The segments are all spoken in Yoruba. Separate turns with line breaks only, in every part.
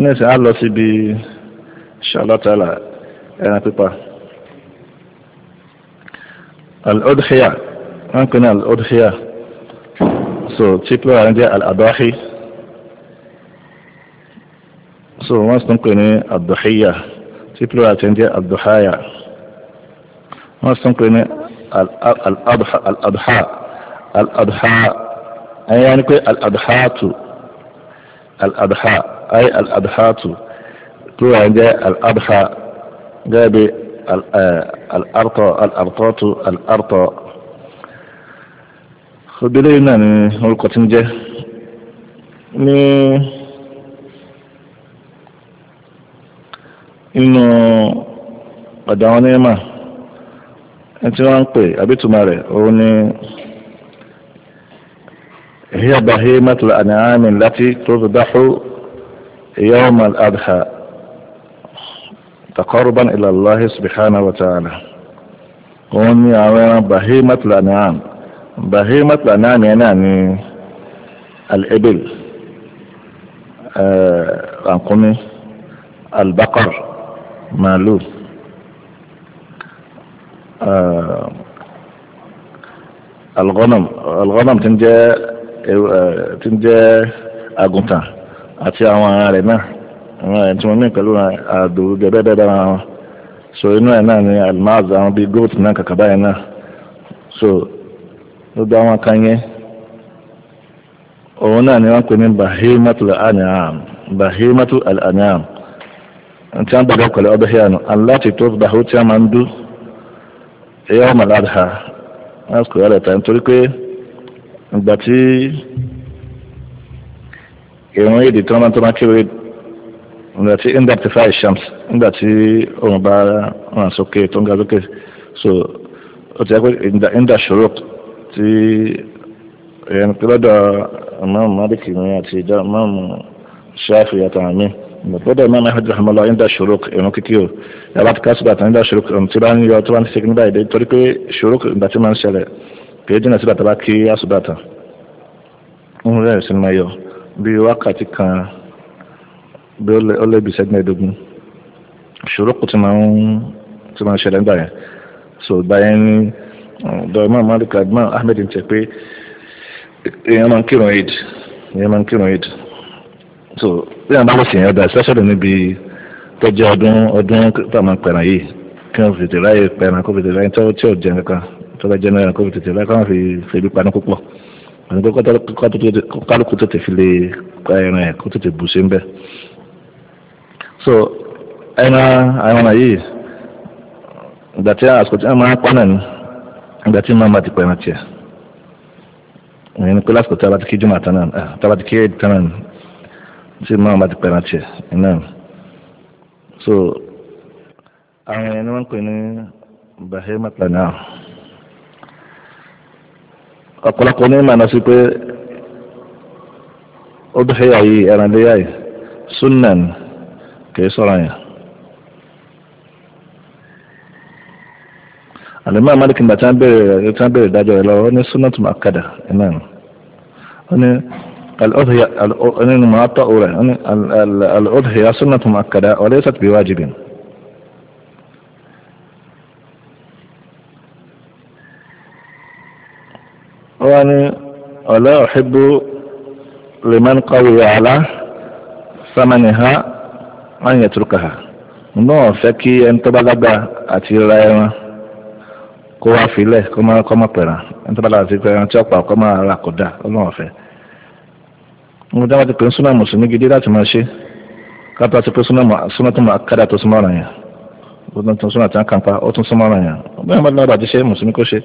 ní ẹ̀sìn á lọ síbi ṣàlọ́tàlà ẹran pípa al-udhiya wọ́n pè ní al-udhiya so tí plural ń jẹ́ al-adahi so wọ́n sì tún pè ní ad-duhiya tí plural ti ń jẹ́ ad-duhaya sì tún pè ní al-adha al-adha al ni pé al-adhatu. الأضحى أي الأضحاة كلها جاء الأضحى جاء الأرطى الأرطاة الأرطى خبري ناني هلقة جاء ni inú ọ̀dà wọn ní ma ẹni tí wọ́n ń pè àbítùmọ̀ rẹ̀ òun ni هي بهيمة الأنعام التي تذبح يوم الأضحى تقربا إلى الله سبحانه وتعالى هوني أنا بهيمة الأنعام بهيمة الأنعام يعني الإبل أنقني آه، البقر مالوف آه، الغنم الغنم تنجي Eh, tí ń jẹ́ àgùntàn àti àwọn ara rẹ̀ náà àwọn tí wọ́n so inú ẹ̀ náà ni almaz àwọn bíi so gbogbo àwọn kan yẹn òun náà ni wọ́n pè ní bahimatu al bahimatu al wọ́n pẹ̀lú ọbẹ̀ aláti tó tí wọ́n máa ń dú ẹ̀yà wọ́n ìgbà tí ìrún èdè tí wọ́n máa ń tọ́mọ́ kí ìgbà tí ń dàpẹ́ fáì shams nígbà tí òun bá ràn sókè tó ń ga sókè so ó ti yẹ pé ń dà ṣòro tí ìyẹn pé lọ́dọ̀ ìmáàmù Málíkì mi àti ìmáàmù Ṣáfì àtàwọn míì gbọ́dọ̀ mọ ahmed rahman lọ inda shuruk ẹnu kíkí o yàrá ti ká sọdọ àtàwọn inda shuruk ọmọ tí bá ń yọ tí bá ń ṣe nígbà yìí torí pé shuruk ìgbà tí máa ń ṣẹlẹ̀ kìí jìnnà sí bàtà bá kí àṣùbàtà ń rẹ̀ sí máa yọ bí wákàtí kan bí ó lé bí sẹ́gbẹ́ ṣòro kù tí máa ń tí máa ń ṣẹlẹ̀ nígbà yẹn so ìgbà yẹn ní dọ̀ọ́mọ́ malik adman ahmed ń tẹ̀ pé èèyàn máa ń kírun eid èèyàn máa ń kírun eid so bí wọn bá wọ́n sì yẹn ọ̀dà especially níbi tọ́jú ọdún ọdún tó máa ń pẹ̀ràn yìí kí wọ́n fìdí ráyè pẹ̀ràn kó fìdí ráyè tí ó jẹun kankan tọ́lá jẹ́ mẹ́rin kófí tètè láì káwọn fi fèbí paná púpọ̀ àti pé kálukú tètè fi lè ka ẹran ẹ̀ kó tètè bù sí ń bẹ̀. so ẹran àwọn yìí ìgbà tí àsìkò tí wọ́n máa ń pa náà ni ìgbà tí màmá ti pẹ̀ràn tiẹ̀ ìyẹn ni pé lásìkò tí a bá ti kí jùmọ̀ àtàn náà tí a bá ti kí èdè tán náà tí màmá ti pẹ̀ràn tiẹ̀ náà so àwọn yẹn ni wọ́n ń pè ní bahema ọ̀pọ̀lọpọ̀ ní ìmọ̀ sí pé ó dúhìyà yìí ẹran léyà yìí sunan kìí sọ̀rọ̀ yẹn. àlùmọ́ àmàlìkì nígbà tí wọ́n bèrè tí wọ́n bèrè ìdájọ́ rẹ̀ lọ́wọ́ ó ní sunat makada iná ó ní alọ́dúhìyà alọ́dúhìyà sunat makada ọ̀lẹ́sàtì bí wájibin. wọ́n ní ọ̀lẹ́ ọ̀hìbú lèmán kọ́wé àlá sámánì ha wọ́n yẹ turuka ha nínú ọ̀fẹ́ kí ẹni tó bá lágbára àti ra ẹran kó wá filẹ̀ kó má kó má pẹ̀ràn ẹni tó bá lágbára àti ra ẹran tí ọ̀pá kó má ra kó dà ó lọ́wọ́ ọ̀fẹ́. mo dáwọ́ ti pè ń súnà mùsùlùmí gidi láti máa ṣe kápẹ́ àti pé súnà tó máa kádà tó súnmọ́ ọ̀ràn yẹn ó tún súnà tí wọ́n kàn pa ó tún súnmọ́ ọ̀ràn yẹn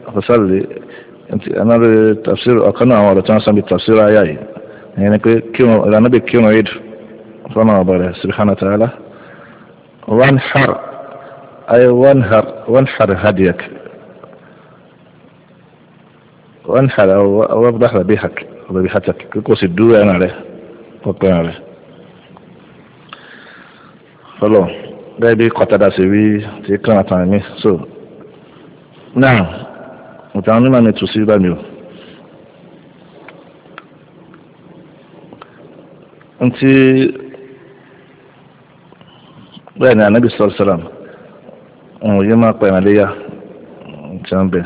فصلي أنا بالتفسير أقنع ولا تنسى بالتفسير أياي يعني كيما إذا نبي كيما يد فما بره سبحانه وتعالى وانحر أي وانهر وانحر هديك وانحر أو وافضح ذبيحك ذبيحتك كيكوس الدوء أنا يعني عليه وقنا عليه فلو غير بي قتل سبي تيكنا تاني so now نعم. mùtàwọn ní tù sí bá mi o. ntí bẹ́ẹ̀ ni anabi sọ̀rọ̀ sọ̀rọ̀ ọ̀hún yìí máa pa ìrànlẹ́yà ntí wọ́n bẹ̀.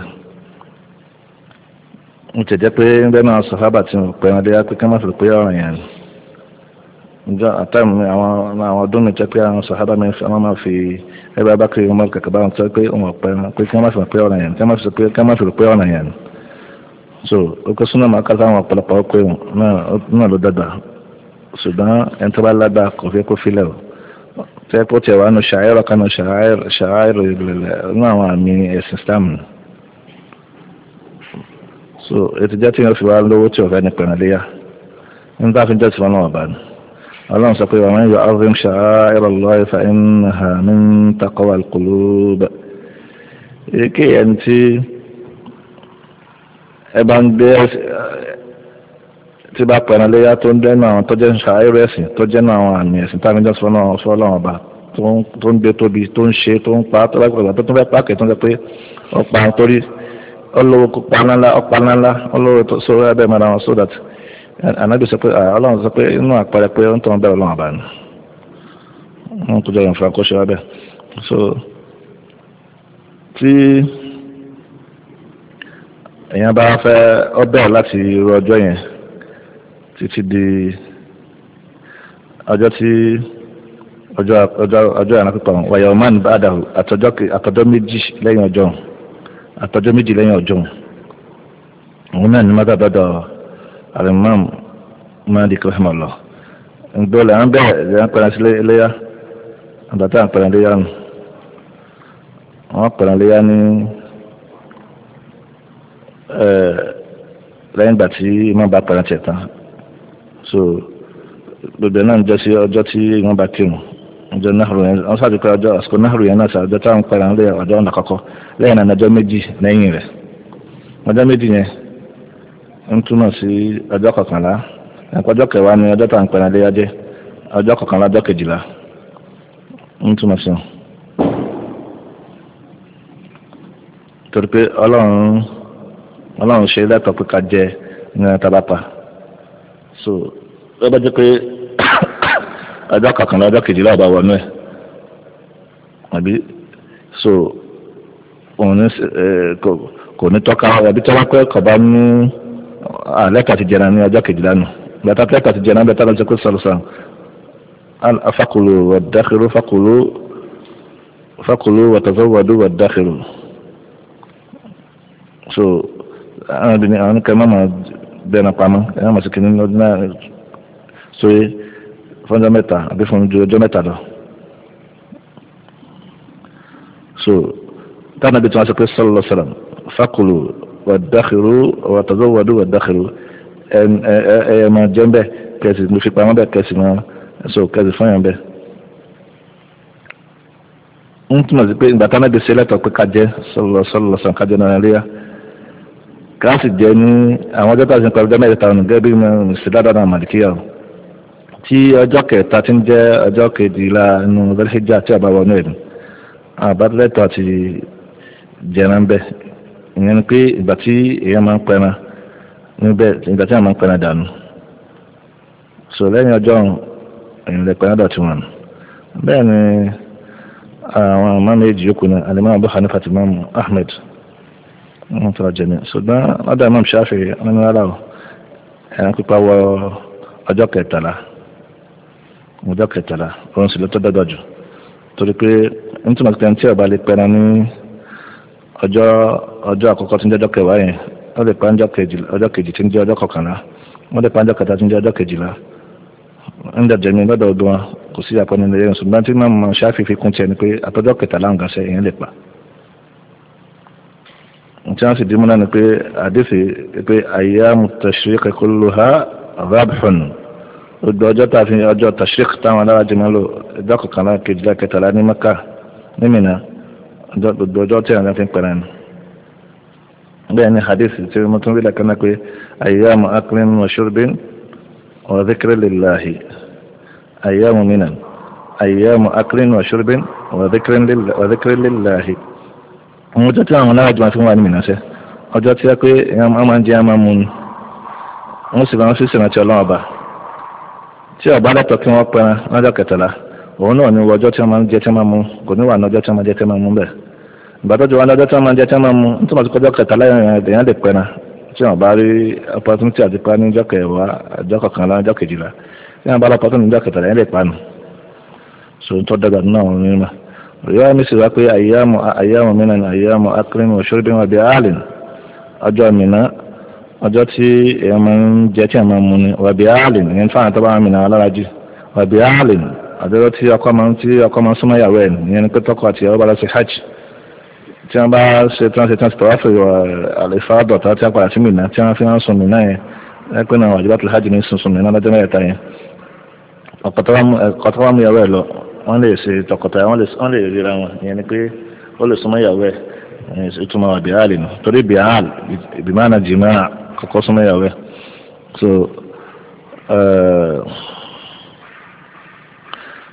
mo tẹ̀jẹ́ pé bẹ́ẹ̀ náà sọ̀hábà tí mo pa ìrànlẹ́yà pé ká má fi pé ọ̀ràn yẹn ni njọ àtàm àwọn àwọn ọdún mi jẹ́ pé àwọn sàhábà mi àwọn máa fi ẹgbẹ́ abákiri wọn kàkà bá wọn sọ pé wọn pẹ pé kí wọn má fi pé ọ̀nà yẹn kí wọn má fi pé kí wọn má fi pé ọ̀nà yẹn so okè súnmọ́ màá kàtà àwọn ọ̀pọ̀lọpọ̀ ọkọ ìwọ̀n náà ló dàgbà ṣùgbọ́n ẹni tó bá lágbà kò fi kó filẹ̀ o tẹ́ kó tiẹ̀ wà nù ṣàáyẹ̀rọ̀ kanu ṣàáyẹ̀rọ̀ ìrẹ̀lẹ̀ nínú àwọn àmì ẹ̀sìn islam so ètò jẹ́ tí wọ́n fi wá lówó tí ọ̀fẹ́ ní pẹ̀lú nígbà fi jẹ́ tí wọ́n náà wà bá ní ọlọ́run sọ pé wàá yọ ọdún ṣàárọ̀ lọ́ọ́ ìfà ìnáhà ní takọ́wà kùlùbà èké ẹni tí ẹ bá ń gbé tí bá pẹ̀lú léyà tó ń dẹ́nu àwọn tó jẹ́ ṣàárọ̀ ẹ̀sìn tó jẹ́nu àwọn àmì ẹ̀sìn tá a níjọ́ sọ náà sọ ọlọ́run ọba tó ń gbé tóbi tó ń ṣe tó ń pa tó bá gbàgbà tó tún fẹ́ pààkì tó ń sọ pé ọ̀pá torí ọlọ́wọ́ kó paná ńlá ọ̀pá ńlá ọlọ́wọ́ sọ anábì sọ pé ọlọ́run sọ pé inú àpẹẹrẹ pé ó ń tọ́wọ́n bẹ́ẹ̀ ọlọ́run àbá ni wọ́n kó jẹ́ ìfura kó ṣe wá bẹ́ẹ̀ so tí èèyàn bá fẹ́ ọ bẹ́ẹ̀ láti irú ọjọ́ yẹn títí di ọjọ́ tí ọjọ́ ọjọ́ ọjọ́ ìrànlọ́ pípa wọn wàyà ọmọ ànúbà àdàrú àtọjọ́ àtọjọ́ méjì lẹ́yìn ọjọ́ àtọjọ́ méjì lẹ́yìn ọjọ́ òun náà ní mọ́tà dọ́dọ̀ ọ́ alimam madi kirahima lọ ndọlẹ an bẹ ẹn kpẹlẹn si leya abata an kpẹlẹn leya nu wọn kpẹlẹn leya ni ẹẹ lẹ́yìn gba ti ma ba kpẹlẹn tiẹ tán so gbogbo náà njọ si ọjọ́ ti ma ba kiri mu ọjọ́ nahuru yẹn wọn sábà kọ ọjọ́ àsìkò nahuru yẹn náà sà ọjọ́ táwọn kpẹlẹn leya ọjọ́ ọ̀nà kọ́kọ́ lẹ́yìn náà ọjọ́ méjì lẹ́yìn rẹ̀ ọjọ́ méjì yẹn. ń túmọ̀ sí ọjọ́ kọkànlá ọjọ́ kẹwàá ni ọjọ́ tá à ń pẹ̀lú adéyá ọjọ́ kọkànlá ọjọ́ kejìlá ń túmọ̀ sí wọn. torí pé ọlọ́run ọlọ́run ṣe lẹ́tọ̀ọ́ pé ká jẹ ní tabapa so ó bá jẹ́ pé ọjọ́ kọkànlá ọjọ́ kejìlá ọba wọnú ẹ̀ àbí so òun ní kò ní tọ́ka àbí tọ́ka pé kò bá ní. àlẹ́kà ah, ti jẹran ní ọjọ́ kejìlá nù gbàtà tẹ́kà ti jẹran bẹ́ẹ̀ tálọ́jọ́ kó sọ̀rọ̀ sàn afakulu wàdàkìrú fakulu fakulu wàtàfẹ́wàdú wàdàkìrú so àwọn obìnrin àwọn kan máa bẹ́ẹ̀ náà pamọ́ ẹ̀ máa sì kìíní lọ́dún náà sóye fún mẹ́ta àbí fún ọjọ́ mẹ́ta lọ so táwọn abẹ́tí wọn sọ pé sọ́lọ́ sọ́lọ́ fakulu wàdákìrú wàtàzọ́wọ́dú wàdákìrú ẹ̀yẹ máa jẹ́ bẹ́ẹ̀ kẹ̀sì ló fi pamọ́ bẹ́ẹ̀ kẹ̀sì máa so kẹ̀sì fún yàn bẹ́ẹ̀. ń túmọ̀ sí pé ìgbà táwọn ẹgbẹ́ sẹ́lẹ̀tọ̀ pé kájẹ́ sọlọ sọlọ sàn kájẹ́ náà rí ya káàsì jẹ́ ní àwọn ọjọ́ tàbí nípa ọjọ́ mẹ́ta ọ̀nà gẹ́gẹ́ bí mùsùlùmí náà màlìkíyà o tí ọjọ́ kẹta ti ń jẹ́ ọjọ́ kejìlá inú bẹ́lẹ́sì jà tí àbáwọ̀ náà ẹ̀mí àbátẹ́lẹ́tọ̀ àti jẹ̀rán bẹ́ẹ̀ ìyẹn ni pé ìgbà tí èèyàn máa ń pẹran níbẹ̀ ìgbà tí àwọn máa ń pẹran dànù so lẹ́yìn ọjọ́ ìrìnlẹ̀ pẹran dọ̀tí wọn bẹ́ẹ̀ ni àwọn àmọ́ méjì yòókù náà Ahmed wọn tọrọ jẹmi ṣùgbọ́n ọ̀dọ̀ Imam Shafi ọmọ rárá o ẹran pípa wọ ọjọ́ kẹtàlá ọjọ́ kẹtàlá òun sì ló dọ́dọ̀ jù torí pé nítorí pé ẹni ọba lè ọjọ́ ọjọ́ àkọ́kọ́ tí ń jẹ́ ọjọ́ kẹwàá yẹn wọ́n lè pa ọjọ́ kejì tí ń jẹ́ ọjọ́ kọkànlá wọ́n lè pa ọjọ́ kẹta tí ń jẹ́ ọjọ́ kejìlá ń dàjẹ́ mi lọ́dọ̀ ọdún wọn kò sí àpọ́nì lẹ́yìn ṣùgbọ́n tí máa mọ ṣáfì fi kún tiẹ̀ ni pé àtọ́jọ́ kẹtàlá ń gàṣẹ́ ìyẹn lè pa tí wọ́n sì dì mú náà ni pé àdéfì pé ayyamu tashriq kulluha rabhun gbogbo ọjọ́ tá a fi ọjọ́ tashriq táwọn alára jẹ́ lò ìdá kọkànlá kejìlá kẹtàlá ní Mẹ́kà ní Mínà gbogbo ọjọ́ tí àwọn fi ń pẹ̀rẹ̀ nù bẹ́ẹ̀ ni hadith tí mo tún rí lẹ́kàn náà pé ayyamu aklin wa shurbin wa dhikri lillahi ayyamu minan ayyamu aklin wa shurbin wa dhikri lillahi àwọn ọjọ́ tí àwọn aláàjọ máa fi wà ní mìíràn sẹ́ ọjọ́ tí wọ́n pé wọ́n máa ń jẹ́ àmà mú ni wọ́n sì máa ń fi sèrántí ọlọ́run ọba tí ọba lẹ́tọ̀ọ́ kí wọ́n pẹ́ran lọ́jọ́ kẹtàlá òun náà ni ọjọ́ tí máa ń jẹ tí máa mú kò ní wà ní tí máa jẹ tí máa mú ìgbà tó wọn tí máa jẹ tí máa mú nítorí wọn ti kọjọ́ kẹtàlá èèyàn lè pẹ́ra tí wọ́n bá rí opportunity àti pa ní ọjọ́ kẹwàá ọjọ́ kọkànlá ọjọ́ kejìlá tí wọ́n bá lọ opportunity ọjọ́ kẹtàlá èèyàn lè pa nù so tó nínú àwọn mi sì wá pé àdúrà tí ọkọ máa ń tí ọkọ máa ń súnmọ́ ìyàwó ẹ̀ ìyẹn ni pé tọkọ àti ìyàwó bá lọ sí hajj tí wọ́n bá ṣe tí wọ́n ṣe tí wọ́n ṣe tọ́wáfẹ́ àlefa dọ̀tà tí wọ́n padà sí mìíràn tí wọ́n fi hàn sùn mìíràn yẹn ẹgbẹ́ náà wàjú bá tó hajj ní sùn sùn mìíràn lọ́jọ́ mẹ́ta yẹn ọ̀pọ̀ tọ́wọ́ mú ìyàwó ẹ̀ lọ wọ́n lè ṣe tọkọtaya wọ́n lè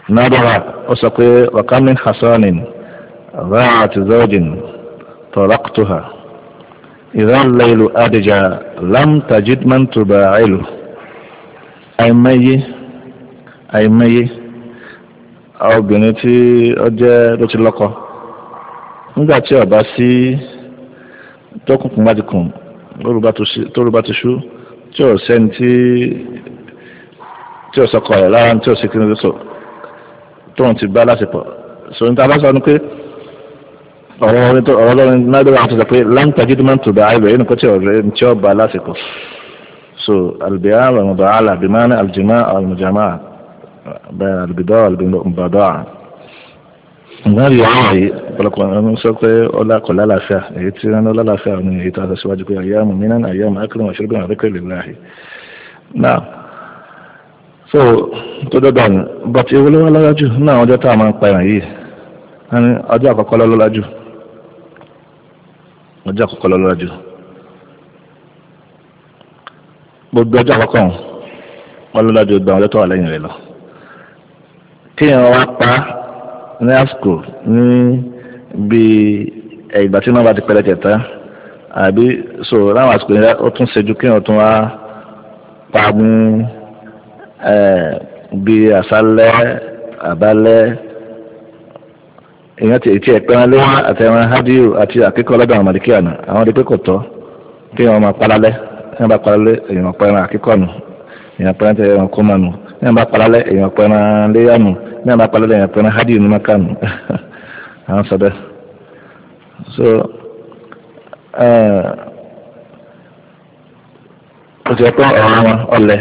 nadara ó sọ pé wakamin hasanin raat zawjin tọraktuha ìran lailu adija lam tajid man tubailu àìmọye àìmọye obìnrin tí ó jẹ́ ló ti lọ́kọ nígbà tí ọba sí tókùnkùn bá ti kùn tóru bá ti ṣú tí ò sẹ́ni tí ò sọkọ rẹ̀ lára tí ò sí kí ni tó sọ. tóun ti bá lásìkò sọ ní tábà sọ ni pé ọ̀rọ̀ ọlọ́run náírà wà tó pé láǹtàjì tó máa ń tò bá ibẹ̀ yìí kò tí ọ̀rẹ́ tí ó bá lásìkò so albiya almudọ alabimani aljima almujama bẹ́ẹ̀ albidọ albidọ ǹgbọ́n rí àwọn yìí ọ̀pọ̀lọpọ̀ ọ̀hún sọ pé ọlá kọ̀ lálàáfíà èyí tí wọ́n lọ́ lálàáfíà ọ̀hún èyí tó aṣọ síwájú pé àyàmù mínà àyàmù akérèmọ̀ ṣẹ́gun àrékèrè láàyè náà so tó dọ́dọ̀ ni but ewu ló wá lọ́la jù ní àwọn ọjọ́ tá a máa ń pa ẹ̀ràn yìí ẹni ọjọ́ àkọ́kọ́ lọ́la jù ọjọ́ àkọ́kọ́ lọ́la jù gbogbo ọjọ́ àkọ́kọ́ wọn lọ́la jù gbogbo àwọn ọjọ́ tó wà lẹ́yìn rẹ̀ lọ kéèyàn wá pa ní àsìkò ní bíi ìgbà tí wọ́n bá ti pẹ̀lẹ́ tẹ̀ta àbí so láwọn àsìkò yẹn ó tún ṣẹ́jú kéèyàn tún wá pa ní bíi àṣálẹ́ àbálẹ́ èèyàn ti ètí ẹ̀pẹ́ran léwá àtẹ̀ran hádìó àti àkẹ́kọ̀ọ́ lọ́dọ̀ àwọn màlìkí àná àwọn ọdẹ pé kò tọ́ kí wọ́n máa palalẹ́ èèyàn bá palalẹ́ èèyàn pẹ́ran àkẹ́kọ̀ọ́ nù èèyàn pẹ́ran tẹ ẹran kọ́mà nù èèyàn bá palalẹ́ èèyàn pẹ́ran léyà nù èèyàn bá palalẹ́ èèyàn pẹ́ran hádìó ní maka nù àwọn sọdẹ. so ó ti ẹ pé ọ̀rọ̀ wọn ọlẹ́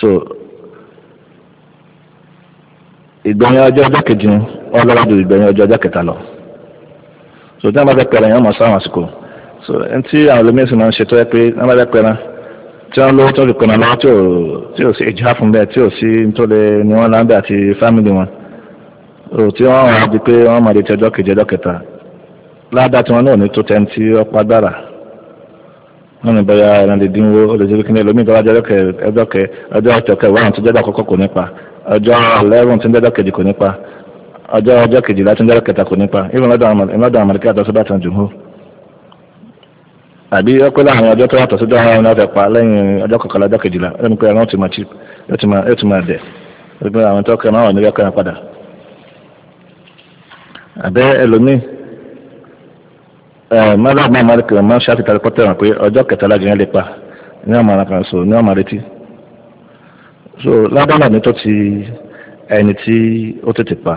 so ìgbẹ̀yìn ọjọ́ ọjọ́ kejì ọlọ́wọ́ ju ìgbẹ̀yìn ọjọ́ ọjọ́ kẹta lọ so tí wọ́n bá fẹ́ pẹ̀rẹ̀ yẹn wọ́n sáwọn àsìkò so ntí àwọn olómìnir sì máa ń ṣe tó yẹ pé wọ́n bá fẹ́ pẹ̀rẹ̀ tí wọ́n lówó tó fi pẹ̀rẹ̀ lọ́wọ́ tí ò sí ìjà fún bẹ́ẹ̀ tí ò sí nítorí ni wọ́n láńbẹ́ àti fámìlì wọn so tí ati famili á di pé máa di ti ọjọ́ kejì ọjọ́ kẹta ládàá tí wọ́n náà ní tó wọn ní bẹ́ẹ̀ ẹran dị olùsèlú kìnìún ẹlòmíì tó wájú ọjọ́ ọjọ́ ọjọ́ kẹwàá àwọn tó jẹ́ kò nípa ọjọ́ eleven tó jẹ́ kejì kò nípa ọjọ́ ọjọ́ kejìlá kẹta kò nípa lọ́dọ̀ àtọ́sọ́dọ̀ àbí ọpẹ́ láàrin ọjọ́ tó àwọn pa lẹ́yìn ọjọ́ mọ́lá máa máa kẹ̀rọ máa ń ṣáfi tàbí pọ́tẹ́ wọn pé ọjọ́ kẹtàlá jẹ́ lè pa ní ọmọ ara kan so ní ọmọ retí so lábàlá mi tó ti ẹni tí ó tètè pa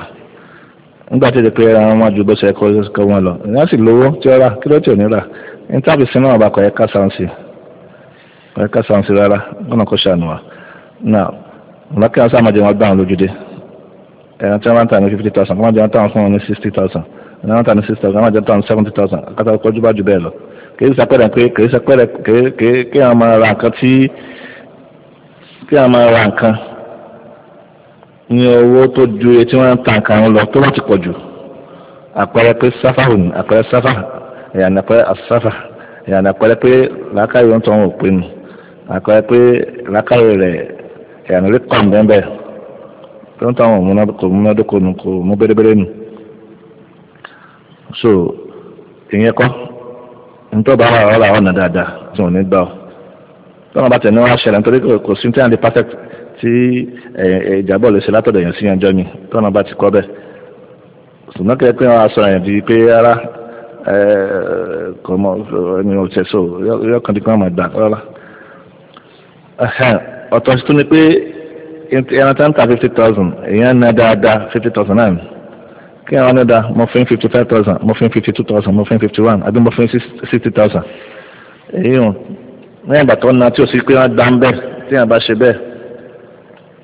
nígbà tí ó ti pé ẹran wọn ju bó ṣe kọ́ kọ́ wọn lọ ìyá sì lówó tí ó rà kí ló tí ò ní rà ní tábì sí náà bá kọ̀ ẹ́ ká sáǹsì kọ̀ ẹ́ ká sáǹsì rárá lọ́nà kó ṣàánú wa náà lọ́kẹ́ wọn sáà máa jẹ wọn gbà wọn lójúde ẹran one hundred and six thousand one hundred and seventy thousand akátá kọjú bá jù bẹ́ẹ̀ lọ kìí sàpẹ́rẹ́ pé kìí sàpẹ́rẹ́ kìí kí àwọn máa ra nǹkan tí kí àwọn máa ra nǹkan ní owó tó ju etí wọn ń ta nǹkan lọ tó bá ti pọ̀ jù àpẹẹrẹ pé sáfàhù ni àpẹẹrẹ sáfà ìyànà pé àsáfà ìyànà pẹẹrẹ pé làákàyè ń tọrùn òpin nù àpẹẹrẹ pé làákàyè rẹ̀ ìyànà rí kàn bẹ́ẹ̀ bẹ́ẹ̀ tó ń tọrùn òmùnádókò nù kò mú bérébéré nù so ìyẹn kọ́ nítorí bá wà wà ọ̀nà dáadáa tí wọ́n ní gbà ọ́ tọ́wọ́n bá tẹ̀lé wọn ṣẹlẹ̀ nítorí kò sí tí wọ́n di perfect tí ìjàbọ̀ lè ṣe látọ̀dọ̀ yẹn sí ẹjọ́ mi tọ́wọ́n bá ti kọ́ bẹ́ẹ̀ ṣùgbọ́n kẹ́ pé wọ́n aṣọ yẹn di pé rárá kò mọ ẹni ò tẹ̀ so yọkàn di pé wọ́n máa gbà rárá. ọ̀tọ̀ sí tún ni pé ẹran tá ń ta fifty thousand èèyàn ná dáadáa fifty thousand náà kí àwọn ọ̀nà dá mo fẹ́ fifty five thousand mo fẹ́ fifty two thousand mo fẹ́ fifty one àbí mo fẹ́ sixty thousand èyí o, lẹ́yìn ìgbà tó ń na tí o sì pé wọ́n dá ń bẹ́ẹ̀ tí wọ́n bá ṣe bẹ́ẹ̀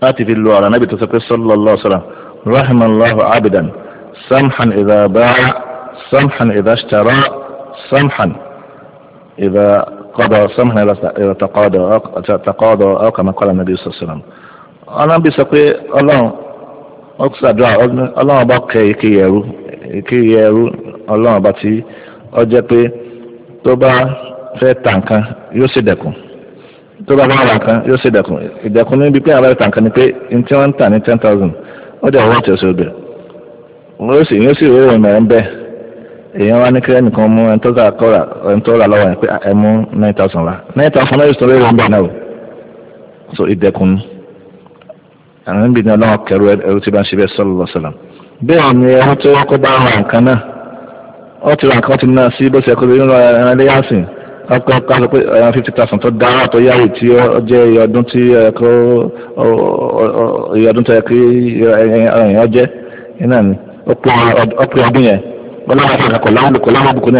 láti fi lu ọ̀rọ̀ náà bi tó sọ pé sallallahu alaihi wasallam rahimallahu abidan samhan idha ba'a samhan idha ishtara samhan idha qada samhan idha taqada taqada aw kama qala an-nabi sallallahu alaihi wasallam bí sọ pé ọlọ́run ọkùsàdúrà ọlọ́run ọba kẹ ìkéyẹ ẹrú ọlọ́run ọba ti ọ pé tó bá ta nǹkan yóò ṣe dẹ̀kùn tó bá fẹ́ ra nǹkan yóò ṣe dẹ̀kùn ìdẹ̀kùn níbi pé àwọn ta ni pé n wọ́n ń tà ní ten thousand ó dẹ̀ wọ́n ti ọbẹ̀ yóò sì yóò sì rí ìròyìn mẹ́rin bẹ́ẹ̀ èèyàn wá ní kí ẹnìkan mú ẹni tó kọ́ra ẹni tó rà lọ́wọ́ yẹn pé ẹ àwọn ibi náà lọ́wọ́ kẹrù ẹrú tí bá ń ṣe bẹ́ẹ̀ sallallahu alaihi wasallam. bẹ́ẹ̀ ni ẹran tí wọ́n kó bá ra nǹkan náà wọ́n ti ra nǹkan ti náà sí bó ṣe kó lóyún ẹran ilé yàsìn ọkọ̀ káṣọ pé ẹran fifty thousand tó dára tó yáwó tí ó jẹ́ ìyọdún tí ẹ̀kọ́ ìyọdún tó yẹ kí ẹ̀yàn jẹ́ iná ni ó pé ọdún yẹn wọ́n láwọn afọ àkàkọ̀ láwọn àbùkù ní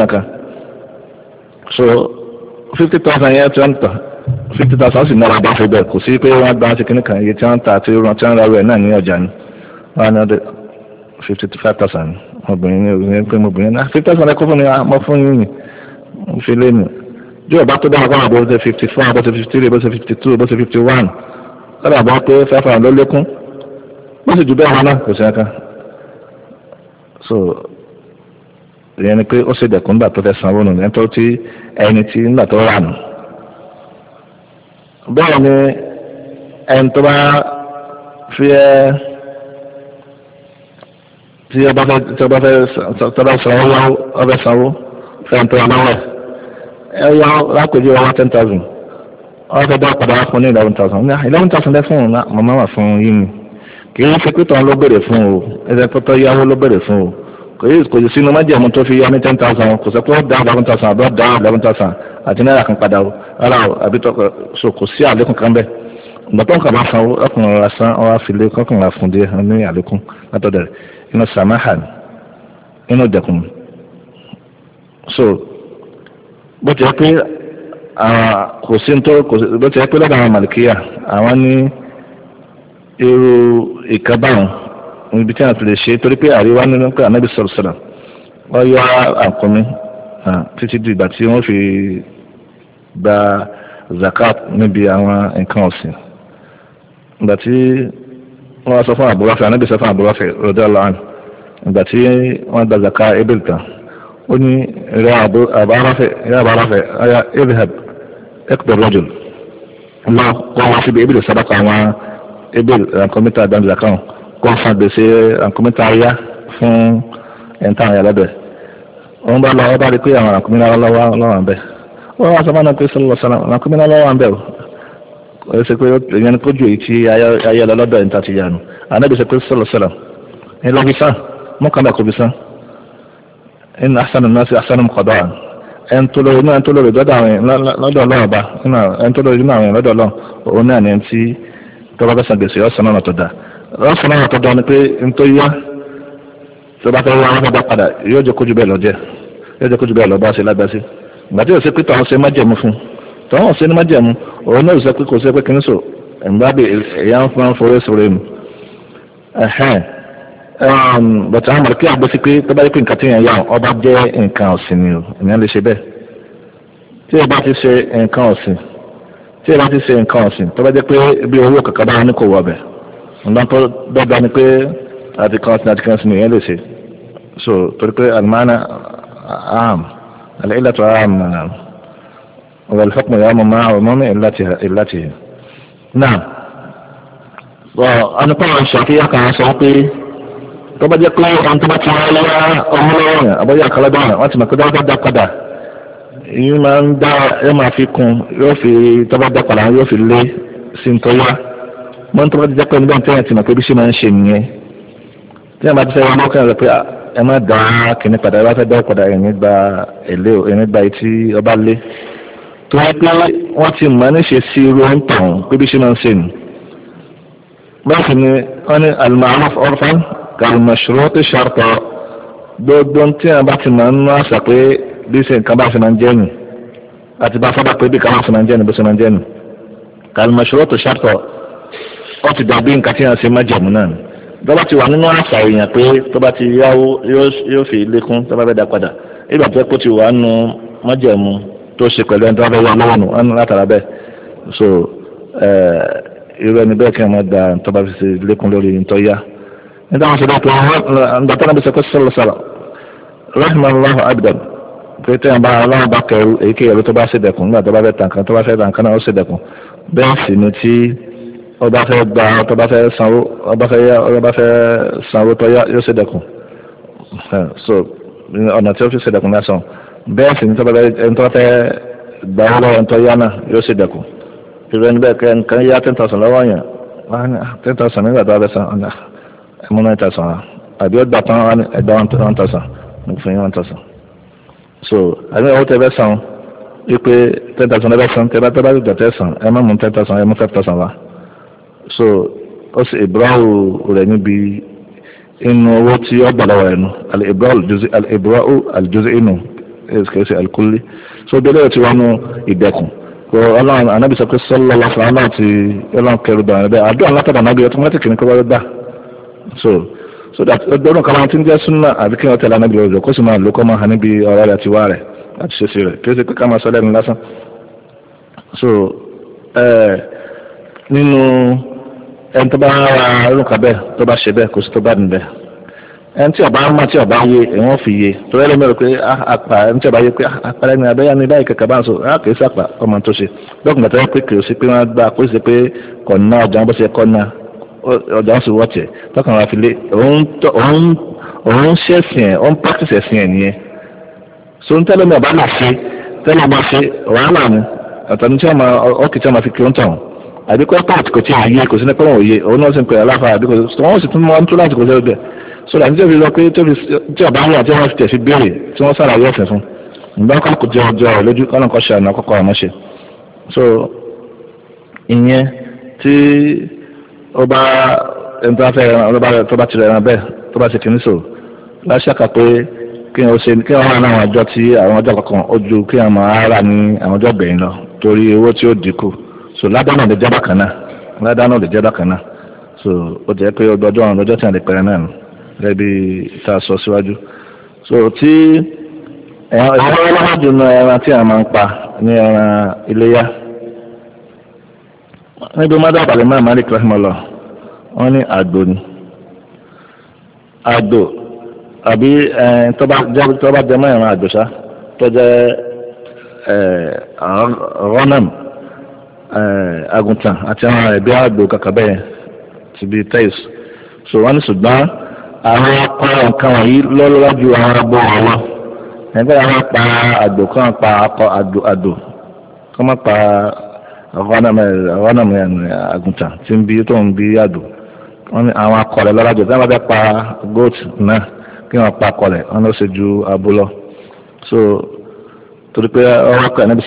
àká fifty thousand sì nára dáfẹ́ bẹ́ẹ̀ kò sí pé wọ́n gbà ṣe kíní kan iye tí wọ́n ń ta àti ìran tí wọ́n ń ra rẹ̀ náà ní ọjà ni one hundred fifty five thousand obìnrin ní obìnrin pé mo obìnrin náà ah, fifty thousand ẹ̀kọ́ fún mi mọ́ fún yín ni mo fi lé mi bí ọba tó dáhùn kọ́nà bó fifty four bó fifty three bó fifty two bó fifty one pé five hundred ló lékún bó sì bẹ́ẹ̀ wọn náà kò sí ẹ̀ka so ìyẹn ni pé ó ṣe dẹ̀kún nígbà tó fẹ́ nù. bẹ́ẹ̀ ni ẹni tó bá fi ẹ́ tí ọba fẹ́ tí ọba fẹ́ tọ́ba sanwó wá ọbẹ̀ sanwó fẹ́ẹ́ tó ọba wẹ̀ ẹ wá lápèjì ọba ten thousand ọba fẹ́ dá padà wá fún ní eleven thousand ní ah, eleven thousand fún un màmá wà fún yín ni kì í ṣe pé tọ́hún ló béèrè fún o ẹsẹ̀ tọ́tọ́ yáwó ló béèrè fún o kò yí kò yí sínú májèmú tó fi yá ní ten thousand kò sọ pé ó dá eleven thousand àbí ó dá eleven thousand àti náírà kan padà o ara àbí tọkọ so kò sí àlékún kan bẹ́ẹ̀ gbọ́tọ́ nǹkan máa san ọkùnrin ra san ọ́ àfilé kọkànlá fún ní àlékún látọ̀dọ̀ rẹ̀ inú samaha inú dẹkùn so bó ti yẹ pé kò sí nítorí bó ti yẹ pé lọ́dọ̀ àwọn màlìkíyà àwọn ní irú ìkábàrún ibi tí a ti lè ṣe torí pé àríwá nínú pé ànábì sọ̀rọ̀ wọ́n yọ àkọ́mí títí di ìgbà tí wọ́n fi gba zakat níbi àwọn nǹkan ọ̀sìn ìgbà tí wọ́n sọ fún àbúráfẹ́ anábì sọ fún àbúráfẹ́ rọ́dá láàánú ìgbà tí wọ́n gba zakat ebel tán ó ní ìrẹ́ àbáráfẹ́ ìrẹ́ àbáráfẹ́ ọ̀yà ebihab lọ kọ́ síbi sábàkà àwọn ebel àǹkọ́mítà àdáńdì zakat kọ́ fún gbèsè fún ẹ̀ńtà wọ́n bá lọ wọ́n bá rí pé àwọn lọ́wọ́ lọ́wọ́ wọ́n wá sọ fún anabi sọlọ sọlọ àwọn akọ́mínà lọ́wọ́ à ń bẹ̀rù ó ṣe pé ìyẹn kó ju èyí tí ayé lọ́dọ̀ ẹ̀ ń ta ti yanu anabi sọ pé sọlọ sọlọ ẹ lọ fi sàn mú kàn bẹ́ẹ̀ kó fi sàn ẹ ní asanu náà sí asanu kọ̀dọ̀ àwọn ẹ ń tó lórí náà ń tó lórí lọ́dọ̀ ọlọ́run ọba ẹ ń tó lórí náà lọ́dọ̀ ọlọ́run òun náà ni da ọ̀sán náà tó da ni pé n tó yá tó bá fẹ́ wá wọn bá padà yóò jẹ́ kójú bẹ́ẹ̀ lọ jẹ́ yóò jẹ́ kójú bẹ́ẹ̀ ìgbà tí o ṣe pé tọ́hún ṣe májẹ̀mú fún tọ́hún ṣe ní májẹ̀mú òun náà ṣe pé kò ṣe pé kìíní sọ ìgbà bí ìyá ń fún forí sọ̀rọ̀ mu. bàtà àwọn mọ̀lẹ́kí àgbẹ̀ sí pé tó yẹ pé nǹkan tí yẹn yà ọba jẹ́ nǹkan ọ̀sìn ni o ìyẹn lè ṣe bẹ́ẹ̀ tí o bá ti ṣe nǹkan ọ̀sìn tí o bá ti ṣe nǹkan ọ̀sìn tó jẹ́ pé bí owó kankan bá wọn ní kò wọ ọbẹ̀ ǹdán dọ́gba ni pé àti kan ọ̀sìn àti kan ọ̀sìn ni ìyẹn lè ṣe so torí pé àlùmánà ààmù العلة عامة نعم والحكم يوم مع عموم علته علته نعم وأنا طبعا شاكية كان صوتي tó bá jẹ́ pé ohun tó bá ti wọ́n lọ́wọ́ ọmọlọ́wọ́ yẹn àbọ̀yé àkàlọ́gbà wọn wọ́n ti mọ̀ pé dáwọ́ bá dá padà yìí máa ń dá yóò máa fi kún yóò fi tó bá dá padà yóò fi lé sí ń tọ́wá mọ́ tó bá jẹ́ pé nígbà tí wọ́n ti mọ̀ pé bí ṣe máa ń ṣe nìyẹn tí wọ́n bá ti fẹ́ wọn mọ́kànlá rẹ̀ pé ẹ má dá kìnní padà ẹ bá fẹ́ dá padà ẹ̀mí gba èlé o ẹ̀mí gba etí ọba lé tó wá pé wọ́n ti mọ̀ ní ṣe sí irú ń tàn pé bí ṣe máa ń ṣe nù. báyìí ni wọ́n ní al-ma'ruf urfan kal-mashruti shartan tí wọ́n bá ti mọ̀ nínú àṣà pé bí ṣe nǹkan bá ṣe máa ń jẹ́ nù àti bá sábà pé bí kan bá ṣe máa ń jẹ́ nù bó ṣe máa ń jẹ́ nù kal ti dàbí nǹkan tọ́ba ti wà nínú àṣà èèyàn pé tọ́ba ti yáwó yóò fi lékún tọ́ba bẹ́ẹ̀ dá padà ìgbà tó kó ti wà nù májẹ̀mú tó ṣe pẹ̀lú ẹni tó bẹ́ẹ̀ wà lọ́wọ́ nù ẹnu látara bẹ́ẹ̀ so irú ẹni bẹ́ẹ̀ kí ẹ máa da tọ́ba fi ṣe lékún lórí ntọ́ yá nígbà wọn ṣe bá tó ǹgbà tó náà bí sọ pé sọlọ sọlọ rahimallahu abdan pé tẹ́yìn bá aláwọ̀ bá kẹrù èyíkéyìí ọ̀rẹ́ tó bá ṣèdẹ̀kùn nígbà tó bá fẹ́ tàǹkan tó bá fẹ́ tàǹkan náà ó ṣèdẹ̀kùn bẹ́ẹ̀ sì ni tí ọba fẹ́ gba ọba fẹ́ sanwó ọba fẹ́ yá ọba fẹ́ sanwó tọ́ yóò ṣe dẹkùn so ọ̀nà tí ó fi ṣe dẹkùn lásán bẹ́ẹ̀ sì ní tọ́ba fẹ́ gba owó lọ́wọ́ tọ́ yá náà yóò ṣe dẹkùn ìrẹ́ níbẹ̀ kẹ́ nǹkan yá ten thousand lọ́wọ́ yẹn ah, ten thousand nígbà tó a bẹ san ọ̀nà ah, ẹ̀mú nine thousand àbí ọgbà tán ẹgbà one thousand fún yín one thousand so àbí ọwọ́ tẹ bẹ san wípé ten thousand ẹ bẹ san tẹ bá tẹ bá gbà tẹ san ẹ má mú ten thousand ẹ mú five thousand wá so ó sì ìbúráwò rẹ̀ níbi inú owó tí ó gbà lọ́wọ́ ẹnu al-ibra'u al-juz'i inú kẹsì al-kulli so bí ẹlẹ́yọ̀ tí wọ́n nu ìdẹ̀kùn kò ọlọ́run anábì sọ pé sọ́lá lọ́sàn án náà ti ọlọ́run kẹrù bàrẹ̀ bẹ́ẹ̀ àdúrà látàdà náà bí ọtí mọ́tì kìíní gbà so so that ọdún kan máa ti ń jẹ́ súnmọ́ àbí kí wọ́n tẹ̀lé anábì lọ́jọ́ kó sì máa lò kọ́ máa hàn níbi ọ̀rọ̀ rẹ̀ àti wá rẹ̀ àti ṣe sí rẹ̀ kí ó sì pé máa sọ lẹ́nu lásán so nínú ẹni tó bá ra orúkọ bẹ́ẹ̀ tó bá ṣe bẹ́ẹ̀ kò sí tó bá nù bẹ́ẹ̀ ẹni tí ọba ń mọ tí ọba ń yé fi yé torí ẹlẹ́mi rẹ̀ pé àpà ah, ẹni tí ọba yé pé àpà ah, ẹni abẹ́yà ni báyìí kẹ̀kẹ́ bá ń sọ á ah, kìí sàpà ọmọ tó ṣe lọ́kùnrin tó ń pè kìí sí pé wọ́n gbà pé sí pé kò ná ọjà ń bó ṣe kọ́ ná ọjà ń sì wọ́ tiẹ̀ tọkàn wá fi lé òun ṣẹ̀sìn ẹ̀ òun practice ẹ̀ nìyẹn àbí kọ́ pàtì kò tí a yẹ kò sí ní pẹ́wọ̀n òye òun náà sì ń pẹ̀lú aláfàá àbí kò wọ́n sì tún wọ́n tún láti kò sẹ́wọ́ bẹ́ẹ̀ so that nítorí lọ pé tí ọba wà tí wọ́n fi tẹ̀sí béèrè tí wọ́n sàlàyé ọ̀sẹ̀ fún ìgbà kan kò jẹun jọ rẹ̀ lójú kọ́nà kan ṣe àná kọ́kọ́ àmọ́ ṣe so ìyẹn tí ó bá ẹni tó bá fẹ́ ẹran tó bá ti rẹ̀ ẹran bẹ́ẹ̀ tó bá ti kì í sòrò láṣàkà pé kí wọ́n ṣe kí wọ́n wà ní àwọn ọjọ́ tí àwọn ọjọ́ kọ̀ọ̀kan ó ju kí wọ́n máa rà ní àwọn ọjọ́ gbẹ̀yìn lọ torí owó tí ó dínkù so ládánù lè jẹ́ bákan náà ládánù lè jẹ́ bákan náà so ó jẹ́ pé ọjọ́ ọ̀run lọ́jọ́ tí a lè pẹ̀rẹ̀ náà nù gẹ́gẹ́ bí tá a sọ síwájú so tí ẹ̀rọ ọlọ́wọ́ jù nù ẹran tí a máa ń pa ní ẹran iléyà níbi mọ́tò àbàlẹ̀ máa Malik rahimahullah wọ́n ní àgbò ni àgbò àbí tọ́ba jẹ́ mọ́ ẹran àgbò ṣá tọ́jẹ́ rọ́nàmù. àgùntàn eh, àti àwọn ẹ̀bí àgbò kàkà bẹ́ẹ̀ ti bi tais so wọ́n ní ṣùgbọ́n àwọn ọkọ nǹkan wọ̀nyí lọ́lọ́lá ju àwọn ọgbọ́n wọn lọ àgbò kọ́ akọ àdò àdò kọ́ má pa àwọn àgùntàn tí ń tó ń àdò wọ́n ní àwọn lọ́lá tí wọ́n bá pa goat so torí pé ọwọ́ níbi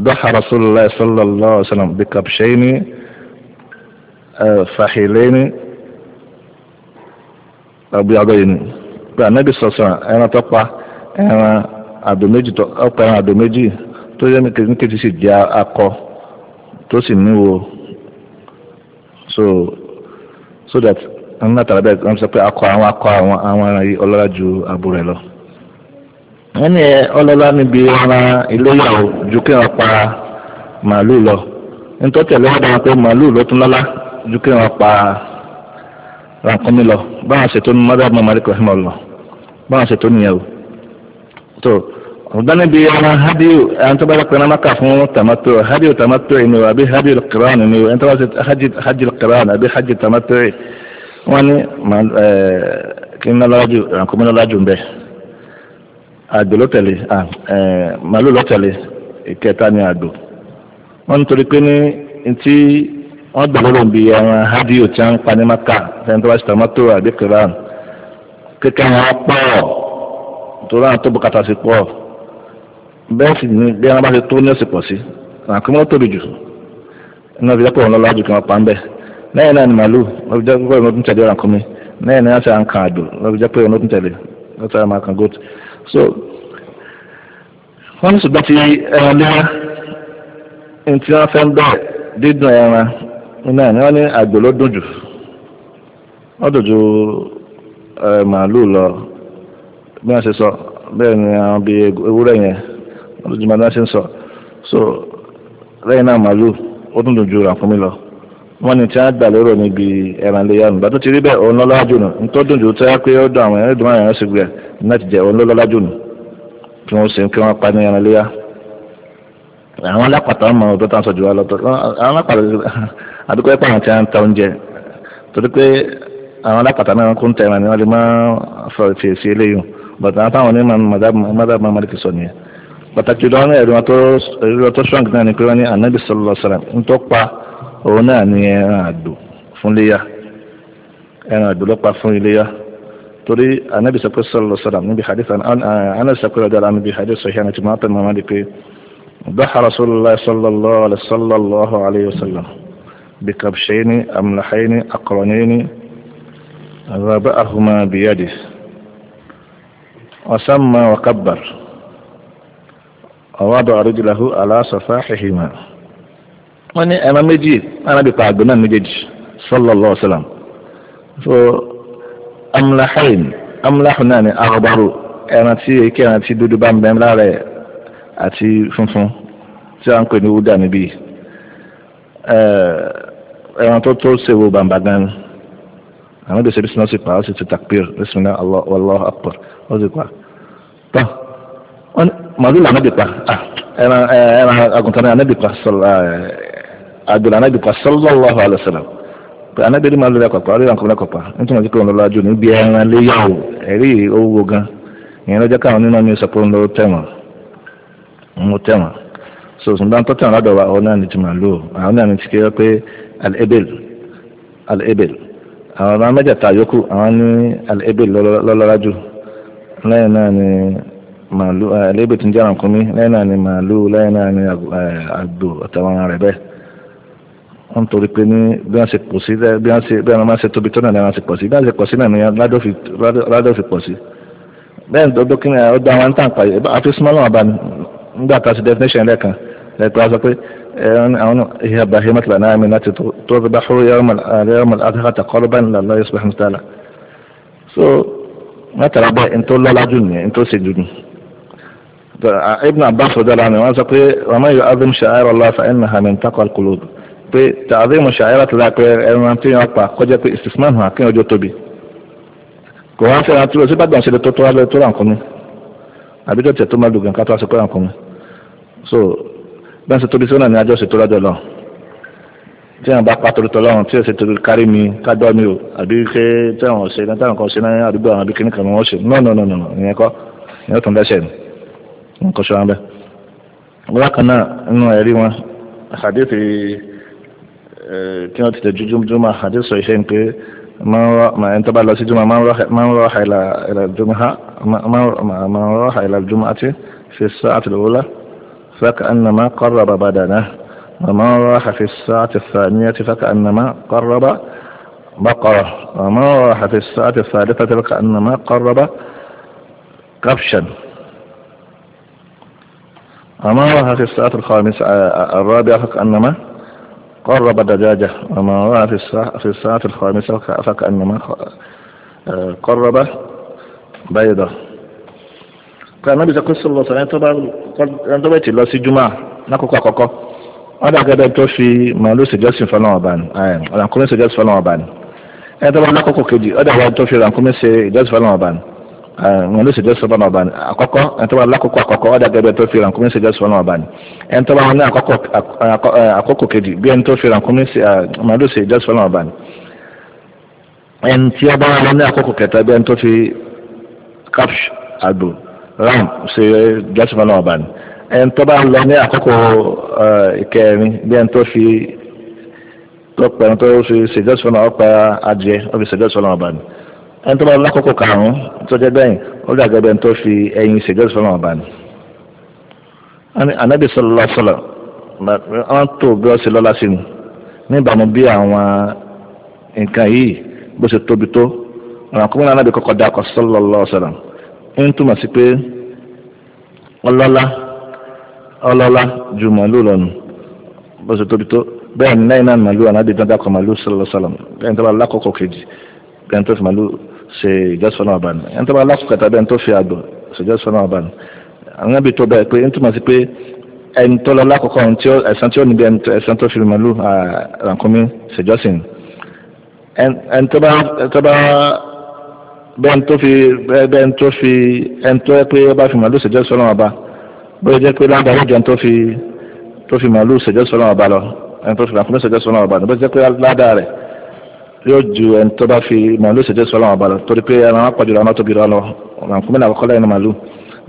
ضحى رسول الله صلى الله عليه وسلم بكبشين فحيلين أبيضين النبي صلى الله عليه وسلم أنا تقع أنا أدمجي أقع أنا أدمجي tó yẹ ní kejì sì jẹ akọ tó sì níwo so so that ń látara bẹ́ẹ̀ wọ́n sọ pé akọ àwọn akọ àwọn àwọn ẹran yìí ọlọ́lá ju abo rẹ̀ lọ wọ́n ní ọlọ́lá níbi ọ̀ràn ìlóyàwó ju kí wọ́n pa màálù lọ nítorí tẹ̀lé wọn dára pé màálù ló tún lọ́lá ju kí wọ́n pa ràkúnmí lọ báwọn ṣètò ní mọ́tò àbúmọ̀ malik rahim ọ̀lọ́ báwọn ṣètò nìyẹn o tó ọ̀gbọ́n níbi ọ̀ràn hadiu ẹni tó bá bá pẹ̀lú amáka fún tamato hadiu tamato ẹni o àbí hadiu kìrán ẹni o ẹni tó bá ṣe hajj kìrán àbí hajj tamato ẹ wọ́n ní kí n àgbò ló tẹ̀lé màálù ló ìkẹta ni àgbò wọ́n nítorí pé ní ntí wọ́n gbà lọ́rùn bí ẹran hádìó tí wọ́n ń pa ní maka sẹ́ni tó bá ṣe tòmátò àbí kẹrán kékeré wọn pọ̀ torí àwọn tó bùkátà sí pọ̀ bẹ́ẹ̀ sì ni bí bá ṣe tó ní ọ̀sẹ̀ pọ̀ sí àwọn tóbi jù lọ́la jù kí wọ́n pa ń bẹ̀ lẹ́yìn náà ni màálù tẹ̀lé lẹ́yìn so wọ́n ní ṣùgbọ́n ti ẹran léwá ní tí wọ́n fẹ́ ń dídùn ẹran náà ni wọ́n ní àgbò ló dùn jù wọ́n dùn ju màálù lọ bí wọ́n ṣe sọ bẹ́ẹ̀ ni àwọn bíi ewúrẹ́ yẹn dùn sọ so lẹ́yìn náà màálù ó dùn lọ wọ́n ní tí wọ́n gbà lérò níbi ẹran léyà ti rí bẹ́ẹ̀ òun nù ń tó dùn pé ó dùn àwọn ẹ̀rẹ́dùn àwọn ẹ̀rẹ́ iná ti jẹ́ olólọ́lá jù ní kí wọ́n ṣe kí wọ́n pa ní ẹran léyà àwọn alápàtà mọ ọdọ tá à ń sọ jù wá lọ́tọ̀ àwọn alápàtà àdúgbò ẹpà àwọn tí a ń ta oúnjẹ torí pé àwọn alápàtà náà kún tẹ ẹran ni wọ́n lè máa fọ fèsì eléyìí bàtà àwọn táwọn onímọ̀ mọ́dàbà mọ́dàkì sọ nìyẹn pàtàkì lọ ní ẹ̀rọ ẹ̀rọ tó strong náà ni pé wọ́n ní anabi sallallahu alaihi wasallam pa òun náà ni ẹran àdó fún iléyà ẹran àdó ló pa fún iléyà تري أنا بسقول صلى الله عليه وسلم نبي حديث أن أنا أنا سقول دار أنا بحديث صحيح أنا جماعة الممالك ضحى رسول الله صلى الله عليه صلى الله عليه وسلم بكبشين أملحين أقرنين ربأهما بيده وسمى وكبر ووضع رجله على صفاحهما وني أنا مجيد أنا بقعد بنا مجيد صلى الله عليه وسلم فو amlahain amlahu náà ni arọbaro ẹran tí èké ẹran tí dúdú bá ń bẹ lára ẹ àti funfun tí wọ́n ń pè ní wúdà níbí ẹran tó tó ṣèwò bàǹbà gan ni àwọn ìdòsè bísí náà sì pa ó sì ti takbir bisimilá Allahu akbar ó sì pa tán wọ́n ní màlúù làwọn ẹbí pa ẹran ẹran àgùntàn náà ẹbí pa sọlọ àgbèrè àná ẹbí pa sallallahu alaihi wasallam. pé anábìrì máa lórí àpapọ̀ àríwá nǹkan lápapọ̀ nítorí pé òun lọ́jọ́ níbi ẹran léyàwó ẹ̀rí owó gan ìyẹn lọ́jọ́ káwọn nínú mi sọ lọ tẹ̀wọ̀n òun tẹ̀wọ̀n so ṣùgbọ́n tó tẹ̀wọ̀n lọ́dọ̀ wa òun ni ti máa lò àwọn náà ni ti kéré pé al-ibil àwọn ọmọ na yòókù àwọn ní al-ibil lọ́lọ́lájú lẹ́yìn náà ni màálù wọ́n torí pé ní bí wọ́n ṣe pọ̀ sí bí wọ́n ṣe bí wọ́n ṣe tóbi tó náà ni wọ́n ṣe pọ̀ sí bí wọ́n ṣe pọ̀ sí náà ni ládọ́ fi pọ̀ sí bẹ́ẹ̀ ni dọ́dọ́ kíni ọdún àwọn tá à ń pàyẹ àfi súnmọ́ lọ́wọ́ bá ní nígbà tá a ṣe definition lẹ́ẹ̀kan lẹ́ẹ̀kan sọ pé àwọn ìhà bàhí mọ́tàlá náà mi láti tó fi bá hóró yàrá àdáhà tàkọ́rọ́ bá so mọ́tàlá bẹ́ẹ̀ ní tó lọ́lá jù nìyẹn ní tó ṣe jù ibn abbas rọ̀dọ̀lá ni wọ́n sọ pé wàmọ́ yóò azim ṣe àìrọ̀ lọ́wọ́ fa ẹ̀ pé tààzí mùsàáyà ti la pé ẹran tí wọ́n pa kọjá pé ìsìsímọ́nù àkínyìn ọjọ́ tóbi kò wá ń fẹ́ràn tó lọ sí bàgbọ́n ṣe lè tó tó wá lọ tó rà nǹkan mi àbí tó tẹ̀ tó máa dùgàn ká tó wá sí kó rà nǹkan mi so bá ń ṣe tóbi sọ́nà ní ajọ́ ṣe tó lọ́dọ̀ lọ tí wọn bá pa torí tọ́lọ́run tí ẹsẹ̀ torí kárí mi kájọ́ mi o àbí ké táwọn ṣe náà táwọn kan ṣe náà àdúgbò àwọn àbí kíníkan ni wọ́n ṣe no no no no ìyẹn kọ́ ìyẹn tó ń dẹ́sẹ̀ ni nǹkan ṣọ́ wọn bẹ́ẹ̀. bákan náà nínú ẹ̀rí wọn àṣàdéfì tí wọ́n ti tẹ̀ jújú júmọ̀ àti sọ iṣẹ́ ń pé ẹni tó bá lọ sí júmọ̀ máa ń rọ́ọ̀hà ìlà júmọ̀ máa ń rọ́ọ̀hà ìlà júmọ̀ àti fi فكأنما قرب بدنه ومن راح في الساعة الثانية فكأنما قرب بقرة ومن راح في الساعة الثالثة فكأنما قرب كبشا ومن راح في الساعة الخامسة الرابعة فكأنما قرب دجاجة وما وقع في الساعة, في الساعة الخامسة فكأنما قرب بيضة kan nabi sọ pé sọlọ sọ ẹni tó bá ti lọ sí juma lákòókò àkọ́kọ́ wọn dà gẹ́gẹ́ tó fi màálù ṣèjọsìn fọlọ́n ọba ni ọ̀làǹkómi ṣèjọsìn fọlọ́n ọba ni ẹni tó bá lákòókò kejì ọ̀dà gẹ́gẹ́ tó fi ọ̀làǹkómi ṣèjọsìn fọlọ́n ọba ni Eh, wọn ló ṣèjọ́ sọ́nà ọba ni àkọ́kọ́ ẹni tó bá lákòókò àkọ́kọ́ ọ̀dà gẹ́gẹ́ tó fi rànkúmí ṣèjọ́ sọ́nà ọba ni ẹni tó bá wọn ní àkọ́kọ́ eh, kejì bí ẹni tó fi rànkúmí wọn ló ṣèjọ́ sọ́nà ọba ni ẹni tí ọba wọn ní àkọ́kọ́ kẹta bí ẹni tó fi kapsh àgbò ram ṣèjọ́ sọ́nà ọba ni ẹni tó bá lọ ní àkọ́kọ́ eh, ìkẹrin bí ẹni tó fi tó pẹ̀lú tó fi ṣèjọ́ ṣèjọ́ sọ́nà ọba ni ẹni tó bá lọ lákòókò karùn-ún tó jẹ́ bẹ́yìn ó dà gẹ́gẹ́ tó fi ẹyin ṣèjọ́sí fọlọ́n ọba ni. anabi sọlọ sọlọ wọn tó bí wọn ṣe lọ́lá sí mu níbàámu bí àwọn nǹkan yìí bó ṣe tóbi tó àwọn akọ́mọ́nà anabi kọ́kọ́ dà kọ́ sọlọ sọlọ ń túmọ̀ sí pé ọlọ́lá ọlọ́lá ju màálù lọ́nu bó ṣe tóbi tó bẹ́ẹ̀ ni náà màálù anabi dandan màálù sọlọ sọlọ bẹ́ẹ̀ ni tó bá lọ́lá kejì bẹ́ẹ̀ ni tó fi màálù se ìjọsìn náà bá ní ẹni tó bá lásìkò tàbí ẹni tó fi àgbò ṣe ìjọsìn náà bá ní àwọn ibi tó bẹ́ẹ̀ pé ń túmọ̀ sí pé ẹni tó lọ lákòókò ẹ̀sán tí ó níbi ẹ̀sán tó fi màlúù rànkúnmí ṣe ìjọsìn ẹni tó bá bẹ́ẹ̀ tó fi bẹ́ẹ̀ tó fi ẹni tó yẹ pé ó bá fi màlúù ṣe ìjọsìn náà bá bóyá jẹ́ pé lágbàá ló jẹun tó fi tó fi màlúù ṣe ìjọsìn náà bá lọ fi rànkúnmí ṣe ìjọsìn náà bá lọ bóyá jẹ́ pé ládàá yóò ju ẹni tó bá fi màálù ṣètò ìṣọ́ lọ́wọ́ balọ̀ torí pé ẹran apàdé ọ̀nà tó bìrọ̀ lọ ọ̀nàkùnmí náà kọ́kọ́ lẹ́yìn màálù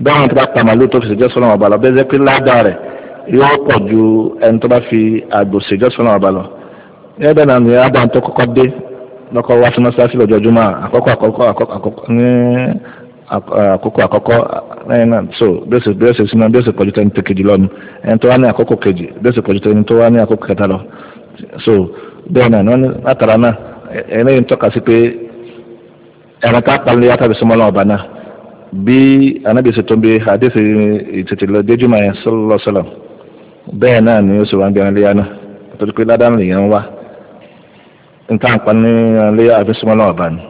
bẹ́ẹ̀ tó bá pa màálù tó fi ṣètò ìṣọ́ lọ́wọ́ balọ̀ bẹ́ẹ̀ pé ládàá rẹ̀ yóò pọ̀ ju ẹni tó bá fi àgbò ṣètò ìṣọ́ lọ́wọ́ balọ̀ ẹbẹ̀ náà ni adam tó kọ́kọ́ dé lọ́kọ́ wá sí mọ́ṣáláṣí lọ́jọ́júmọ́ àkọ́kọ́ àkọ́kọ́ lẹ́yìn náà so bí ó ṣe sinú bí ó ṣe pọ̀jù tẹ́ni tó kejì lọ́nu ẹni tó wá ní àkókò kejì bí ó ṣe pọ̀jù tẹ́ni tó wá ní àkókò kẹta lọ so bẹ́ẹ̀ náà látara náà eléyìí ń tọ́ka sí pé ẹran tá a pa nílé yàtọ̀ àbísọ́mọ́ ọlọ́run ọba náà bí anábì ṣètò bí hadith ìtètè lọ déjúmọ̀ yẹn sallallahu alaihi wasallam bẹ́ẹ̀ náà ni ó sì wá ń bí ẹran léyà náà torí pé ládàá nìyẹn ń wá ń tà ní ẹran léyà àbísọ́mọ́ ọlọ́run ọba ni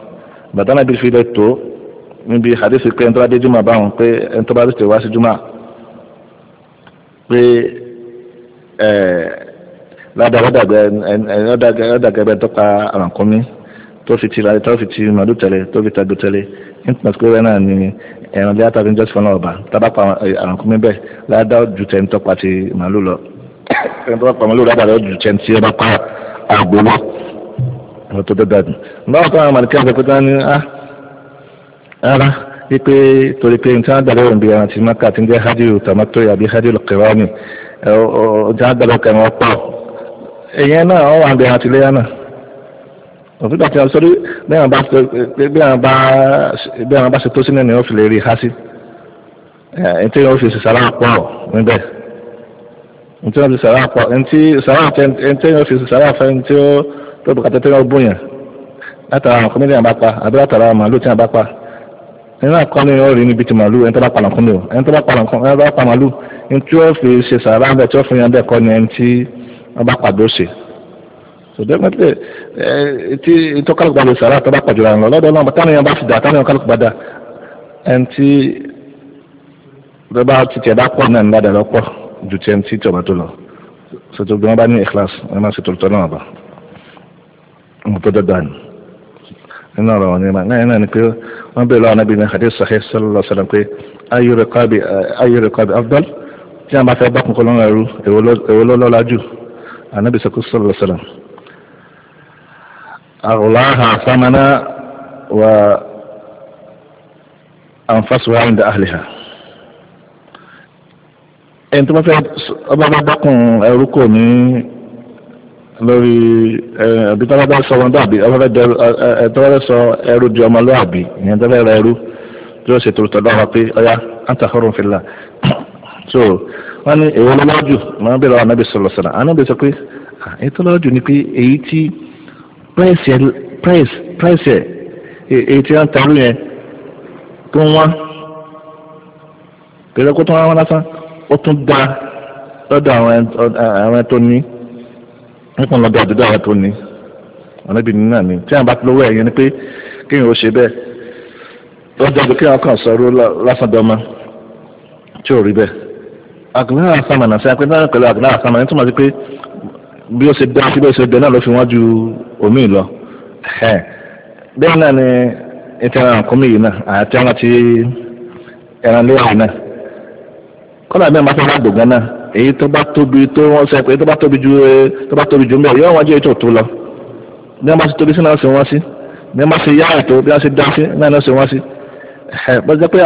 bàtà náà bí fi lè tó níbi hadith pé ẹni tó bá déjúmọ̀ báwọn pé ẹni tó bá tètè wá sí júmọ̀ pé ládàgẹ́ bẹ́ẹ̀ tọ́ka àràǹkúnmí tó fi ti ra tó fi ti màdù tẹ̀lé tó fi tàgbò tẹ̀lé nítorí pé náà ni ẹran bí àtàkùn jọ́sìn fọlọ́ ọ̀bà tábà pa àràǹkúnmí bẹ́ẹ̀ ládà ju tẹ̀ ń tọ́pa ti màlúù lọ ẹni tó bá pa màlúù ládà lọ ju tẹ̀ ń tí pa àgbò lọ ọ̀rọ̀ tó dọ́gba dùn. báwo kọ́ àwọn màlìkẹ́ àgbẹ̀ pẹ́tà ni ah, á ara wípé torí pé nǹkan àgbàdo òǹbí ẹran ti máka ti ń jẹ́ hádìrú tàmátó àbí hádìrú kẹwàá ni èyàn náà ọ̀ wà ń bẹ̀ àti léyà náà òtútù àti àwùjọ bí àwọn bá bí àwọn bá bí àwọn bá ṣe tó sínú ẹni wọ́n fi lè rí i há sí ẹ̀ǹtí wọ́n fi sàrà pọ̀ níbẹ̀ ẹ̀ǹtí wọ́n fi sàrà pọ̀ ẹ̀ǹtí sàrà fẹ́ ẹ̀ǹtí wọ́n fi sàrà fẹ́ ẹ̀ǹtí ó tó bùkátà tí wọ́n bóyàn látara àwọn kọ́mídìí àbá pa àbí látara àwọn màálù tí wọ́n bá pa nínú àkọ́ni yóò rí níbi ti màálù ẹni tó bá palàkùn ni o ẹni tó bá pa màálù ẹni tí fi ṣe sàrà bẹ́ẹ̀ tí wọ́n fi yan bẹ́ẹ̀ kọ́ ni ẹni tí wọ́n bá pàdé òsè so definitely ẹ ti ìtọ́ kálukú balẹ̀ sàrà tó bá pàdé ra ńlọ lọ́dọ̀ náà táwọn èèyàn bá fi dà táwọn èèyàn kálukú bá dà ẹn tí bá ti tiẹ̀ bá pọ̀ náà ńlá dàrọ́ pọ̀ ju tiẹ̀ ti tọ̀bà tó lọ sọtò gbọ́n bá ní ìkíláàsì ẹ má ṣe tòótọ́ náà bá mo tó dọ́dọ̀ àná nínú ọ̀rọ̀ wọn ní náà náà ni pé wọ́n bèèrè lọ́wọ́ anábìyẹn hadith sahih sallallahu alaihi wasallam pé ayé rẹ̀ kọ́ àbí afdal tí a bá fẹ́ bá kúnkọ́ lọ́rùn ẹ̀rú èwo lọ́lá jù anabi sallallahu alaihi wasallam aghlaha thamana wa anfasuha inda ahliha ẹni tó bá fẹ́ ọba bá dákun ẹrú kò ní lórí ẹbí tó bá bá sọ ọmọlúàbí ọba fẹ́ tó bá fẹ́ sọ ẹrú di ọmọlúàbí ìyẹn tó fẹ́ ra ẹrú tó ṣètò tọ́lá wa pé ọya anta hurun fillah so wọ́n ní èwo ló lọ́jù wọ́n bẹ̀rẹ̀ wọn anábì sọ̀rọ̀ sọ̀rọ̀ anábì sọ pé èyí tó lọ́jù ni pé èyí tí price yẹn price price yẹn èyí tí wọ́n tarú yẹn tó ń wá pẹ̀lú kó tó wá wọn lásán ó tún dá lọ́dọ̀ àwọn tó ní nípa lọ́dọ̀ àdúgbò àwọn tó ní anábì nínú náà ni tí àwọn bá lówó ẹ̀yẹ ni pé kéèyàn ó ṣe bẹ́ẹ̀ lọ́dọ̀ àdúgbò kéèyàn kàn sọ̀rọ̀ lásán dọ́mọ tí ò rí bẹ́ẹ̀. agùnlẹ́rà sàmà na ṣe apẹ́ntàn pẹ̀lú agùnlẹ́rà sàmà ní túmọ̀ sí pé bí ó ṣe bẹ́ẹ̀ sí bí ó ṣe bẹ́ẹ̀ náà fi wọ́n ju omi lọ bẹ́ẹ̀ náà ni yìí náà ẹran ti ẹran náà fẹ́ náà èyí tó bá tóbi tó wọ́n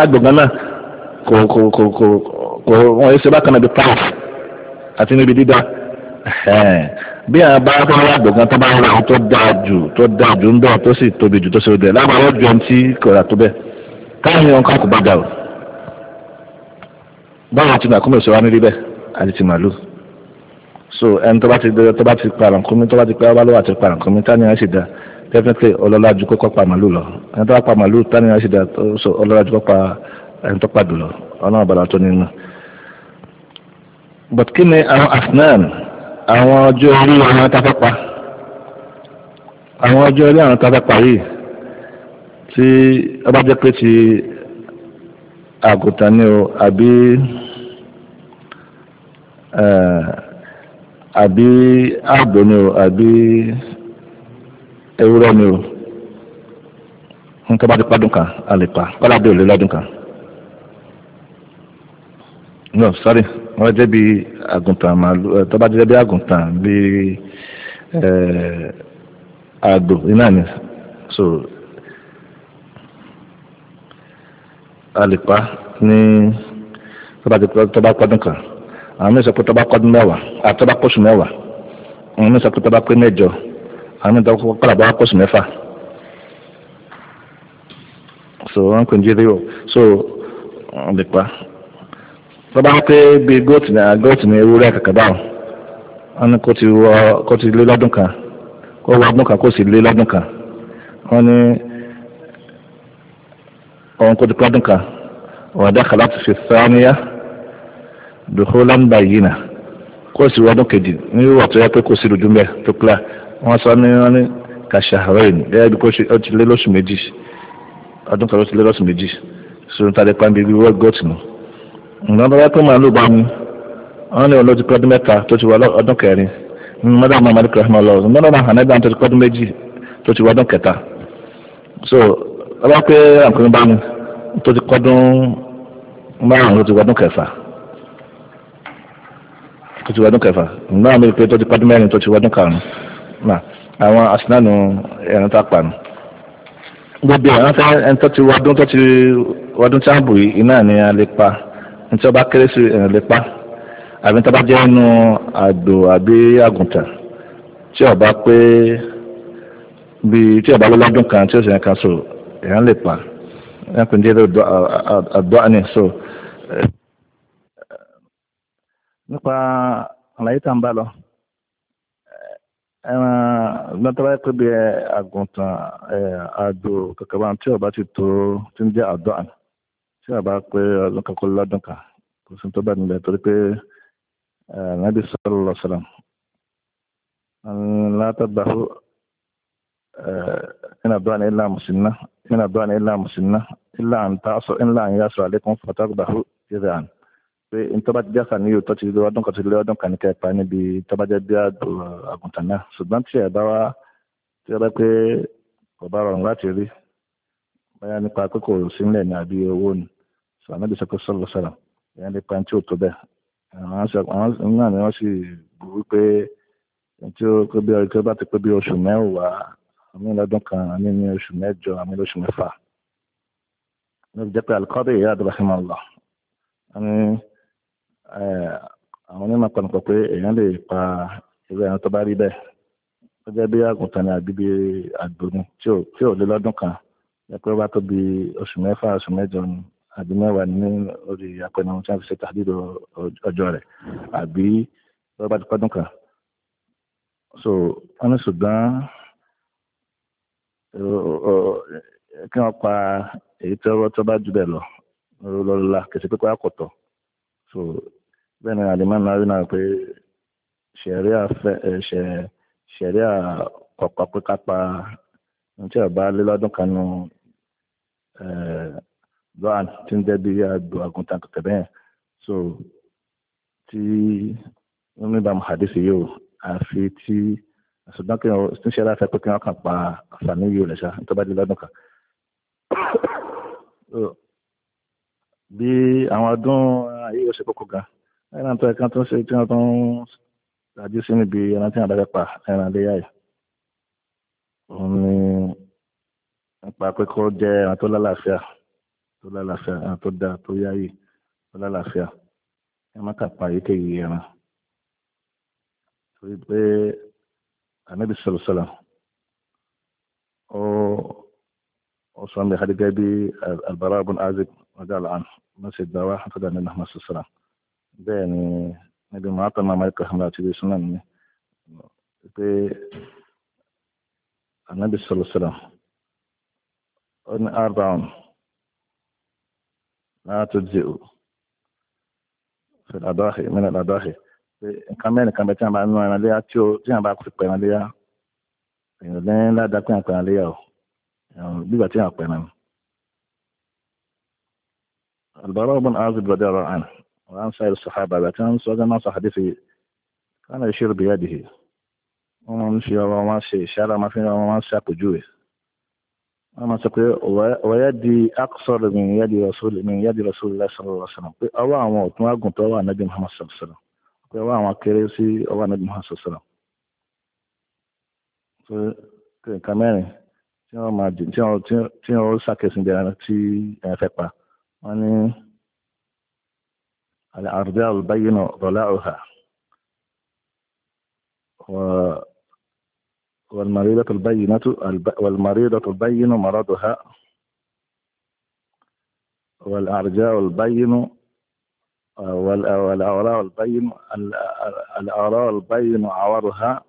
ju tó kò wọ́n yẹ ṣe bákan náà bí paf àti níbi dídá bí àwọn bá tó wá gbọ̀ngàn tó bá ra tó dáa jù tó dáa jù ń bọ̀ tó sì tóbi jù tó ṣe bẹ̀ lábàárọ̀ jọ ti kò rà tó bẹ̀ káyọ̀ nǹkan kò bá dà o báwo ti nà kúmọ̀ ìṣòro níbi bẹ́ẹ̀ àti ti màlúù so ẹni tó bá ti tó bá ti pa àrànkúnmí tó bá ti pa ọlọ́wà ti pa àrànkúnmí tá ni wọ́n ṣe dáa definitely ọlọ́lá ju kọ́kọ́ pa màlúù lọ ẹni tó bá pa màlúù tá a wọ́n ṣe dáa ọlọ́lá ju kọ́kọ́ pa ẹni tó pa dùn lọ ọlọ́run bàlá tó nínú but kí ni àwọn afnan àwọn ọjọ́ orí àwọn tábàpá àwọn ọjọ́ orí àwọn tábàpá yìí tí ọba jẹ́ pé ti àgùntàn ni o àbí eh, àbí àgbò ni o àbí ewúrẹ́ ni o nǹkan bá ti pàdùn kan a lè pa kọ́lá bí òlé lọ́dún kan no sorry wọ́n jẹ́ bí àgùntàn màálù tó bá jẹ́ bí àgùntàn bí àgbò iná ni so àlìpá ní tó bá pọ́dún kan àwọn mí sọ pé tó bá pọ́dún mẹ́wàá àti tó bá pọ́sù mẹ́wàá àwọn mí sọ pé tó bá pé mẹ́jọ àwọn mí sọ pé kọ́lá bá pọ́sù mẹ́fà so wọ́n kò ń jírí o so àlìpá tó bá ń pé bíi goat ní ah, goat ní ewúrẹ́ kàkà báwọn wọ́n ní kó ti wọ kó ti lé lọ́dún kan kó wọ ọdún kan kó sì lé lọ́dún kan wọ́n ní òun kó ti pọ́ ọdún kan òun dá kàlá ti fi sáníyá dùkú lámbà yìí nà kó sì wọ ọdún kejì ní ìwà tó yẹ pé kó sì lójú mẹ́ tó kílá wọ́n sọ ní wọ́n ní kàṣàhárẹ́ẹ̀nì bẹ́ẹ̀ bí kó ti lé lóṣù méjì ọdún kan ló ti lé lóṣù méjì sọ̀rọ̀ nípa lẹ́pàá bíi wọ́ọ̀gọ́tì nù ǹgbọ́n bá yá pé màálù bá mi wọ́n ní olójú kọ́dún mẹ́ta tó ti wọ ọdún kẹrin mọ́dà muhammadu kìrìsìmọ́ lọ mọ́dà náà hànẹ́gbà tó ti kọ́dún méjì tó ti wọ ọdún kẹta so ọlọ́wọ́ pé àǹkóyún bá mi tó ti kọ́dún márùn-ún tó ti wọ ọdún kẹfà tó ti wọ ọdún kẹfà ǹgbọ́n àmì pé tó ti kọ́dún mẹ́rin tó ti wọ ọdún karùn-ún àwọn asinanu ẹ̀rọ tá a pa nù gbogbo ẹ̀ ẹni tó ti wọ ọdún tó ti wọ ọdún tí a bù yìí náà ni a lè pa ní tí ọba kéré sí èèyàn lè pa àbí tí ọba jẹ́ inú àgbò àbí àgùntàn tí ọba pé bíi tí ọba lọ́lọ́dún kan tí ó sì yẹn kan so èèyàn lè pa èèyàn kò ní jẹ́ àdó àní so. nípa àlàyé tá à ń bá lọ ẹran gbọ́ntàbá yẹ pé bí àgùntàn àdó kàkàbà tí ọba ti tó ti ń jẹ́ àdó tí a bá pé ọdún kan kó lọ́dún kan kò sí tó bá nílẹ̀ torí pé nàbí sọ̀rọ̀ lọ sọ̀rọ̀ látàgbà ó ina duwan illa musinna ina duwan illa musinna illa an ta'asu illa an yasu alaikum fataqdahu idhan pé ntọ́ba ti jáfa ní òótọ́ ti lé ọdún kan ti lé ọdún kan ní kẹpa níbi tọ́ba jẹ́ bí àgùntàn náà ṣùgbọ́n tí ẹ̀ bá wá tí ẹ bá pé kò bá rọrùn láti rí báyà nípa pé kò sí nílẹ̀ ní àbí owó ni sọ ànábì sọ pé sọlọ sọlọ ìyẹn lè pa ẹni tí ò tó bẹ́ẹ̀ àwọn náà ni wọ́n sì bù wípé ẹni tí ó pé bí ọjọ́ bá ti pé bí oṣù mẹ́wàá àmì lọ́dún kan àmì ní oṣù mẹ́jọ àmì lóṣù mẹ́fà níbi jẹ́ pé alikọ́dé ìyá àdúrásímọ̀ lọ àmì àwọn onímọ̀ pọnpọ̀ pé èèyàn lè pa irú ẹran tó bá rí bẹ́ẹ̀ ó jẹ́ bí àgùntàn ní àbí bí àgbò tí ò lé lọ́dún kan jẹ́ pé ó bá tó bí oṣù mẹ́fà oṣù mẹ́jọ ni àbí mẹ́wàá ní orí akọni tí wọ́n fi ṣe tàdídò ọjọ́ rẹ̀ àbí lọ́ba ti pọ́dún kan so wọ́n ní ṣùgbọ́n kí wọ́n pa èyí tí ọwọ́ tó bá jù bẹ́ẹ̀ lọ lọ́lọ́lá kẹsì pípẹ́ àkọ́tọ̀ so bẹ́ẹ̀ ni àdìmọ́ náà rí náà pé ṣẹ̀ríà fẹ́ ṣẹ̀ ṣẹ̀ríà kọ̀ọ̀kan pé ká pa ohun tí ọba lé kan nù lọ́wọ́ tí ń jẹ́ bí àgbò àgùntàn kẹ̀kẹ́ bẹ́ẹ̀ so tí wọ́n ní bàmú hadisi yìí o àfi tí ṣùgbọ́n kí wọ́n ti ń ṣe aláfẹ́ pé kí wọ́n kàn pa àǹfààní yìí rẹ̀ ṣá tó bá di lọ́dún kan. bí àwọn ọdún ayé yóò ṣe kókó gan ẹran tó ẹ̀ka tó ń ṣe tí wọ́n tó ń ṣáájú sí níbi ẹran tí wọ́n bá fẹ́ pa ẹran léyà yìí. òun ni nípa pé kó jẹ́ ẹran tó lálàáfíà tó lálàáfíà tó dáa tó yáyè tó lálàáfíà ẹ má kà pa èyíkéyìí ẹran torí pé ànábì sọlọsọlọ ó ó sọ ń bẹ hadigẹ bí albara bin azib ọjọ àlàn wọn sì gbà wá àtọdà nínú ahmed sọsọlọ bẹ́ẹ̀ ni níbi mọ àtọ màmá ikọ hamla àti ibi súnà ni pé ànábì sọlọsọlọ ó ní arbaun máa tó jẹ o fìlàdọ́hì mílẹ̀ làdọ́hì nǹkan mẹ́rin kan bẹ tí a bá nínú ẹran léyà tí o tí a bá fi pẹ̀ran léyà èèyàn lẹ́yìn ládàá pé a pẹ̀ran léyà o bígbà tí a pẹ̀ran ni. البراء بن عازب رضي الله عنه وعن سائر الصحابة كان سؤال ما صح حديثه كان يشير بيده ومن شيء وما شيء شارع ما فيه وما شاء جوه wọ́n máa sọ pé ọ̀wáyá di akṣọ́rọ̀ mi yá di rasúlì mi yá di rasúlì lásán ọ̀rọ̀ sọ̀rọ̀ pé ọwọ́ àwọn ọ̀tún àgùn tó wà nàbí muhammad sọ̀rọ̀ sọ̀rọ̀ pé ọwọ́ àwọn akéré sí ọwọ́ nàbí muhammad sọ̀rọ̀ sọ̀rọ̀ pé nǹkan mẹ́rin tí wọ́n máa dì tí wọ́n tí wọ́n ṣàkẹ́sìn bí ẹran tí ẹ fẹ́ pa wọ́n ní àrùbí àlùbáyé náà rọ̀lá ọ̀hà والمريضة البينة الب... والمريضة البين مرضها والأرجاء البين والأوراء البين الأوراء البين عورها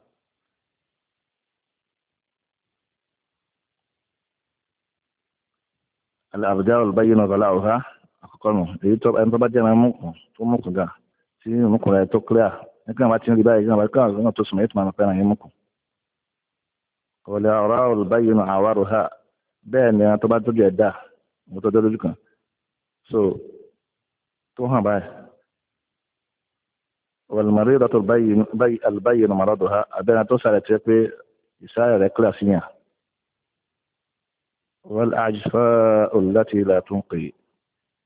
الأرجاء البين ظلعها أقوم يتوب إيه، أن أنت من مكو تومكو جا سين مكو لا تكلا إنك ما تشين لبايع إنك ما تكلا إنك تسمعت ما نحن هي مكو wọlé ọ̀rọ̀ olùbáyé nù àwárò ha bẹ́ẹ̀ ni tó bá tójú ẹ̀ mo tọ́jú lójú kan so tó hàn báyìí wọlé mọ̀rí ìdọ́tò alùbáyé nù mọ̀rọ́dọ̀ ha abẹ́rẹ́ tó sàrẹ̀ tiẹ́ pé ìsáyẹ̀ rẹ̀ kílà sí yàn wọlé àjùfẹ́ olùdátì ilà tó ń pè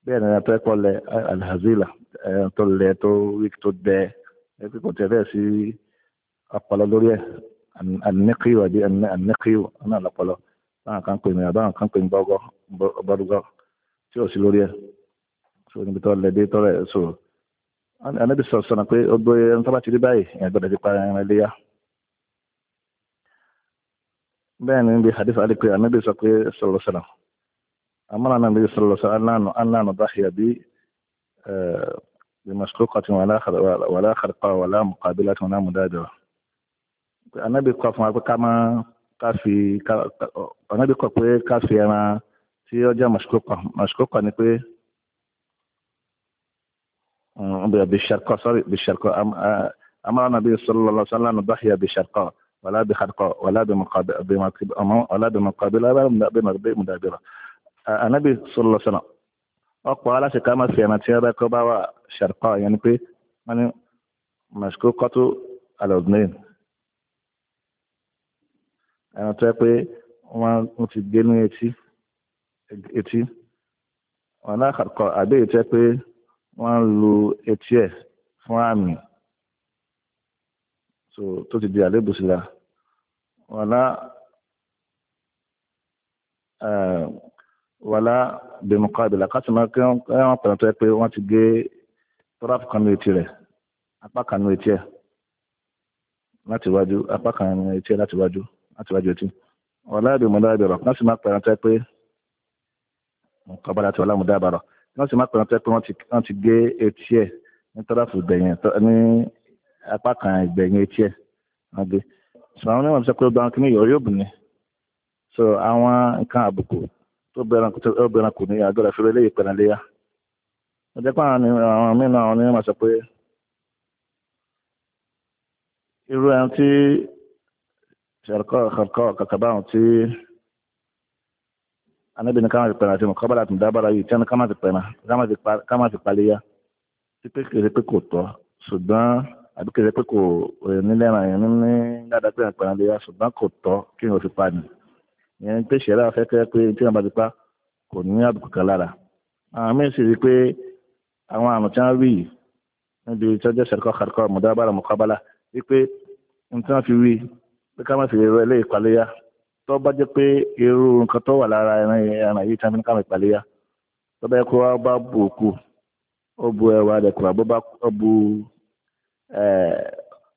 bẹ́ẹ̀ ni tó ẹ̀kọ́ lẹ alhazila tó lẹ tó wíkì tó dẹ ẹ̀kọ́ النقي ودي النقي انا لا قلا انا كان كوي ميا دان كان كوي بوغو بارو غو سو سلوريا سو ني بتول لدي تول سو انا انا بس سو كوي ادوي انت ما تري باي يعني بدا دي باي ليا بان ان بي حديث عليك انا بس كوي صلى الله عليه وسلم اما انا نبي صلى الله عليه وسلم انا انا ضحيه بي آه، بمسلوقه ولا خرقه ولا مقابله ولا مدادره anábì kọ fún wa pé ká máa ká fi ká anábì kọ pé ká fi ẹran tí ó jẹ́ mọ̀ṣíkókọ̀ mọ̀ṣíkókọ̀ ni pé um, bisharqa sorry bisharqa amara nabi sallallahu alaihi wasallam dahya bisharqa ولا بخرقاء ولا بمقابل ولا بمقابل ولا بمدابرة النبي صلى الله عليه وسلم ọ̀pọ̀ aláṣẹ ká máa fi ẹ̀nà tí wọ́n bá kọ́ bá wà ṣàrùkọ́ ìyẹn ni pé wọ́n ní mashkukatu alọ́dúnrún ẹran tó yẹ pé wọ́n ti gé ní etí etí wọn náà kọ àbẹ́yẹ tó yẹ pé wọ́n ń lu etí ẹ̀ fún àmì tó ti di àlébùsílà wọn náà wàlá bẹ̀mùkọ́bìlà káṣí máa kí wọ́n pẹ̀lú tó yẹ pé wọ́n ti gé tọ́ráfù kan ní etí rẹ̀ apá kan ní etí ẹ̀ láti wájú apá kan ní etí ẹ̀ láti wájú láti wájú etí ọ̀la ìbímọ dábẹ̀rọ̀ wọ́n sì máa pẹ̀rọ tẹ́ pé nǹkan bára ti ọ̀la mu dábàrọ̀ wọ́n sì máa pẹ̀rọ tẹ́ pé wọ́n ti gé etí ẹ̀ ní tọ́láfù gbẹ̀yìn ní apá kan ìgbẹ̀yìn etí ẹ̀ wọ́n gé so àwọn onímọ̀ sọ pé ó gbọ́n kí ní ìyọ̀ yóò bù ní so àwọn nǹkan àbùkù tó bẹ̀rẹ̀ kù ní àgọ́dà fẹ́rẹ́ lè pẹ̀rẹ̀ léyà ó jẹ́ pé àwọn mìíràn irú ẹni tí ṣàrkọ́ kàkà báwọn tí anábì ní káwọn ti pẹ̀rẹ̀ àti mọ̀kọ́bàlà tó dábàrà yìí tí káwọn ti pẹ̀rẹ̀ káwọn ti paléyà tí pé kèrè pé kò tọ́ ṣùgbọ́n àbí kèrè pé kò nílẹ̀ ràn yín ní dáadáa pé àpẹ̀rẹ̀ léyà ṣùgbọ́n kò tọ́ kí n ò fi pa nì ìyẹn pé ṣẹlẹ̀ afẹ́ kẹ́rẹ́ pé tí wọn bá ti pa kò ní àbùkù kan lára àwọn míì sì rí pé àwọn àrùn pé ká má fi rọ ilé ìpaléyà tó bá jẹ́ pé irú nǹkan tó wà lára ẹran ẹran yìí tí wọ́n fi ń tó bá yẹ kó bá bu òkú ó bu ẹwà rẹ̀kùrà bó bá bu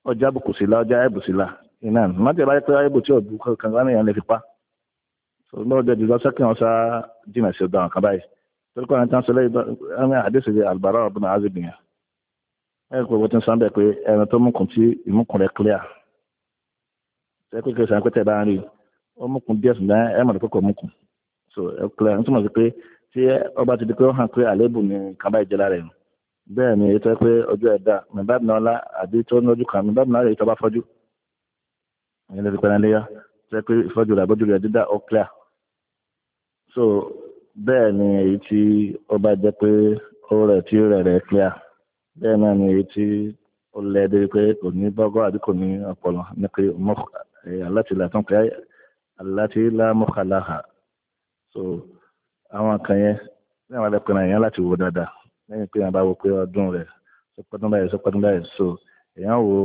ọjà bùkùsílà ọjà la iná má jẹ́ báyìí pé ẹ̀bù tí ò bu kankan lè fi pa kí sá sí àwọn kan báyìí àlùbárà ti sọ sẹ́kọ̀ kí o sàn pẹ́tẹ́ bá ń rí ó mú kun díẹ̀ ṣùgbọ́n ẹ mọ̀ pé kò mú kun so ẹ kílẹ̀ ń túmọ̀ sí pé tí ọba ti di pé ó hàn pé àlébù ni kaba ìjẹlá rẹ̀ bẹ́ẹ̀ ni ètò pé ọjọ́ ẹ̀dá mẹ́bàá bí náà àbí tó lójú kan mẹ́bàá bí náà èyí tó bá fọ́jú ẹ̀yìn lè fi pẹ́ẹ́rẹ́ léyà tó pé ìfọ́jú rẹ̀ àbójú rẹ̀ dídá ó kílẹ̀ so bẹ́ẹ̀ ni èyí tí ọba jẹ́ pé ó rẹ̀ tí rẹ̀ rẹ̀ kílẹ̀ bẹ́ẹ̀ náà ni èyí tí ó lẹ́ẹ̀dẹ́ pé kò ní bọ́gọ́ àbí kò ní ọpọlọ ní pé Eh, aláti là tán pé aláti lámúkàláhà so àwọn kan yẹn ní àwọn alẹ́pẹ̀rẹ̀ èèyàn láti wo dáadáa lẹ́yìn pé èèyàn bá wo pé ọdún rẹ̀ sọpọ́dún báyìí sọpọ́dún báyìí so èèyàn wo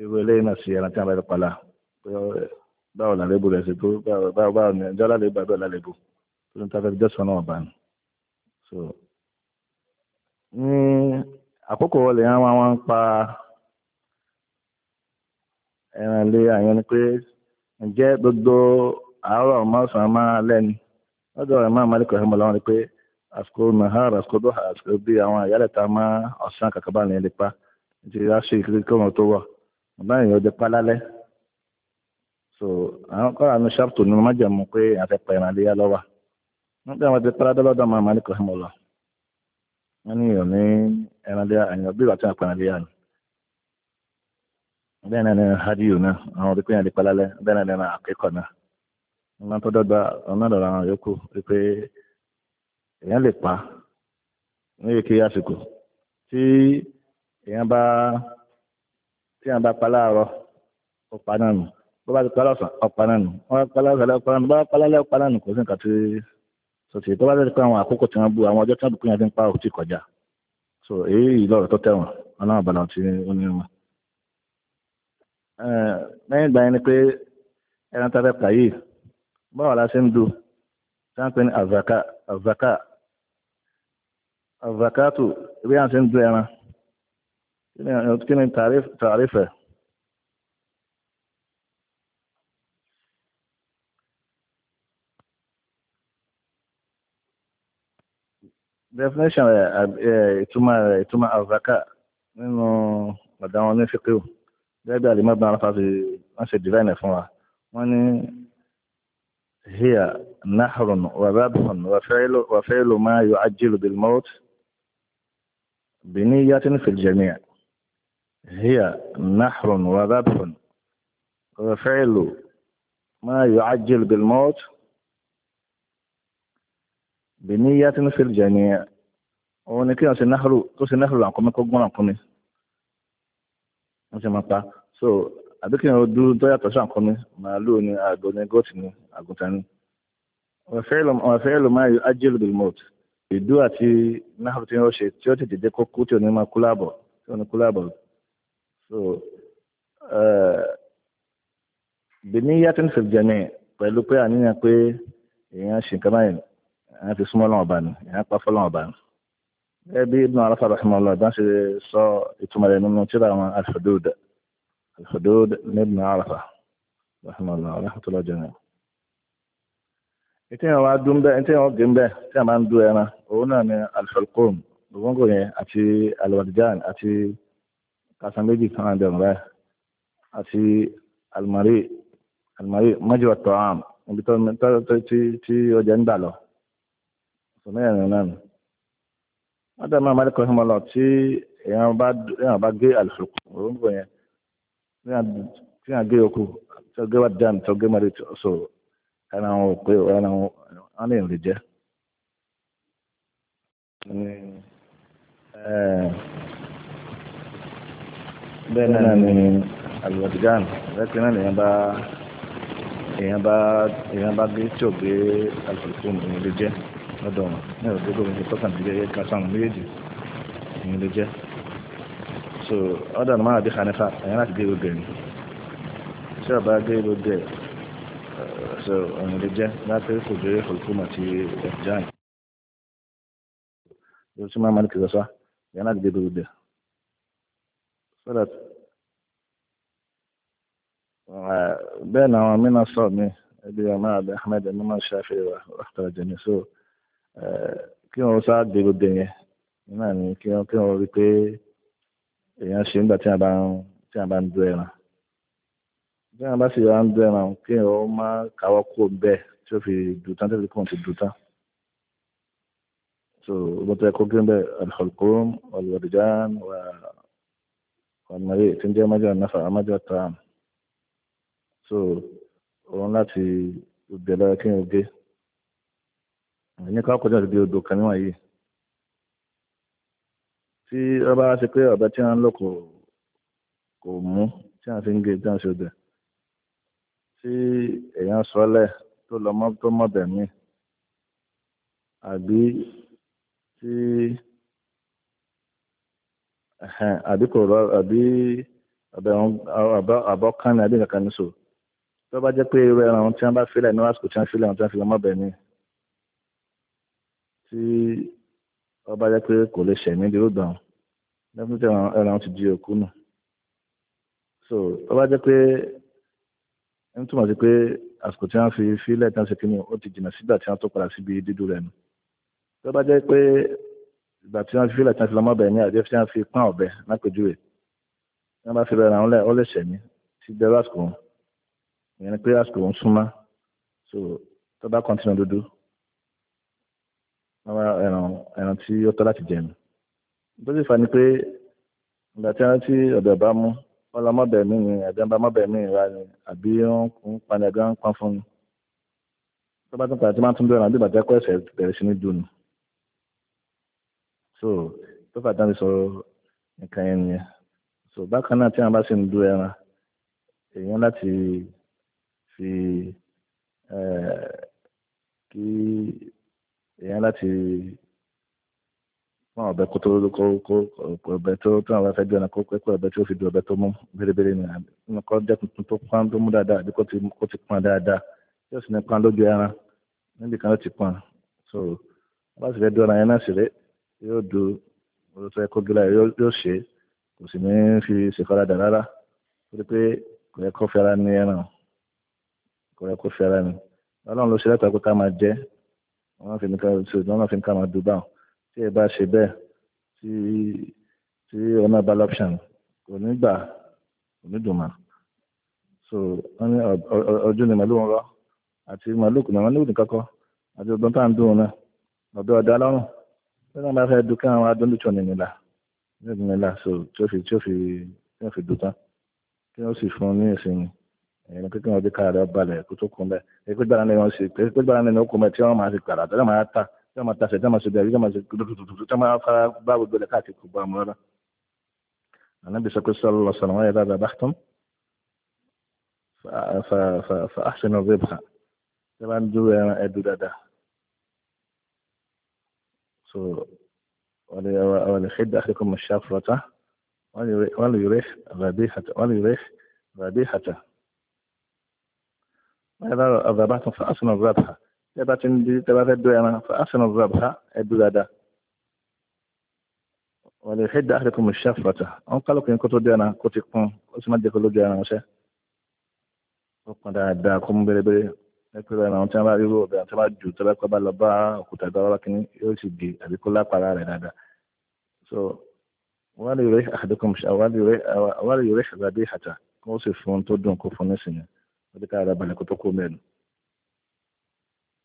irú eléyìí náà sí ẹran tí àwọn alẹ́pẹ̀rẹ̀ pàlà pé báwo làlébù rẹ̀ ṣe tó báwo báwo ni ẹjọ́ lálébù àbí ọ̀làlébù tó ń tafẹ́ jọ́sọ̀ náà bá ní. so ní àkókò wọlé àwọn àwọn ń pa ẹran lé àyàn ni pé ǹjẹ́ gbogbo àárọ̀ mọ́sàn-án máa lẹ́ni lọ́dọ̀ rẹ̀ máa Malik rahman lọ́wọ́ ni pé àsìkò nahar àsìkò dọ́hà àsìkò bí àwọn àyálẹ̀ta máa ọ̀sán kàkàbà ní ilé pa ti ráṣí ìkírí kí wọn tó wọ̀ ọ̀bá èèyàn ọdẹ pa lálẹ́ so àwọn kọ́ra ní ṣáàpù ni wọ́n jẹ̀mú pé àti pa ìrìn àlẹ́yà lọ́wà nígbà wọn ti pẹ́lá dọ́lọ́dọ̀ máa Malik rahman lọ wọ́n ní ìrìn ní ẹran àlẹ́yà àyàn bí ìwà tí wọ́n pa ìrìn àlẹ́yà ni bẹ́ẹ̀ náà ni hadiyu náà àwọn òbí pé yẹn lè pa lálẹ́ bẹ́ẹ̀ náà ni akẹ́kọ̀ọ́ náà wọ́n máa ń tọ́jọ́ gba àwọn yòókù pé èèyàn lè pa ní èké àsìkò tí èèyàn bá tí èèyàn bá pa láàárọ̀ ó pa náà nù bó bá ti pa lọ́sàn ó pa náà nù wọ́n pa lọ́sàn ó pa náà nù bó bá pa lálẹ́ ó náà nù kò sí nǹkan tí sọtì tó bá tẹ̀lé pé àwọn àkókò tí wọ́n bu àwọn ọjọ́ tí wọ́n bu kúnyàn ń pa òkú kọjá so èyí lọ́rọ̀ tó tẹ̀wọ̀n ọlọ́run àbàlà ti ó lẹ́yìn ìgbà yẹn ni pé ẹran tàbí ẹ̀ka yìí báwo la ṣe ń do tí wọ́n ń pè ní azaka azaka azakatu ibi yà ń ṣe ń du ẹran kí ni tàrífẹ̀. definition ẹ̀ ìtumọ̀ ẹ̀ ìtumọ̀ azaka nínú ọ̀dà wọn ní fíkìrì. gẹ́gẹ́ bí alimọ́ ibùdó aláfáà fi wọ́n ṣe divine fún wa wọ́n ní hiya nahrun wa rabhun wa fẹ́lú máa yọ ajílù bil mọ́t bìní yàtí ní fìlìjẹ̀mí hiya nahrun wa rabhun wa fẹ́lú máa yọ ajílù bil mọ́t bìní yàtí ní fìlìjẹ̀mí òun ni kí wọ́n ṣe náhàrù tó ṣe náhàrù àkọ́mẹ́kọ́gbọ́n àkọ́mẹ́ wọ́n sì máa pa so àbí kí wọ́n dúró tó yàtọ̀ sí àkọ́mi màálù ni àgbò ni goat ni àgùntàn ni. ọ̀fẹ́ ló máa yọ ajé lóbi mọ́t ìdú àti náà tí wọ́n ṣe tí ó tètè dé kókó tí ò ní máa kú láàbọ̀ tí ò ní kú láàbọ̀ so eh, bìní yàtọ̀ ní fìjẹ́mi pẹ̀lú pé àníyàn pé èèyàn ṣe nǹkan báyìí èèyàn fi súnmọ́ lọ́wọ́ bá ni èèyàn pa fọ́ lọ́wọ́ bá ni ẹbí ibùdó aláfà rahimahullah bá ṣe sọ ìtumọ̀ rẹ̀ nínú tíra àwọn al-hudud al-hudud ní ibùdó aláfà rahimahullah rahmatullah jẹ́nà ìtí àwọn adúmbẹ́ ìtí àwọn gẹ̀mbẹ́ tí a máa ń du ẹran òun náà ni al-falqum gbogbo yẹn àti al-warjan àti kasaméjì kan àdẹ̀rùn rẹ̀ àti al-mari al-mari majwa at tí ọjà ń gbà lọ sọ mẹ́rin náà mọ́tà máa máa kọ́ ẹ̀ mọ́ lọ tí èèyàn bá èèyàn bá gé àlùfòkù òróǹgbò yẹn tí èèyàn gé okù tó gé wá dán tó gé mọ́rí so ẹ̀ràn wọn ò pé ẹ̀ràn wọn lè rìn jẹ́. Eh, bẹ́ẹ̀ náà ni àlùwàdìgán lẹ́kìn náà lèèyàn bá èèyàn bá gé tí ò gé àlùfòkù òróǹgbò jẹ́ lọ́dọ̀ wọn ní ọ̀rọ̀ gbogbo ìṣe tọ́kàn nílé ẹ̀yẹ kan sáwọn méjèèjì ní ilé jẹ́ so ọ̀dọ̀ ní máa bí hanifa ẹ̀yẹn láti gé gbogbo ẹ̀yìn tí ọba gé gbogbo ẹ̀ so ọ̀yìn ilé jẹ́ láti kò jẹ́rẹ́ fòlùfòmù àti ẹ̀jáàn ló sì máa mọ́lì kìlọ́sọ́ ẹ̀yẹn láti gé gbogbo ẹ̀ so that bẹ́ẹ̀ ni àwọn mìíràn sọ mi ẹbí ọmọ àbẹ ahmed ẹni máa ṣàfihàn ọ̀tọ̀ ìjẹ̀mí so kí wọ́n sá dèrò dè yẹn nínú àmì kí wọ́n kí wọ́n rí pé èèyàn ṣe nígbà tí wọ́n bá ń tí wọ́n bá ń dú ẹran tí wọ́n bá sì wá ń dú ẹran kí wọ́n má káwọ́ kó bẹ́ẹ̀ tí ó fi dùn tán tí ó fi kóhùn ti dùn tán so gbọ́dọ̀ ẹ̀kọ́ gbé bẹ́ẹ̀ alḥulqum alwadjan wa ọmọdé tí ń jẹ́ májọ náfà májọ tààm so òun láti gbẹ̀lẹ́ kí n ò ní ká kọjá ìdí odò kan níwọ̀n yìí tí ọba ṣe pé ọ̀bẹ tí wọ́n ń lò kò kò mú tí wọ́n fi ń gé tí wọ́n ṣe odò tí èèyàn sọlẹ̀ tó lọ mọ́ tó mọ́ bẹ̀mí àbí tí àbí kò rọ àbí àbọ̀kan ni àbí nǹkan ní so tó bá jẹ́ pé irú ẹran tí wọ́n bá filẹ̀ ní wàásù tí wọ́n filẹ̀ tí wọ́n filẹ̀ mọ́ bẹ̀mí tí ọba jẹ́ pé kò lè ṣẹ̀mí dúró dàn lẹ́kùn tí ẹran ti di òkú nù so ọba jẹ́ pé ń túmọ̀ sí pé àsìkò tí wọ́n fi fílẹ̀ tán ṣe kí ni ó ti jìnnà sígbà tí wọ́n tó padà síbi dídú rẹ̀ nù tó bá jẹ́ pé ìgbà tí wọ́n fi fílẹ̀ tán fi lọ́mọ bẹ̀ ní àjẹ́ tí wọ́n fi pán ọ̀bẹ lápèjúwe tí wọ́n bá fi bẹ̀rẹ̀ àwọn ó lè ṣẹ̀mí ti dẹ́rọ àsìkò òun ìyẹn ni pé àsìkò òun súnmọ́ so tó bá kọ́ntínú dúdú ẹran ẹran tí ó tọ́ láti jẹun tó sì fà ní pé ìgbà tí wọ́n ti ọ̀dọ̀ bá mú wọ́n lọ mọ́bẹ̀ mí ni àbí wọ́n bá mọ́bẹ̀ mí ra ni àbí wọ́n ń pani àbí wọ́n ń pan fún mi tó bá tún padà tí wọ́n tún bẹ̀rẹ̀ àbí ìbàjẹ́ kọ́ ẹ̀sẹ̀ bẹ̀rẹ̀ sí ní dùn so tó fà dáhùn sọ nǹkan yẹn nìyẹn so bákan náà tí wọ́n bá sì ń du ẹran èèyàn láti fi kí èèyàn láti fún àwọn ọbẹ̀ kó tó kó kó ọbẹ̀ tó tó àwọn afẹ́jọ́ ẹran kó pẹ́pẹ́ ọbẹ̀ tí ó fi di ọbẹ̀ tó mú bèrèbèrè ni àbí kó jẹ́ tuntun tó pọ́n tó mú dáadáa àbí kó ti kó ti pọ́n dáadáa yóò sì ní pọ́n lójú ẹran níbi kan ló ti pọ́n so wọ́n bá sì fẹ́ du ẹran yẹn náà sì ré yóò du olú tó yẹ kó dúró yóò ṣe kò sì ní fi ṣèfaradà rárá torí pé kò yẹ kó fẹ́ra ní ẹran kò yẹ kó fẹ́ra ní ọlọ́run ló ṣe lẹ́tọ̀ọ́ pé ká máa jẹ wọ́n máa fi nìkan ṣe wọ́n máa fi nìkan máa dùbà tí ẹ bá ṣe bẹ́ẹ̀ tí tí ọ̀nà bá lọ́pṣàn kò ní gbà kò ní dùn mà so wọ́n ní ọjọ́ ni màlúù ń rọ́ àti màlúù kùnà màlúù nìkan kọ́ àti ọdún tá à ń dùn náà ọ̀dọ́ ọ̀dọ́ alọ́rùn tí wọ́n bá fẹ́ dùn kí àwọn adúlùtò nìyẹn nígbìmọ̀ ilá so tí ó fi tí ó fi dùn tán kí ó sì fún ní ìsinmi ẹ̀yìn pé kí wọ́n dé kára rẹ̀ balẹ̀ kó tó kún bẹ́ẹ̀ èyí pé gbára lẹ́yìn wọn ṣe pé pé gbára lẹ́yìn okùn bẹ́ẹ̀ tí wọ́n máa ṣe gbàrà tí wọ́n máa ta tí wọ́n máa taṣẹ̀ tí wọ́n máa ṣe dẹ̀rí tí wọ́n máa ṣe tututu tí wọ́n máa fara bá gbogbo rẹ̀ káàkiri kò bá wọn rárá. Ànábì sọ pé sọlọ sọlọ wọn yẹ dáadáa bá tán fa àṣẹnà ọ̀rẹ́ bá tí wọ́n lè xidda àkẹ́kọ̀ọ́ mọ̀ báyọ̀ ọ̀bàbà tún fún àṣùnà ọ̀bàbà tẹ́ bá ti ń di tẹ́ bá fẹ́ dó ẹran fún àṣùnà ọ̀bàbà ẹ dúró dáadáa. wọ́n lè ṣe dáhùn kò mú ṣe àfọ̀tà wọ́n kálukú yín kó tó dé ẹran kó ti pọ́n ó sì má jẹ́ kó lójú ẹran ṣẹ́. ó pọn dáadáa kó mú bèrèbèrè ẹ pé ẹran tí wọ́n bá rí ró ọ̀bẹ̀rẹ̀ tí wọ́n bá jù tó bá kọ́ bá lọ bá òkúta gbọ́dọ̀ kínní yóò sì gé àbí kó lápára rẹ̀ dáadáa. so wọ́n lè rí àdókòmù wọ́n lè rí àdókòmù àbí káàrà balẹ̀ kó tó kó mẹ́nu.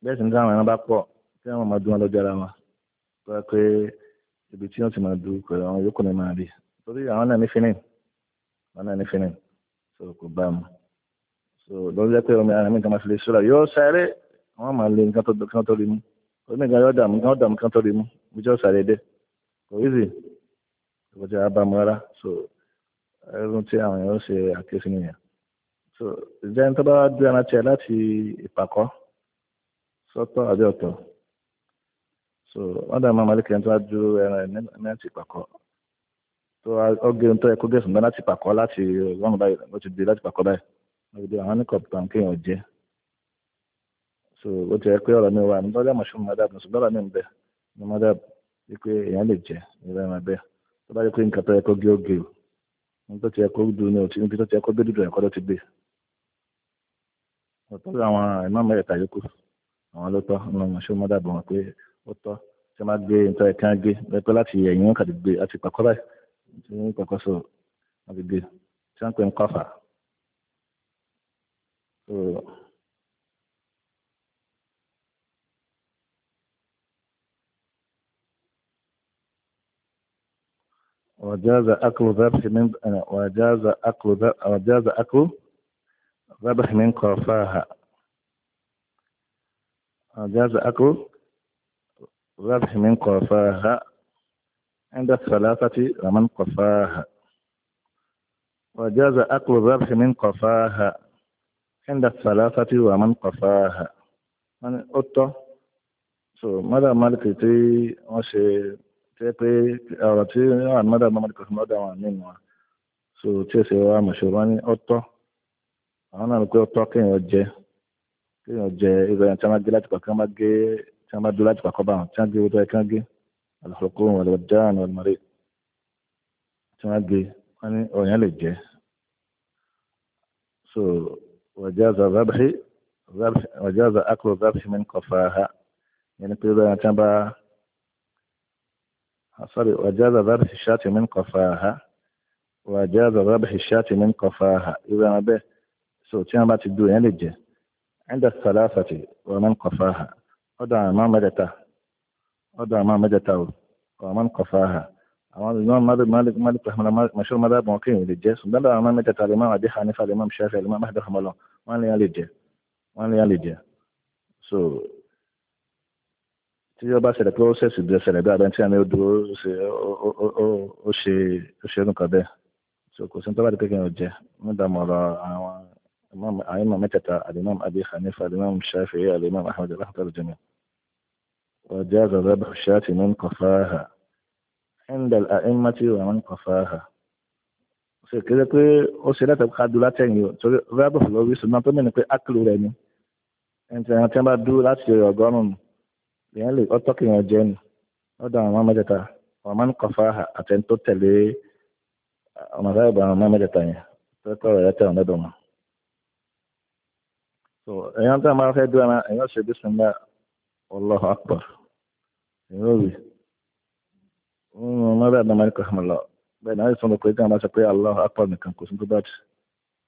bẹ́ẹ̀ sì ní táwọn ẹran bá pọ̀ tí àwọn máa dún wọn lọ́jọ́ ara wọn tó yẹ pé ibi tí wọ́n ti máa dún pẹ̀lú àwọn yòókù ni máa rí torí àwọn náà ní finin àwọn náà ní finin so kò bá mu so lọ́n jẹ́ pé omi ara mi kan máa fi lè sọ́ra yóò sáré wọ́n máa lè nǹkan tó rí mu omi kan yóò dààmú kan dààmú kan tó rí mu bí tí sáré dé kò í sì kò tí a bá mu rárá so ẹrú tí àwọn èèyàn ṣe àkíyèsí nìyẹn so ǹjẹ́ ẹni tó bá gbé ẹran tiẹ̀ láti ìpàkọ́ sọ́tọ̀ àbí ọ̀tọ̀ so wọ́n dà máa malikẹ́ tó wá ju ẹran ẹ̀ ní àti ìpàkọ́ tó ọgẹ́ ohun tó yẹ kó gẹ̀ẹ́sì náà láti ìpàkọ́ láti ọgọ́rùn-ún báyìí ló ti di láti ìpàkọ́ báyìí wọ́n ti di àwọn ní kọ̀ọ̀kan kéèyàn jẹ́ so ó ti yẹ pé ọ̀rọ̀ mi wà ní lọ́dọ̀ àmọ́ṣọ́ mọ́dà ṣùgbọ́n ọ̀rọ̀ mi ń bẹ ní mọ́dà wípé èèyàn lè jẹ ìrẹ́rìn abẹ́ tó bá yẹ pé nǹkan tó yẹ kó gé ó o níbi tó yẹ kó dùn ní òtí níbi tó yẹ kó gbé dùdù ẹ̀kọ́ ló ti gbé ọ̀tọ́ àwọn ìmáàmù mẹ́rẹ̀ẹ̀ta yòókù àwọn ló tọ́ ọ̀nà ọmọ ṣé mọ́dà bọ̀ wọn pé ó tọ́ tí wọ́n bá gbé nǹkan ẹ̀ka gbé lẹ́pẹ́ láti ẹ̀yìn wọn kàdé gbé àti pàkọ́ báyìí tí wọ́n pàkọ́ sọ wọ́n ti gbé tí wọ́n pè ń kọ́fà. وجاز أكل ذبح من وجاز أكل وجاز أكل ربح منك وفاها جاز أكل ربح من قفاها عند الثلاثة ومن قفاها وجاز أكل الربح من قفاها عند الثلاثة ومن قفاها من أتى so mada malik tí wọ́n ṣe tẹ pé ọ̀rọ̀ tí àwọn mada malik ọsùn lọ́dọ̀ àwọn nínú wa so tí ó ṣe wá mọṣọ wọn ní ọ̀tọ̀ àwọn náà ní pé ó tọ́ kéèyàn jẹ kéèyàn jẹ irú ẹran tí wọ́n bá gé láti pàkó wọ́n bá gé tí wọ́n bá dúró láti pàkó bá wọn tí wọ́n gé owó tó yẹ kí wọ́n gé àlùfòkó wọn lọ dáhùn wọn mọ̀rẹ́ tí wọ́n gé wọ́n ní ọ̀yàn lè jẹ́ so wàjáza zábìrì wàjáza akọ̀rọ̀ zábìrì mi ń kọ̀ fàáhà yẹn ní pé irú ẹran tí wọ́n bá ah, sorry wàjáza zábìrì ṣáàtì mi ń kọ̀ fàáhà wàjáza zábìrì ṣáàtì mi ń kọ̀ fàáhà irú ẹran bẹ́ẹ̀ so tí wọ́n bá ti du yẹn lè jẹ́ ẹ̀ńdà sàlásàtì ọ̀nà ń kọfà ha ọ̀dọ̀ àwọn máa mẹ́tẹ̀ẹ̀ta ọ̀dọ̀ àwọn máa mẹ́tẹ̀ẹ̀ta o ọ̀nà ń kọfà ha àwọn ìmọ̀ malik malik malik mashur mada bọ̀n kí lè jẹ́ sùn dáadáa àwọn máa mẹ́tẹ̀ẹ̀ta lè máa àbí hanifa lè máa shafi lè máa mahdi lè yàn lè jẹ́ wọ́n lè yàn lè jẹ́ so tí ó bá pé ó ṣẹ̀ṣì dúró ṣẹlẹ̀ bí abẹ́ tí a ní ó dúró ó ṣe ó ṣe nǹkan bẹ́ẹ̀ so kò sí ní tó bá pé kí n ò jẹ́ nígbà àwọn امام ائمه متى الامام ابي حنيفه الامام الشافعي الامام احمد الاحنف الجميع وجاز ذبح الشاة من قفاها عند الأئمة ومن قفاها سيكذكي أسيلة تبقى دولة تنجي سوري غابة فلو بيسو نطمي نكي أكلو ريني انت انا يعني تنبا دولة تيو يغانون يالي يعني أطاكي نجين ودا ما مجتا ومن قفاها أتن توتالي وما غابة ما مجتا تكو ريتا وندوما so èèyàn tó máa fẹ́ dúró náà èèyàn ṣe bísímilá Allahu akbar èèyàn ò rí nínú mọ́bí àdámọ́ ní kọ́hìmọ́lá bẹ́ẹ̀ náà sọ̀rọ̀ pé káwọn máa sọ pé Allahu akbar nìkan kò sí tó bá jù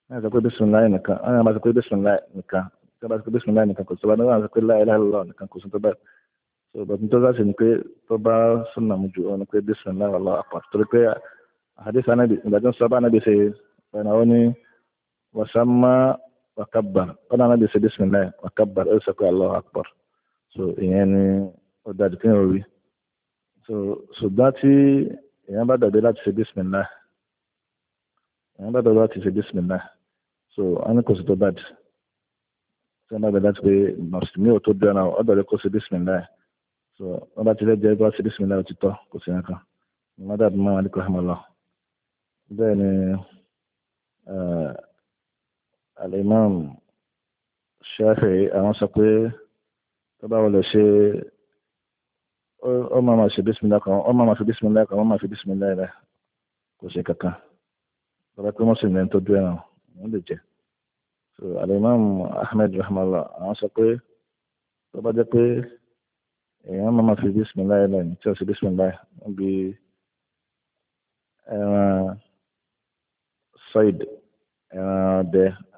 náà sọ pé bísímilá nìkan náà máa sọ pé bísímilá nìkan tó bá sọ pé bísímilá nìkan kò sí tó bá náà sọ pé la ilaha illallah nìkan kò sí tó bá jù so bàtún tó sáṣe ni pé tó bá súnà mu jù ọ ni pé bí ṣe bẹ́ẹ̀ náà ó wakabar ọ̀nà anábì ṣe bisimilayi wakabar ó sọ pé Allahu akbar so ìyẹn ni ó dájú kí n rí so ṣùgbọ́n tí èèyàn bá dàgbé láti ṣe bisimilayi èèyàn bá dàgbé láti ṣe bisimilayi so wọn kò sí tó bá dì tí wọn bá dàgbé láti pé mùsùlùmí ò tó bí ọ̀nà ọ̀dọ̀rẹ́ kò ṣe bisimilayi so wọn bá ti lẹ́jọ́ bá ṣe bisimilayi ó ti tọ́ kò sí nǹkan mọ́tàbí mọ́ wọn ní kò hàn mọ́ lọ bẹ́ẹ̀ ni alimam Shafi'i àwọn sọ pé tó bá wọlé ṣe ọ máa ma ṣe bísímìlá kan ọ máa ma fi bísímìlá kan ọ máa fi bísímìlá rẹ kò ṣe kankan lọ́ba pé wọ́n sì ní tọ́jú ẹran wọ́n lè jẹ so alimam Ahmed rahmanlá àwọn sọ pé tó bá jẹ́ pé èèyàn máa ma fi bísímìlá rẹ lẹ́yìn tí ó ṣe bísímìlá ń bi ẹran sọ́ìd ẹran ọdẹ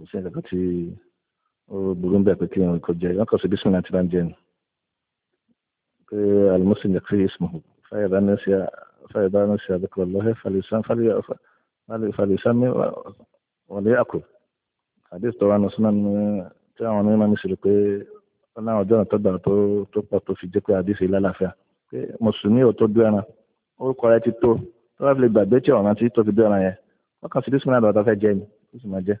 kò sí nǹkan tí ó burú ń bẹ̀ pé kí n kò jẹ wọn kò sí bísí náà ti bá ń jẹ ni pé alimusin yẹ kí ismu fàyè bá ní sí fàyè bá ní sí àbíkọ lọ́hẹ́ fàlìsámi wọlé àkù àdéhùn tó wà ní súnmọ́ ní tí àwọn onímọ̀ ní sèrè pé wọn náà ọjọ́ náà tó gbà tó pọ̀ tó fi jẹ́ pé àdéhùn ilé àlàáfíà pé mùsùlùmí ò tó dúró ẹran orúkọ rẹ ti tó tó bá fi lè gbàgbé tí ọ̀ràn ti tó fi dúró ẹran yẹn wọn kàn sí bísí náà lọ́dọ̀ fẹ́ jẹ́ ni ó sì máa jẹ́.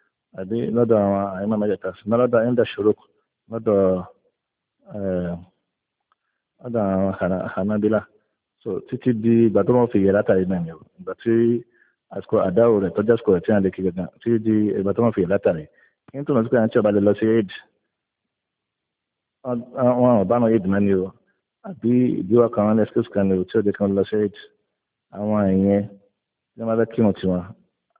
àbí lọ́dọ̀ àwọn àìmọ̀ mẹ́jẹ̀ta ṣùgbọ́n lọ́dọ̀ ẹ̀ńdà ṣòro lọ́dọ̀ eh, lọ́dọ̀ àwọn hanabila so títí di ìgbà tó wọ́n fi yẹ látàrí náà ni ìgbà tí àsìkò àdáwò rẹ̀ tọ́jú àsìkò rẹ̀ tí wọ́n lè kí gangan títí di ìgbà tó wọ́n fi yẹ látàrí kí n tó lọ sí pé àwọn tí ọba lè lọ sí aid wọn ò bá wọn aid mẹ́ni o àbí ìdíwọ́ kan wọn lẹ́sìkò kan ni o lọ sí aid àwọn ìyẹn ní wọ́n bá kírun tiwọn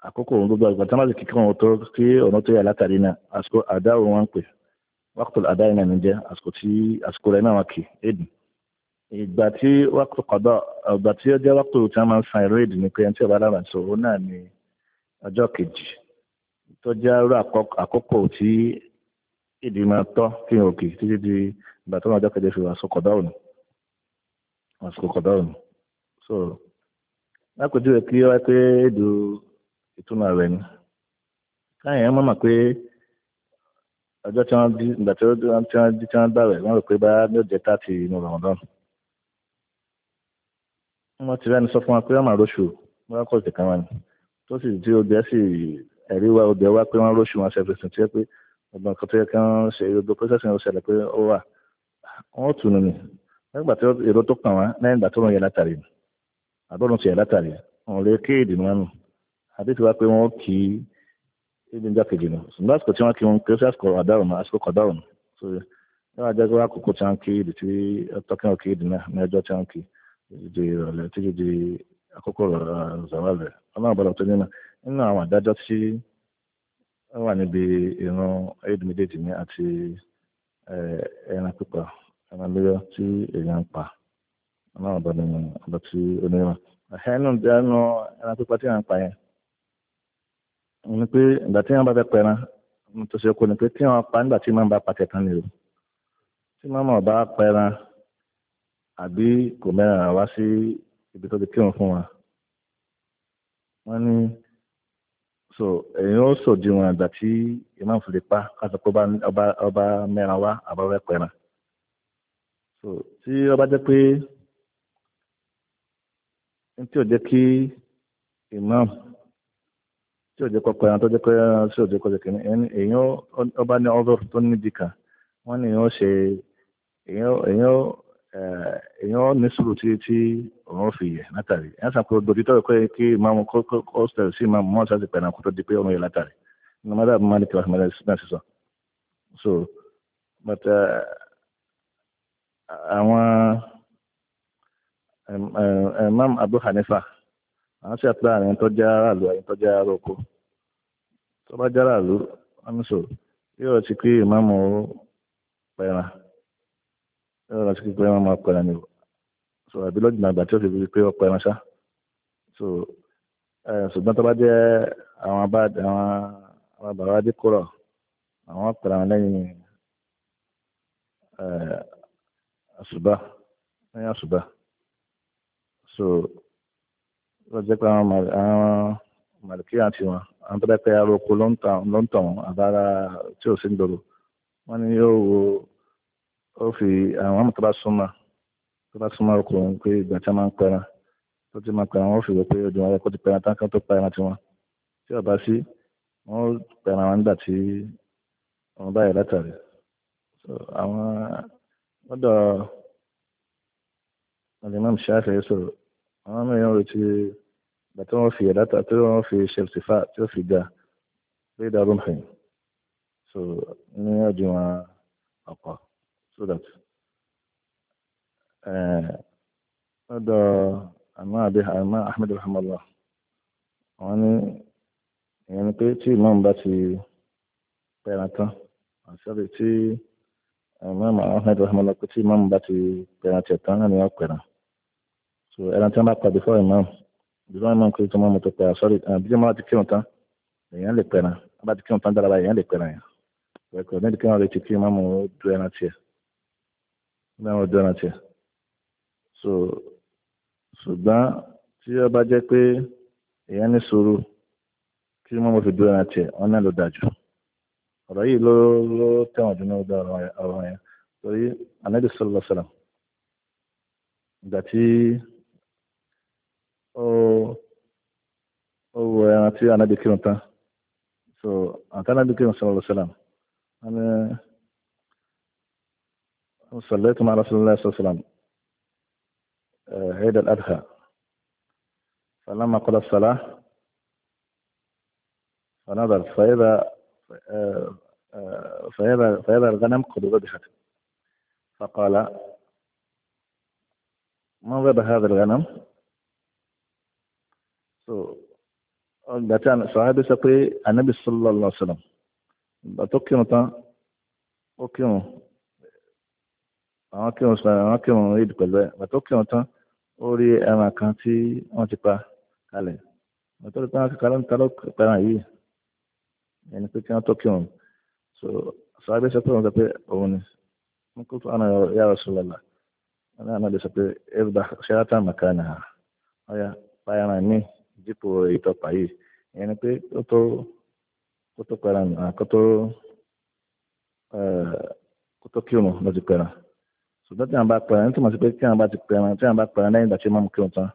àkókò òun gbogbo àgbà tí wọ́n bá sì kíkọ́ òun tó kí òun tó yà látàrí náà àsìkò àdá òun wọn ń pè wákòtò àdá yìí náà ní jẹ́ àsìkò tí àsìkò rẹ̀ náà wọn kì éèdì ìgbà tí wákòtò kọ̀dọ̀ ìgbà tí ó jẹ́ wákòtò tí wọ́n máa ń san èrè èdè ní pé ẹni tí ọba lára sọ òun náà ní ọjọ́ kejì tó jẹ́ irú àkókò tí èdè máa tọ́ kí n òkè títí di ìgbà tó ọjọ́ kejì fi àsìkò kọ̀dọ̀ òun àsìkò kọ̀dọ̀ òun so lápèjúwe kí ọ wá ìtumọ̀ rẹ̀ ni káwọn èèyàn mọ̀ mọ̀ pé ọjọ́ tí wọ́n bí ìgbà tí wọ́n tí wọ́n bí tí wọ́n bàwẹ̀ wọ́n rò pé bá yóò jẹ́ tààtì inú Ramadan wọ́n ti rẹ́ni sọ fún wa pé wọ́n máa róṣù wọ́n kọ́ ìtẹ̀kàn wọn ni tó sì tí obì ẹ̀ sì ẹ̀rí wa obì ẹ̀ wá pé wọ́n róṣù wọn ṣẹ̀fẹ̀ sùn tí ó pé ọgbà nǹkan tó yẹ kí wọ́n ṣe gbogbo process yẹn ṣẹlẹ̀ pé ó wà wọ́n tù nù mí nígbà tí èrò tó kàn wá lẹ́yìn ìgbà tó ń yẹ látàrí àbọ̀rùn ti yẹ látàrí òun lè kéèdì nù wọn nù àdìsí wa pé wọ́n kì í ebi ń jákèjì nù tí wọn àsìkò àsìkò so jẹ́gbẹ́ àkókò tí wọn náà ní ọjọ́ tí wọ́n kí ìdí ìrọ̀lẹ́ títí di àkókò zọ̀wálẹ̀ ọlọ́run bọ̀dọ̀ tó nínú nínú àwọn àdájọ́ tí wà níbi ìran aid méjèèjì ní àti ẹran pípa ẹran lóyọ tí èèyàn pa ọlọ́run bọ̀dọ̀ ní tí òun ni pé ìgbà tí wọ́n bá fẹ́ pẹran ohun tó ṣe kó ni pé kí wọ́n pa nígbà tí màmá bá pàtẹ tán ni o tí màmá bá pẹran àbí kò mẹ́ràn wá sí ibi tó ti kírun fún wa wọ́n ní so èyàn ó sòdiwọn àgbà tí imam fi lè pa káṣọ pé ọba ọba mẹ́ràn wá àbá fẹ́ pẹran so tí ọba jẹ́ pé n tí ò jẹ́ kí imam tí ò jẹ́ kọ́kọ́ ẹran tó jẹ́ pé tí ò jẹ́ kọ́kọ́ kìíní ẹni èyàn ọba ní ọdọ tó níbi kan wọ́n ní èyàn ṣe èyàn èyàn èyàn ní sùúrù tí tí òun fi yẹ látàrí ẹ̀yàn sàn pé odòdì tó kọ́ kí ìmáàmù kọ́ sọ̀rọ̀ sí ìmáàmù mọ́ọ̀sá ti pẹ̀lú àkótó di pé òun yẹ látàrí ní mọ́tà bí malik wa mẹ́lẹ̀ náà sísọ. so but àwọn imam abu hanifa àwọn ṣe àpẹẹrẹ àrẹ tó jẹ́ aráàlú àyè tó jẹ́ ará oko tó bá jẹ́ aráàlú wọ́n sọ yóò ti pé ìmáàmù pẹ̀ràn yóò ti pé ìmáàmù pẹ̀ràn ni so àbí lọ́jọ́ àgbà tí ó fi fi pé ọ̀pọ̀ ẹran ṣá so ṣùgbọ́n tó bá jẹ́ àwọn àwọn bàbá adékòrò àwọn pẹ̀lú àwọn lẹ́yìn àṣùbà lẹ́yìn àṣùbà so lọ́jọ́ pé àwọn màlìkíyà àti wọn àwọn tó bá pẹ́ ara oko ló ń tàn wọn àbára tí ò sí ń dòrò wọ́n ní yóò wo ó fi àwọn àmọ̀ tó bá súnmọ́ tó bá súnmọ́ oko wọn pé ìgbà tí wọ́n máa ń pẹ́ran tó ti máa pẹ́ran wọ́n fi rò pé ojú wọn yẹ kó ti pẹ́ran tán kán tó pẹ́ran tiwọn tí ọba sí wọ́n pẹ́ran wọn nígbà tí wọ́n bá yẹ látàrí àwọn lọ́dọ̀ alimami ṣáfẹ́ sọ̀rọ̀ àwọn mẹ́rin retí bàtí wọ́n fi ẹ̀dá tí wọ́n fi ṣẹ̀fìfà tí ó fi ga lórí ìdàrú nǹkan yìí so ní ọ̀dìwọ̀n ọ̀pọ̀ so that eh, ọ̀dọ̀ àmọ́ àbí àmọ́ Ahmed rahmanullah wọ́n ní ìyẹn ni pé tí imam bá ti pẹ̀rẹ̀ tán àṣàbí tí eh, imam Ahmed rahmanullah pé tí imam bá ti pẹ̀rẹ̀ tẹ̀ tán náà ni wọ́n pẹ̀rẹ̀ so ẹran tí wọ́n bá pàdé fọ́ imam jùlọ àmọ́ nǹkan tó máa mọ̀ tó pẹ́ àsọ́rí eh, bíjọ́ máa ti kírun tán èèyàn lè pẹ̀ràn bá ti kírun tán dára báyìí èèyàn lè pẹ̀ràn yẹn pẹ̀kọ̀ ní ìdíkẹ́ wọn lè ti kí máa mọ̀ ojú ẹran tiẹ̀ máa mọ̀ ojú ẹran tiẹ̀ so ṣùgbọ́n tí ó bá jẹ́ pé èèyàn ní sùúrù kí máa mọ̀ fi dúró ẹran tiẹ̀ wọn náà ló dájú ọ̀rọ̀ yìí ló ló tẹ̀wọ̀n jù náà ọ̀rọ̀ yẹn torí Ànábì sallallahu alaihi wasallam ìgbà tí oh oh ati anabi kiran tan so ati anabi kiran sallallahu alaihi wasallam ana صليت مع رسول الله صلى الله عليه وسلم فلما قضى الصلاة فنظر فإذا فإذا فإذا الغنم قد ذبحت فقال من ذبح هذا الغنم so ọgbà tí sàhábí sọ pé anabi sallallahu alaihi wasallam ìgbà tó kírun tán ó kírun àwọn kírun sọ àwọn kírun éèdì pẹ̀lú ẹ̀ ìgbà tó kírun tán ó rí ẹran kan tí wọ́n ti pa kalẹ̀ ìgbà tó rí pé wọ́n ti kalẹ̀ ń ta ló pẹ̀ràn yìí ẹni pé kí wọ́n tó kírun so sàhábí sọ pé wọ́n sọ pé òun ni wọ́n kó fún ya Rasulullah wọn náà lè sọ pé ẹ̀rù bá ṣe látà màkà nìyà ọ̀ya pa ẹran míì dípò ìtọ́pà yìí ìyẹn ni pé ó tó kó tó pẹran kó tó kó tó kírun ló ti pẹran ṣùgbọ́n tí àwọn bá pẹran nítorí wọn ti pé tí àwọn bá ti pẹran tí àwọn bá pẹran lẹ́yìn ìgbà tí wọ́n mú kírun tán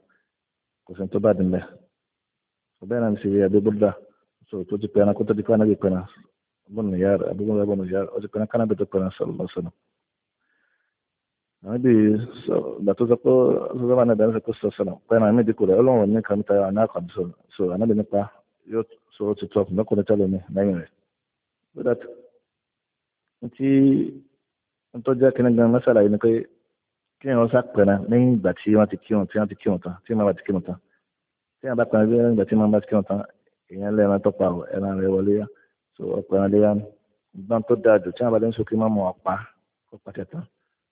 kò sí tó bá dín lẹ̀ ọbẹ̀ náà ní ṣe adé búdà so tó ti pẹran kó tó di pẹran náà ti pẹran ọgbọ́n nìyára abúgbọ́n ọgbọ́n nìyára ó ti pẹran kánábì tó pẹran sọ̀rọ̀ lọ́sọ̀rọ̀ ànábì ìgbà tó sọ pé sọ́sọ́ bá nàbẹ̀rẹ̀ sọ pé sọ̀sọ̀rọ̀ pé ẹran méjì kò rẹ̀ ọlọ́run ní kàmíta àná àkàndé sọ ànábì nípa yóò sọ ó ti tọ́ ọkùnrin mẹ́kùnrin tẹ́lẹ̀ mi lẹ́yìn rẹ̀ so that ntí ntọ́jà kìnnì gan mẹ́sàlá yìí ni pé kí wọ́n sá pẹ̀rẹ̀ lẹ́yìn ìgbà tí wọ́n ti kírun tí wọ́n ti kírun tán tí wọ́n bá ti kírun tán tí wọ́n bá pẹ̀rẹ̀ lẹ́yìn ìgbà tí wọ́n bá ti kírun tán èèyàn lẹ́ran tó pa ẹran rẹ̀ wọlé yá so ọ̀pẹ̀rẹ̀ lẹ́yà gbọ́n tó dáa jù tí wọ́n bá lẹ́yìn sókè má mọ̀ ọ́ pa ó pàtẹ́ tán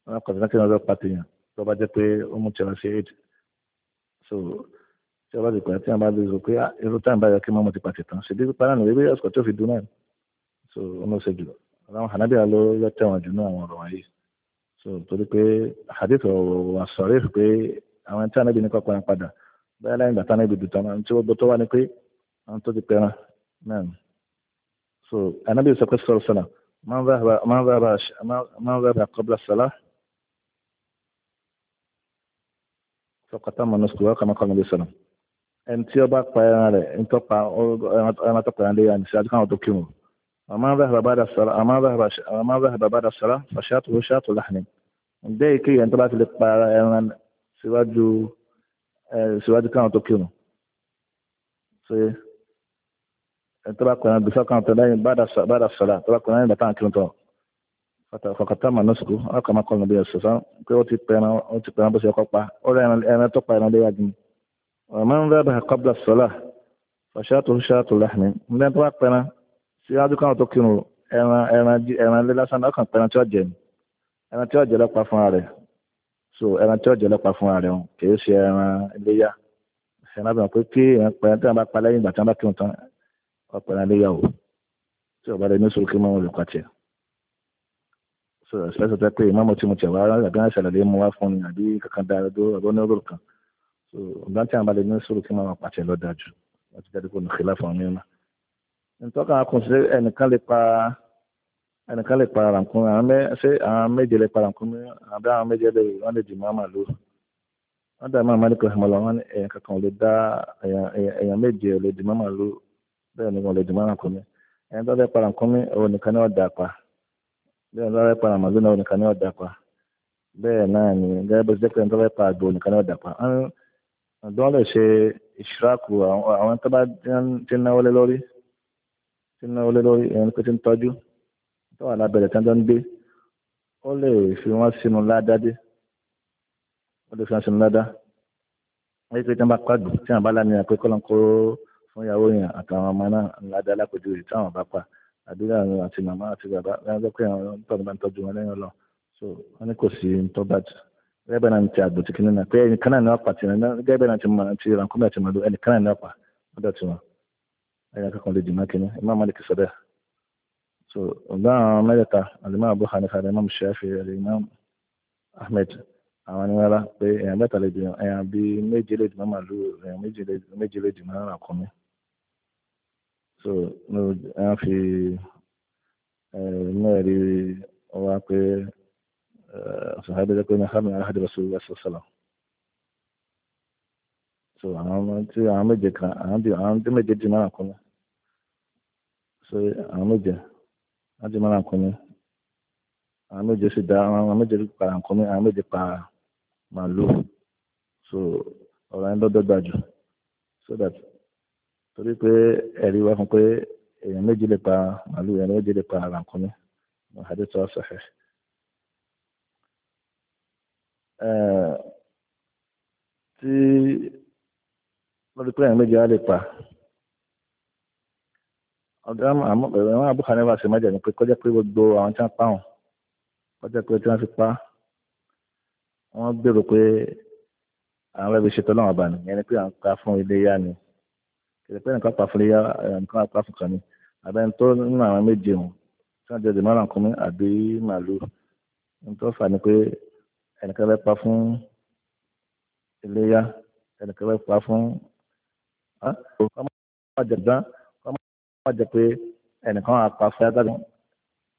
wọn kọ̀ sínú kí wọn lọ pàtẹ yàn tó bá jẹ́ pé ó mú tiwọn ṣe éèdì so tí wọn bá ti pàtẹ tí wọn bá lè rò pé ah, irú táwọn bá yọ kí wọn mú ti pàtẹ tán ṣe bí pará nìyẹn bí ọ̀sùn tó fi dùn náà so ó ló ṣe jù àwọn hànábíà ló lọ tẹ̀wọ̀n jù náà àwọn ọ̀rọ̀ wọ̀nyí so torí pé hadith wà sọ̀rí pé àwọn tí anábì ní kọ́ pẹ́ran padà bẹ́ẹ̀ lẹ́yìn gbàtà anábì dùn tán tí wọ́n tó wá ní pé àwọn tó tọkọtàmọ ní sukùl wákàmọ kọmọdé sọlọ ẹni tí ó bá pa ẹran rẹ̀ ntọpa ẹran tó pa ẹran lé yàn ní sáájú káwọn tó kírun àmọ́ bẹ́ẹ̀ bàbá dà sara fàṣàtò ṣàtò láhìní ǹdẹ́ yìí kéèyàn tó bá ti lè pa ẹran síwájú síwájú káwọn tó kírun ṣe ẹni tó bá pa ẹran bí sọ́kàn tó lẹ́yìn bá dà sara tó bá pa ẹran lẹ́yìn bàtà kírun tó fàkàtàmà nọ́sùkú ọkàmà kọ́nà bí ọ̀sẹ̀ sàn pé ó ti pẹran ó ti pẹran bó ṣe kọ́ pa ó rẹ ẹran tó pa ẹran léyà gbin ọ̀mọ́ ń rẹ́bà kọ́bla sọ́là fàṣàtò ṣàtò láhìní ńlẹ́ tó wá pẹran sí adúkàwọn tó kírun ẹran ẹran ẹran lé lásán ọkàn pẹran tí ó jẹ ẹran tí ó jẹ lọ́pa fúnra rẹ̀ so ẹran tí ó jẹ lọ́pa fúnra rẹ̀ kì í ṣe ẹran léyà ẹran bí wọn pé kí ẹran pẹran tí wọn bá pa lẹ́yìn ìgbà tí wọn bá kírun tán ọpẹran léyà o tí ọba rẹ ní sọ kí wọn so ìṣẹ́sọ̀ tẹ́ pé ìmọ̀mọ̀ tí mo tẹ̀ wá àbí àwọn ìṣẹ̀lẹ̀ wá fún ni àbí kankan dára dó àbọ̀ ní ọ̀rọ̀ kan so ọ̀gá tí àwọn balẹ̀ ní sọ̀rọ̀ kí máa pàṣẹ lọ dájú láti jáde kó nìkìlá fún ọmọ náà nítorí àwọn kò sí ẹnìkan lè pa ẹnìkan lè pa rànkúnmí àwọn mẹ ṣé àwọn méje lè pa rànkúnmí àbí àwọn méje lè wọn lè dì máàmà lò wọn dà máàmà ní kòhìmọ lọ wọn èèyàn kankan lè dá èèyàn méje lè dì máàmà lò bẹ́ẹ̀ ló rẹ́ pa àmàlú náà nìkan ní ọ̀dà pa bẹ́ẹ̀ náà ni gẹ́gẹ́ bó ti jẹ́ pé ẹni tó fẹ́ pa àgbò nìkan ní ọ̀dà pa ọ̀dọ́ lè ṣe ìṣiráàkù àwọn tó bá ti náwó lé lórí ti náwó lé lórí ẹni pé ti ń tọ́jú tó wà lábẹ́rẹ́ tí wọ́n ń gbé ó lè fi wọ́n sínú ládádé ó lè fi wọ́n sínú ládá wọ́n yí pé tí wọ́n bá pàdù tí wọ́n bá lánìyàn pé kọ́lọ́n kó fún ìyàwó yẹn àtàwọn ọmọ náà ládá lápèjúwe táwọn bá pa àbí láàrin àti màmá àti bàbá láàrin pé àwọn tọ́jú máa tọ́jú wọn lẹ́yìn ọlọ́ so wọ́n ní kò sí tọ́ba jù gẹ́gẹ́ bẹ́ẹ̀ náà ti àgbò ti kínní náà pé ẹnìkan náà ní ọ̀pá ti rìn gẹ́gẹ́ bẹ́ẹ̀ náà ti máa ti ràn kúmẹ̀ àti màlúù ẹnìkan náà ní ọ̀pá lọ́dọ̀ tí wọn ẹ̀yà kankan lè dìmọ́ kínní Imam Malik sọ bẹ́ẹ̀ so ọ̀gá àwọn mẹ́tẹ̀ẹ̀ta Al-Imam Abu Hanifa Al-Imam Ahmed àwọn ni wọn rà pé èèyàn mẹ́ta lè dìmọ́ so a fi mú ẹ̀rí wá pé e, sàhábà jẹ́ pé ní hàmì rasulullah sallallahu so àwọn tí àwọn méje kan àwọn bí àwọn mara kúnlẹ̀ so àwọn méje wọ́n di mara kúnlẹ̀ àwọn méje sì dá àwọn méje pa kúnlẹ̀ àwọn pa so ọ̀rọ̀ yẹn lọ́dọ̀ gbàjù so that torí pé ẹ̀rí wá fún pé èèyàn méjì lè pa màálù èèyàn méjì lè pa àràǹkùnmí àdé tó sọ̀fẹ̀. tí lórí pé èèyàn méjì á lè pa ọ̀dọ́ àwọn àbúkà ní wàásù mẹ́jọ ni pé kọjá pé gbogbo àwọn tí wọ́n pa wọn kọjá pé tí wọ́n fi pa wọ́n gbèrò pé àwọn ẹbí ṣetán láwọn ọba nìyẹn ni pé à ń pa fún iléyà ni kìrìpẹ́ nìkan pa fún léyà nìkan apá fún kan ní abẹ́ni tó nínú àwọn méje wọn tí wọ́n jẹ́ dèmọ́ àwọn kùnmí àbí màlúù nítorí fà ní pé ẹnìkan bẹ́ pa fún iléyà ẹnìkan bẹ́ pa fún ọmọ ọjọ́ dán ọmọ ọjọ́ pé ẹnìkan apá fún adájú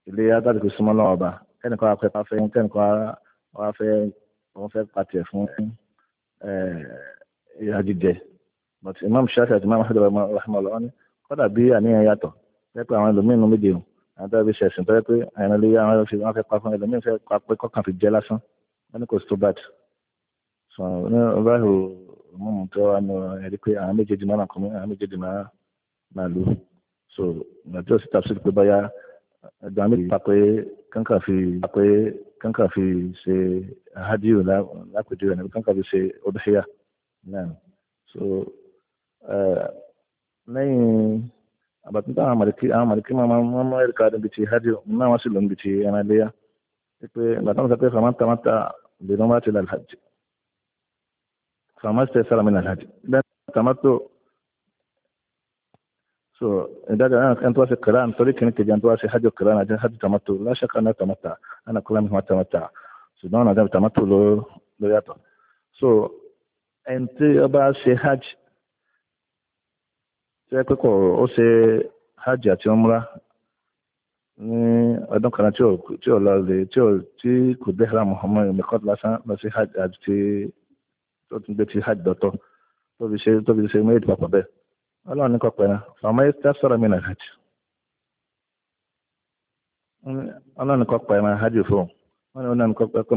iléyà adájú kò súnmọ́ lọ́wọ́ ọba ẹnìkan apá pa fún ẹnìkan wọ́n fẹ́ pàtẹ fún ìyá jíjẹ but imam shafi àti imam ahmed rahman ọlọ́wọ́ ni kọ́dà bí àníyàn yàtọ̀ jẹ́ pé àwọn ẹlòmíín nu méje àwọn tó fi ṣẹ̀sìn tó yẹ pé àyàn lè yá àwọn fi wọ́n fẹ́ pa fún ẹlòmíín fẹ́ pa pé kọ́kàn fi jẹ́ lásán wọ́n ní kò sí tó bá ti sọ ní ọbáhù mọ́mù tó wà nù ẹ̀rí pé àwọn méjèèjì máa kọ́ àwọn méjèèjì máa máa lù so nàìjíríà sì tàbí sí pé báyà ẹgbẹ́ àwọn méjèèjì pa pé kankan fi pa pé kankan fi ṣe ahadiyu lápèjúwe kankan fi ṣe ọdún ṣíyà náà so. Eh, lẹ́yìn àbàtí táwọn àmàlìkí àwọn àmàlìkí máa máa máa ẹ̀ka níbi tí hajj náà wọ́n sì lọ níbi tí ẹran iléyà pé ìgbàdàn sọ pé fàmáta máta lè lọ́ bá ti lọ alhajj fàmáta sára mi alhajj lẹ́yìn tàmátò so ìdájọ́ náà ẹni tó wá sí kìrán torí kìíní kejì ẹni tó wá sí hajj kìrán àti hajj tàmátò láṣà kan náà tàmátà ẹni kúlá mi tàmátà ṣùgbọ́n ọ̀nà àdáyé tàmátò ló yàtọ̀ so ẹni tí ọba ṣe hajj tó yẹ pé kò ṣe hajj àti umra ní ọdún kan tí ò tí ò lọlẹ tí ò tí kò dé haram muhammad mekot lásán lọ hajj àti tí tó tún gbé ti hajj dọtọ tóbi ṣe tóbi ṣe se papọ̀ bẹ́ẹ̀ ọlọ́run ní tẹ́ sọ̀rọ̀ mi nà hajj hajj fún ní ọlọ́run ní pé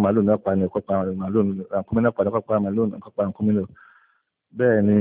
màálù ní ọ̀pá màálù ní ní ọ̀pá ní màálù ní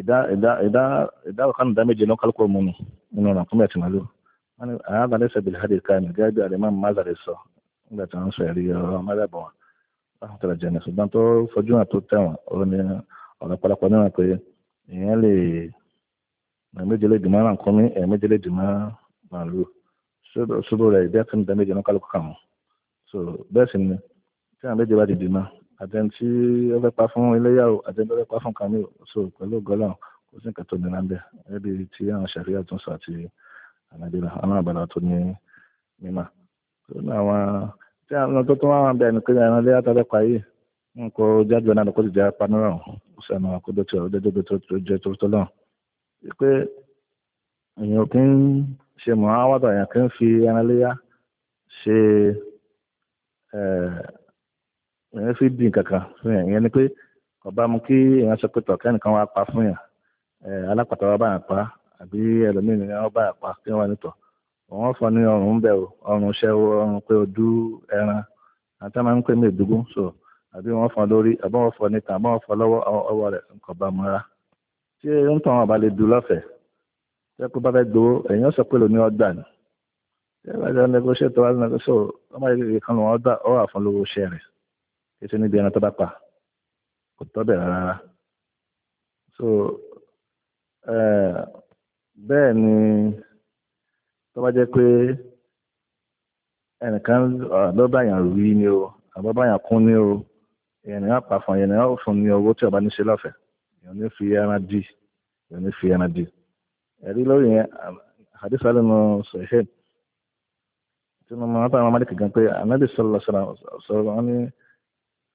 ìdá ìdá ìdá ìdá ọ̀kan ìdá méje ló ń kálukú ọmọ mi nínú ọ̀nà kúmẹ̀ tí màlúù wọn ni àyàbá lẹ́sẹ̀ sọ nígbà tí wọ́n sọ ẹ̀rí ọ̀rọ̀ mẹ́rẹ̀bọ̀ wọn na so sì ni tí àwọn méje bá àtẹni tí ó fẹ́ pa fún eléyàwó àtẹni tó fẹ́ pa fún kàmí so pẹ̀lú gọ́là kò sí nǹkan tó nira ń bẹ̀ ẹbí tí àwọn ṣàfihàn tún sọ àti ànàdìrà àwọn àgbàlá tó ní mímà tó ní àwọn tí àwọn tó tún wà ń bẹ̀ ní kéde àwọn eléyà tó fẹ́ pa yìí ń kọ jáde náà kó ti jẹ́ panúrà ó sànà àkójọ tí ọ̀rọ̀ jẹ́jọ́ tó jẹ́ tó tó lọ́n pé èèyàn kì í ṣe mọ̀ àwọn àwàdà èèyàn kì í fi ẹran léyà ṣe ẹ̀ẹ́ èèyàn fi dín kankan fún yẹn ìyẹn ni pé ọba mu kí èèyàn sọ pé tọ̀kẹ́ nìkan wá pa fún yẹn alápàtà wa bá yàn pa àbí ẹlòmíín ni wọ́n bá yàn pa kí wọ́n wá nítọ̀ wọ́n fọ ní ọrùn ń bẹ̀ o ọrùn ṣẹ́ o ọrùn pé o dú ẹran àti àwọn pé mi dùgún so àbí wọ́n fọ lórí àbí wọ́n fọ níta àbí wọ́n fọ lọ́wọ́ ọwọ́ rẹ̀ nǹkan bá mọ́ra tí ń tàn ọba lè dùn lọ́fẹ̀ẹ́ tẹ́ pé bá fẹ́ gbowó èèyàn sọ pé lóní ọgbà ni tẹ́ bá jẹ́ ọ́n lẹ́gbẹ́sẹ̀ tó wá lọ́nà tó so ọmọ ìrìkàn lọ́wọ́ ọ̀dà ọ̀wà fún lówó iṣẹ́ rẹ̀ kéṣe níbi ẹran tó bá pa kò tọ́ bẹ̀rẹ̀ rárá so bẹ́ẹ̀ ni tó bá jẹ́ pé ẹnìkan ló bá yàn rú ni o àbọ̀ bá yàn kún ni o ènìyàn pa fún ènìyàn ó fún ní owó tí ọba ní ṣe lọ́fẹ̀ẹ́ èèyàn ní fi ẹran dì èèyàn ní fi ẹran dì ẹ̀rí lórí yẹn àdìsá lẹ́nu sọ̀hẹ́ tí mo máa ń bá àwọn ọmọdé kìkan pé ànábì sọ̀rọ̀ sọ̀rọ̀ wọn ní.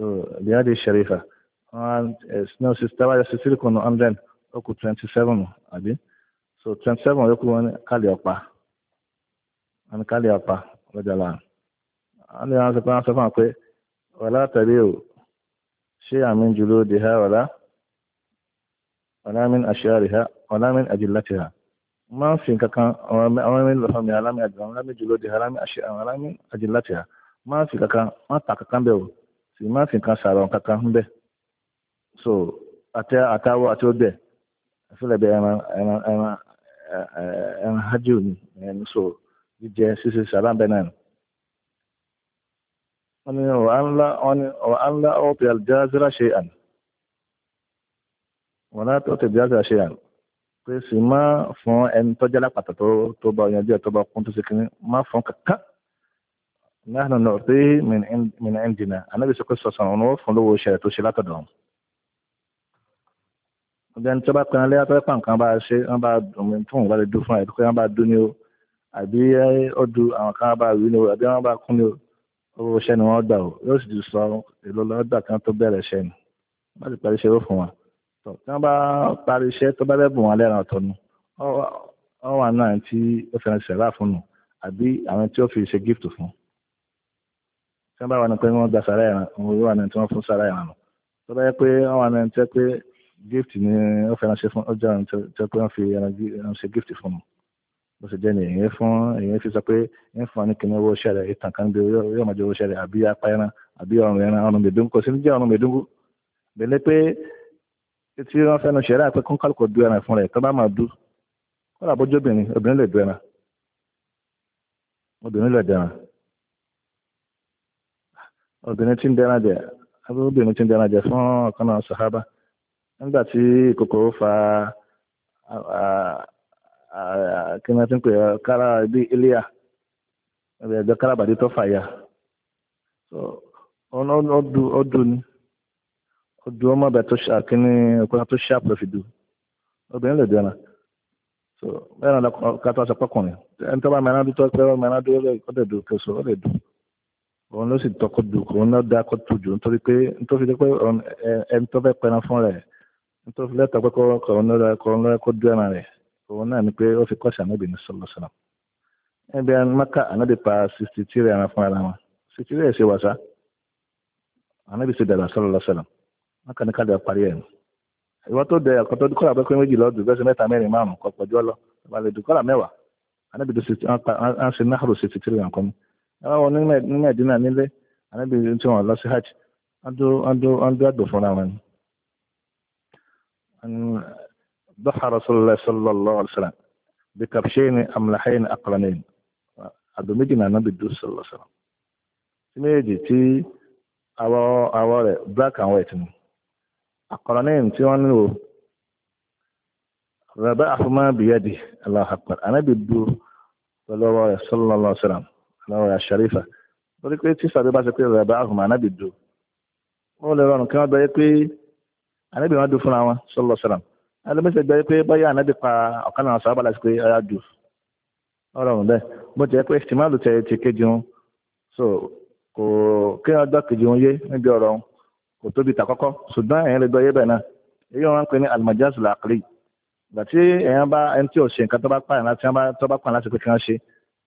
so bí a di ṣẹ̀rífà náà sísítàwá yọ sí sílíkọ̀nù hundred ó kù twenty àbí so 27 seven yókù wọn kálí ọ̀pá wọn kálí ọ̀pá lọ́jà láà wọn ni wọn sọ pé wọn sọ fún wa pé wàlá tàbí o ṣé àmì jùlọ di ha wàlá wàlá mi àṣẹ rẹ̀ ha wàlá mi àjìlá ti ha máa ń fi kankan àwọn ẹni lọ́fà mi alámi àjìlá ha máa ń fi kankan máa ta kankan bẹ́ẹ̀ o sì má fi kan sàrọ̀ kankan ń bẹ̀ so àtẹ àtàwọ̀ àti ọbẹ̀ àfẹlẹ̀bẹ̀ ẹran ẹran ẹran ẹran hajj ni ẹni so jíjẹ ṣíṣe sàrà bẹ́ẹ̀ náà wọ́n ní wọ́n ńlá ọ̀pẹ̀ àlùjáàzìrà ṣe àná wọ́n náà tó tẹ̀lé àlùjáàzìrà ṣe àná pé sì má fún ẹni tọ́jà lápàtà tó bá yanjú ẹ̀ tó bá kún tó ṣe kínní má fún kankan nahnu nu'tihi min indina anábì sọ pé sọ̀sọ̀ ọ̀nà wọ́n fún lówó ṣẹlẹ̀ tó ṣe látọ̀dọ̀ wọn. ọjọ́ ní tí wọ́n bá pinnu léyà tó fẹ́ pàǹkan bá ṣe wọ́n bá dùnmí tó wọ́n bá lè dún fún ẹ̀ pé wọ́n bá dún ní o àbí ọdún àwọn kan bá wí ní o àbí wọ́n bá kún ní o owó ṣẹ́ ni wọ́n gbà o yóò sì ti sọ èlò lọ́dà kan tó bẹ̀rẹ̀ ṣẹ́ ni wọ́n ti parí iṣẹ́ ó fún wọn tọ́ tí wọ́n bá parí iṣẹ́ tó bá bẹ̀bùn wọn lẹ́ran ọ̀tọ̀ nu ọ wà náà tí ó fẹ́ràn ṣẹ̀rá fún nu àbí àwọn tí ó fi ṣe gift fún tí wọ́n bá wà ní pé wọ́n gba sàrà ìran òun yóò wà ní tí wọ́n fún sàrà ìran nù tó bá yẹ pé wọ́n wà ní tẹ́ pé gift ni wọ́n fẹ́ ránṣẹ́ fún ọjọ́ àwọn tẹ́ pé wọ́n fi ránṣẹ́ gift fún un bó ṣe jẹ́ ni èyí fún èyí fi sọ pé ń fún ní kìnìún owó ṣẹlẹ̀ ìtàn kan bí yóò máa jẹ owó ṣẹlẹ̀ àbí apá ẹran àbí ọrùn ẹran ọrùn mèdúnkù kò sí ní jẹ́ ọrùn mèdúnkù bẹ̀lẹ́ pé tí wọ́n fẹ́nu ṣẹ̀rẹ́ àpẹ kọ́ńkálùkọ̀ du ẹran fún rẹ̀ tó bá máa du kọ́lá bójú obìnrin obìnrin lè du ẹran obìnrin lè du ẹran obìnrin tí ń dẹ́ran jẹ obìnrin tí ń dẹ́ran jẹ fún ọ̀kan náà nígbà tí fa kí wọ́n ti ń pè kára bí iléyà ẹ̀jọ̀ kárabàdé tó ọdún ni ọdún ọmọ bẹ tó kíní ọkùnrin tó bẹ́ẹ̀ náà kátó aṣọ pọ́kùnrin ẹni tó bá mẹ́rin mẹ́rin kẹsàn-án òun ló sì tọkọ dùn òun náà dá kọ́tù jù nítorí pé nítorí pé ẹni tó fẹ́ pẹran fún rẹ̀ nítorí lẹ́tọ̀ pé kọ́ òun náà kọ́ òun náà kó dú ẹran rẹ̀ òun náà ni pé ó fi kọ́sì ànábì ní sọlọ́sọlọ́ ẹbí maka ànábì pa sixty three ẹran fún ara wọn sixty three ṣe wàsá ànábì ṣe dàgbà sọlọ́sọlọ́ maka ní káàdì parí ẹ̀ ìwọ́n tó dẹ ọ̀kọ́ tó dúkọ́ làbẹ́ pé méjì lọ́ọ́ dùgbẹ́sẹ̀ mẹ́ta mẹ́rin márùn-ún kọ́ pọ̀jọ́ lọ àbálẹ̀ dùkọ́ là mẹ́wàá tó ṣe náà ṣe náà ṣe sixty three ẹran kan ní àwọn ní Mẹ́dínà nílé ànábì tí wọ́n lọ sí hajj wọ́n dó àgbò fúnra wọn. ضحى رسول الله صلى الله عليه وسلم بكبشين أملحين أقرنين àdó méjì náà náà bí dúró sọ̀rọ̀ sọ̀rọ̀ tí méjì tí àwọ̀ àwọ̀ rẹ̀ black and white ni àkọ́rọ̀ náà tí wọ́n nílò rẹ̀ bá àfọmọ́ bìyà di aláhàpẹ̀ ànábì dúró pẹ̀lú ọwọ́ rẹ̀ sọ̀rọ̀ lọ́wọ́ sọ̀rọ̀ lọ́rọ̀ àṣàrífà lórí pé tí sàbí bá ṣe pé rẹ̀ bá àhùmà ànábì dù wọ́n lè rọrùn kí wọ́n gbẹ́yẹ pé ànábì wọn dù fúnra wọn sọlọ sọlọm alẹ́mẹ́sẹ̀ gbẹ́yẹ pé báyà ànábì pa ọ̀kan náà sábà láti pé ọ̀yà dù ọ̀rọ̀rùn bẹ́ẹ̀ mo jẹ́ pé tìmọ́lù tẹ ti kéjì wọn so kò kí wọ́n gbọ́ kéjì wọn yé níbi ọ̀rọ̀ wọn kò tóbi tà kọ́kọ́ ṣùgbọ́n ẹ̀yìn lè gbọ́ yé bẹ́ẹ̀ náà èyí wọn pè ní almajaz làkìrì gbàtí ẹ̀yàn bá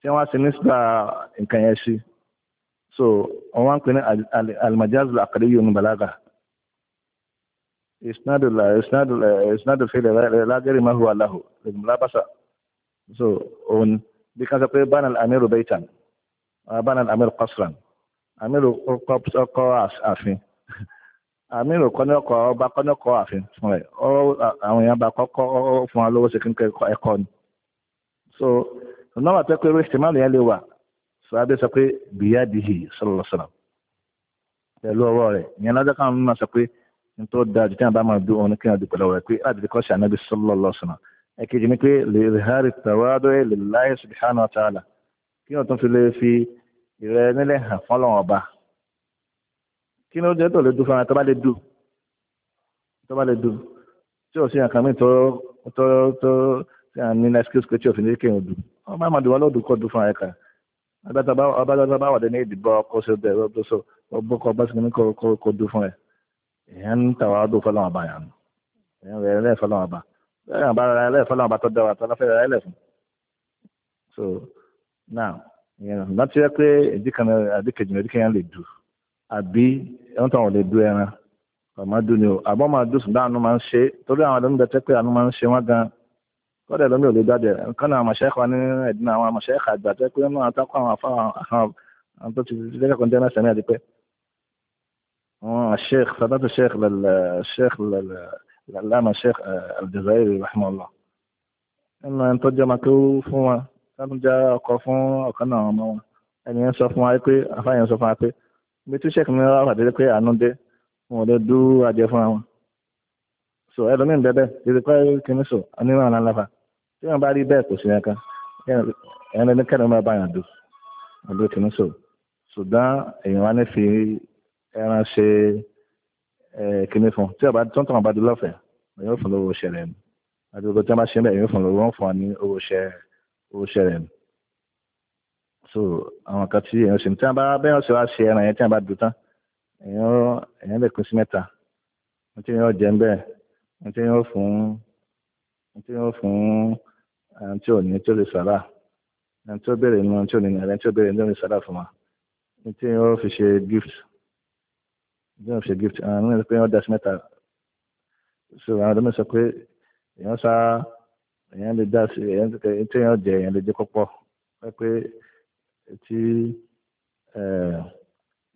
tí wọ́n á ṣe nísìlá nǹkan yẹn sí so wọ́n wá ń pè ní almajaz al-aqliyu ní balaga isnadula isnadula isnadula fi lagari ma huwa lahu labasa so òun bí kan sọ pé bana al-amiru baitan bana al-amiru qasran amiru kọ àfin amiru kọ ní ọkọ ọba kọ ní ọkọ àfin fún ẹ àwọn èèyàn bá kọ kọ fún wa lówó ṣe kí n kọ ẹ̀kọ́ ni so ọ̀nà wà pẹ́ pé irú ìsìmáàlì yẹn lè wà sọ́hábẹ́ sọ pé bìyàdìhì sọ̀rọ̀sọ̀rọ̀ pẹ̀lú ọwọ́ rẹ̀ ìyẹn lọ́jọ́ kan mímọ̀ sọ pé n tó da jù tí wọn bá máa dún òun kí wọn dùpẹ̀lẹ̀ rẹ̀ pé láti kọ́ sí ànábì sọ́lọ́lọ́sọ̀nà ẹ̀kejì ni pé lè rìhárì tàwádọ́ ẹ̀ lè láyé subhanahu wa ta'ala kí wọn tún fi lè fi ìrẹ́ ni ó jẹ́ tó lè dùn fún wọn tó bá lè dùn tó bá lè dùn tí ò sí àkànmí tó tó tó ọmọ àmàdì wọn lọ́dún kọ́ dún fún àyẹ̀ká abájáde bá wà dé ní ìdìbò ọkọ̀ ṣe bẹ̀ ọgbọ́kọ̀ bá sì ní kọ́ dún fún ẹ̀ èèyàn ń tàwa dún fọlọ́wọn àbá yàn èèyàn rẹ̀ ẹlẹ́ fọlọ́wọn àbá bẹ́ẹ̀ àbá rẹ̀ ẹlẹ́ fọlọ́wọn àbá tó dára tó láfẹ́ rẹ̀ ẹlẹ́ fún. so now ìyẹn láti yẹ pé ìdíkan àdíkejì ìdíkan yẹn lè dù àbí ẹ̀wọ̀n tó àwọn lè dù ẹran ọmọdún ni o àbọ̀ máa dùn sùn dáhùn kọ́dà lómi ò lè jáde kọ́nà àwọn àmọ̀ṣẹ́ kan ní ẹ̀dínà àwọn àmọ̀ṣẹ́ kan àgbà tó pé wọ́n máa tákọ́ àwọn afá àwọn tó ti fi lẹ́kọ̀ọ́ jẹ́ mẹ́sàn-án àti pé. àwọn sheikh sadatu sheikh lal sheikh lal lama sheikh eh, aljazairi rahimahullah. ẹnu ẹni tó jẹ́ mako fún wa sábà jẹ́ ọkọ̀ fún ọ̀kan náà ọmọ wọn ẹni yẹn sọ fún wa pé afá yẹn sọ fún wa pé bí tí sheikh ní so àníwá tí wọ́n bá rí bẹ́ẹ̀ kò sí ẹ̀ka ẹ̀rọ ní kẹ́rin máa bá yàn dùn ọdún tí ń sọ ṣùgbọ́n èèyàn wá ní fi ẹran ṣe kíní fún tí ọba tó ń tàn bá dùn lọ́fẹ̀ẹ́ èèyàn fún lówó ṣẹlẹ̀ ni àti gbogbo tí wọ́n bá ṣe bẹ́ẹ̀ èèyàn fún lówó fún ọ ní owó ṣẹlẹ̀ ni so àwọn kan tí èèyàn ṣe tí wọ́n bá bẹ́ẹ̀ ṣe wá ṣe ẹran yẹn tí wọ́n bá dùn tán èèyàn lè pín sí mẹ́ta wọ́n ti yàn jẹ́ ń bẹ́ẹ̀ wọ́n ti yàn fún wọ́n ti yàn fún ẹni tí ò ní tí ó lè sàrà ẹni tí ó béèrè nínú ẹni tí ò ní ẹni tí ó béèrè nínú sàrà fún wa ní tí wọ́n fi ṣe gift ní wọ́n fi ṣe gift ẹni náà pé wọ́n dá sí mẹ́ta so àwọn ọdún mẹ́sàn pé èèyàn sá èèyàn lè dá sí èèyàn tí èèyàn jẹ èèyàn lè jẹ pọ́pọ́ pé tí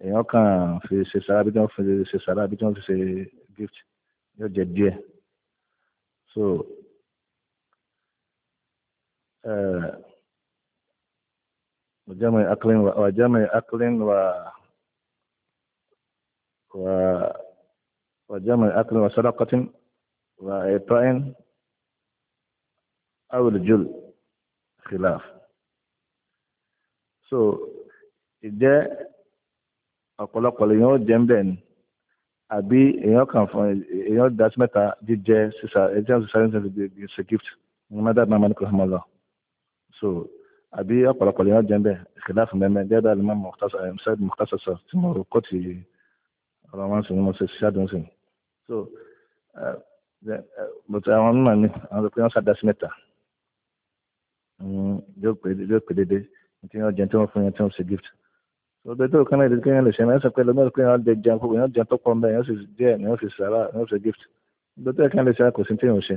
èèyàn kàn fi ṣe sàrà bí wọ́n fi ṣe sàrà bí wọ́n fi ṣe gift yóò jẹ díẹ̀ so. وجمع أقل وجمع أقل و و وجمع أقل وسرقة وإعطاء أو الجل خلاف so ìjẹ́ ọ̀pọ̀lọpọ̀ lèèyàn ó jẹ́ ń bẹ̀ ni àbí èèyàn kan fún èèyàn dá sí mẹ́ta jíjẹ sísá ẹ̀jẹ̀ sísá ní ṣe gift ní mẹ́ta náà mọ́ ní kò fún ọ lọ. so àbí ọ̀pọ̀lọpọ̀ lè yàn jẹ́ bẹ́ẹ̀ ìkìlá fún mẹ́mẹ́ gẹ́gẹ́ bí mọ́ ṣáàdì mọ̀tàṣàṣà tí mo kọ́ ti ọ̀rọ̀ wọn sì ni mo ṣe ṣáàdì wọn sì ni so eh, eh, bùtù àwọn mímọ̀ ni àwọn tó pé wọ́n ṣàdásí mẹ́ta hmm, yóò pè déédéé tí wọ́n jẹun tí wọ́n fún yẹn tí wọ́n ṣe gift ọdọ tó kán náà kéèyàn lè ṣe ẹ̀yàn sọ pé lọ́mọ ìpín yẹn lè jẹun púpọ̀ yẹn jẹun tó pọ̀ mẹ́rin yẹn sì díẹ̀ yẹn sì sàrà yẹn sì gift ọdọ tó kán lè ṣe kò sí tí yẹn ò ṣe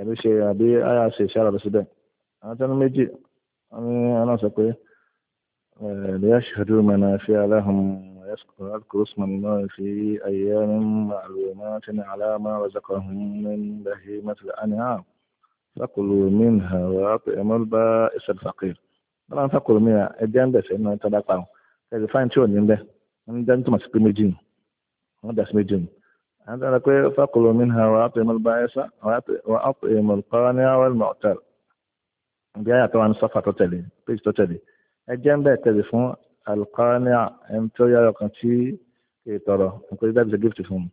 ẹ̀mí ṣe àbí àyà ṣe ìṣàrà lọ síbẹ̀ àwọn tẹnu méjì wọn ní aná sọ pé ẹ̀ẹ́dẹ́yà ṣàdúró mẹ́nà fi aláhùn alkurusman náà fi ayé mímọ àlùmọ́ tí ní aláàmọ́ ọ̀zọ́kọ̀ ọ̀hún ní bàhí mẹ́tìlá àní àá fàkùlù mín àwọn àpò ẹ̀mọ́ bá ìṣẹ̀lẹ̀ fàkìr wọn náà fàkùlù mín ẹ̀jẹ̀ ń bẹ̀sẹ̀ náà tọ́lá pa ọ̀ ẹ̀dẹ̀ fáìn tí ò ní wọn dá nítorí màsí pé méjì wọn dá sí méjì nù هذا نقول فقلوا منها وأطعم البائس وأطعم القانع والمعتر bí àyà tó wà ní sọ́fà tó tẹ̀lé péjì tó tẹ̀lé ẹ jẹ́ ń bẹ́ẹ̀ tẹ̀lé fún alqania ẹni tó yára kan tí kì í tọrọ nǹkan tí dábìsẹ̀ gift fún un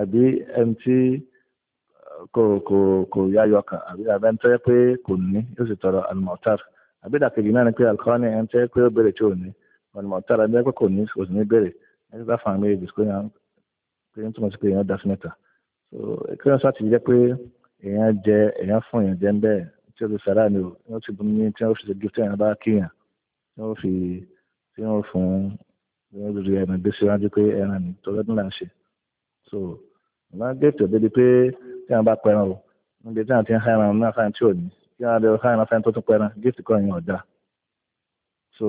àbí ẹni tí kò kò kò yáyọ kan àbí abẹ́ni tó yẹ pé kò ní yóò sì tọrọ almu'tar àbí ìdàkejì náà ni pé alqania ẹni tó yẹ pé ó béèrè tí ò ní almu'tar ẹni tó yẹ pé kò ní kò sì ní béèrè ẹni tó bá fà mí èjì kó yàn pé ń túmọ̀ sí pé èèyàn dá mẹ́ta so kí wọ́n sáà ti jẹ́ pé èèyàn jẹ èèyàn fún èèyàn jẹ́ ń bẹ́ẹ̀ tí o ti sàrà ni o wọ́n ti bùn ní tí wọ́n fi ṣe gift èèyàn bá kíyàn tí wọ́n fi tí wọ́n fún tí wọ́n lórí ẹ̀mí gbé síwájú pé ẹran ni tó lọ́dún là ń ṣe so wọ́n gẹ̀ẹ́tì òbí di pé tí wọ́n bá pẹran o níbi tí wọ́n ti ń ha ẹran náà fáyín tí ò ní kí wọ́n lè ha so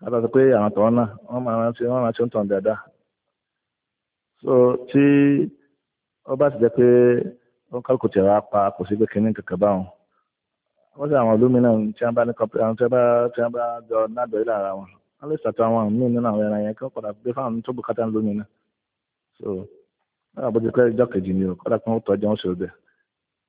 ká tó sọ pé àwọn tọ̀hún náà wọ́n máa ṣe wọ́n máa ṣe ń tàn dáadáa so tí ó bá ti jẹ́ pé ó ń kálukú tẹ̀ra pa kò sí pé kínní kankan báwọn wọ́n sì àwọn olómìnira tí wọ́n bá ní kọ́pẹ́ àwọn tí wọ́n bá tí wọ́n bá jọ nádọ̀ ilé ara wọn wọ́n lè ṣàtọ̀ àwọn míì nínú àwọn ẹran yẹn kí wọ́n padà gbé fáwọn tó bùkátà lómìnira so wọ́n àbójútó ẹjọ́ kejì ni ò kọ́dà kí wọ́n tọ́jú wọn ṣe ọbẹ̀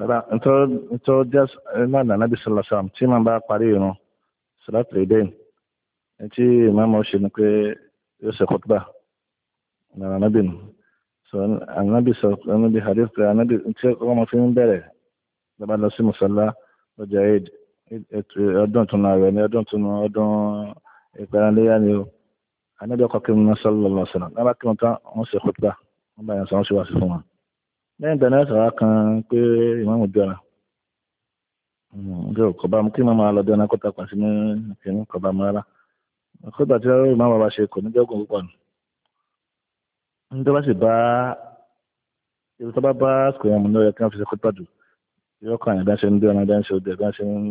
bàbá ntọ́ ntọ́ jẹ́ ìlànà nàbí sàlàsàm tí màá bá parí irun sàlátì ìdẹ́yìn tí ìmáàmù ṣe ni pé yóò ṣe kọ́tùbà nàrà nàbí nù sọ ànábì sọ ànábì hadith pé ànábì tí ọmọ fi ń bẹ̀rẹ̀ bàbá lọ sí mùsàlá lọ́jà eid ọdún tún náà rẹ̀ ní ọdún tún ọdún ìpẹ́ranléyà ni o ànábì ọkọ̀ kí n sọ lọ́lọ́sọ̀rọ̀ nàbà kí wọ́n tán wọ́n ṣe kọ́tùbà wọ́n bá yẹn sọ wọ́n ṣe wá sí fún wọn lẹ́yìn ìgbà náà sọ̀rọ̀ kan pé ìmáàmù dára ọjọ́ kọba kí máa máa lọ dáná kó tapà sí ní kọba mu rárá kódà tí ìmáàmù bá ṣe kò ní jẹ́gùn púpọ̀ nù ní tó bá sì bá ibi tó bá bá kò yẹn mu ní ọyọ kí wọ́n fi ṣe kó tàdù yóò kọ́ àyàn dáńṣe ń dé ọ̀nà dáńṣe òde dáńṣe ń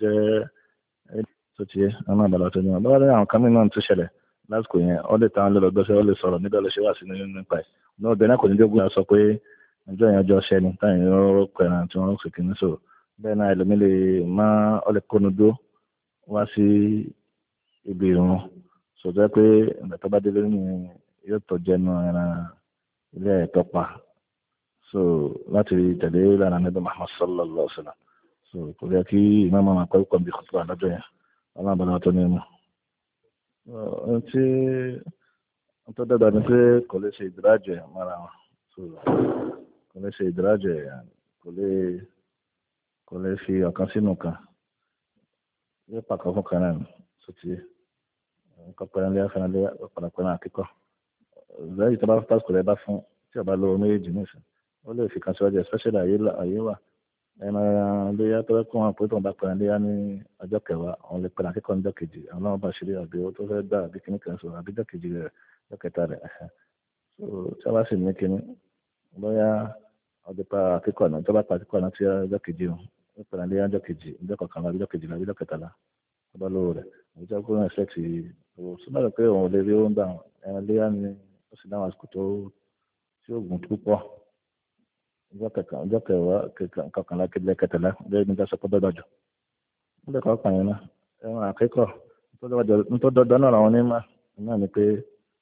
jẹ́ tó ti yé ọ̀nà àbàlà tó ní wọn lọ́wọ́ àwọn kan mìíràn tó ṣẹlẹ̀ lásìkò yẹn ọ lè tàn án lè lọ lè sọ̀rọ̀ níbẹ̀ lọ wà sí nípa ẹ̀ ní ọbẹ̀ kò ní jẹ́gùn yà sọ pé ọjọ́ yẹn ọjọ́ ṣẹ́ni táyìn ní wọ́n rọ́pò ẹran tí wọ́n rọ́pò kìíní so bẹ́ẹ̀ náà ẹlòmíì lè má ọlẹ̀ kónú dúró wá sí ibi ìrún sọjọ́ pé ìgbà tó bá délé ní yóò tọ́ jẹnu ẹran ilé ẹ̀tọ́ pa so láti tẹ̀lé lánàá níbi Muhammad sallallahu alaihi wa sallam so kò yẹ kí ìmáàmù àwọn akọ́kọ́ bí kòtò àlọ́jọ́ yẹn ọlọ́run tó ní mọ̀ ohun tí wọ́n tó ni pé kò lè ṣe ìdírájẹ̀ mọ́ra wọn kò lè ṣe ìdírájẹ kò lè kò lè fi ọ̀kan sínú kan yóò pàkọ́ fún kan náà ní sotí nǹkan pẹ̀lẹ́lẹ́ afẹ́nalẹ́ ọ̀pọ̀lọpọ̀ akẹ́kọ̀ọ́ lẹ́yìn tó bá fún pásítọ̀ rẹ̀ bá fún tí ọba lọ́wọ́ méjì nìsín ó lè fi kan síwájú especially ayé ayé wà ẹnu léyà tó kọ́ wọn pé tó ń bá pẹ̀lẹ́ léyà ní ọjọ́ kẹwàá àwọn lè pẹ̀lẹ́ akẹ́kọ̀ọ́ níjọ́ kejì àwọn náà bá ṣeré àbí owó tó fẹ́ gbà àbí kíní kan sọ̀rọ̀ àbí jọ́ kejì rẹ̀ jọ́ kẹta rẹ̀ tí a bá sì ní kíní lọ́yà ọjọ́ pa akẹ́kọ̀ọ́ náà ìjọba pa akẹ́kọ̀ọ́ náà ti ọjọ́ kejì o ó pẹ̀lú alẹ́ ọjọ́ kejì ọjọ́ kọkànlá ọjọ́ kejìlá ọjọ́ kẹtàlá ọba lówó rẹ̀ ọjọ́ kó náà ṣẹ́ẹ̀tì owó súnmọ́ rẹ̀ pé òun ò lè rí oúnjẹ ẹran léyà ni ó sì dáhùn àsìkò tó tí ó gùn púpọ̀ ọjọ́ kẹkàn ọjọ́ kẹwàá kọkànlá kejìlá kẹtàlá ọjọ́ ìgbìndà sọpọ́ dọ́dọ̀jọ́ ó lè kọ́ pààyàn náà ẹran akẹ́kọ̀ọ́ nítorí dọ́dọ̀ náà àwọn onímọ̀ náà ni pé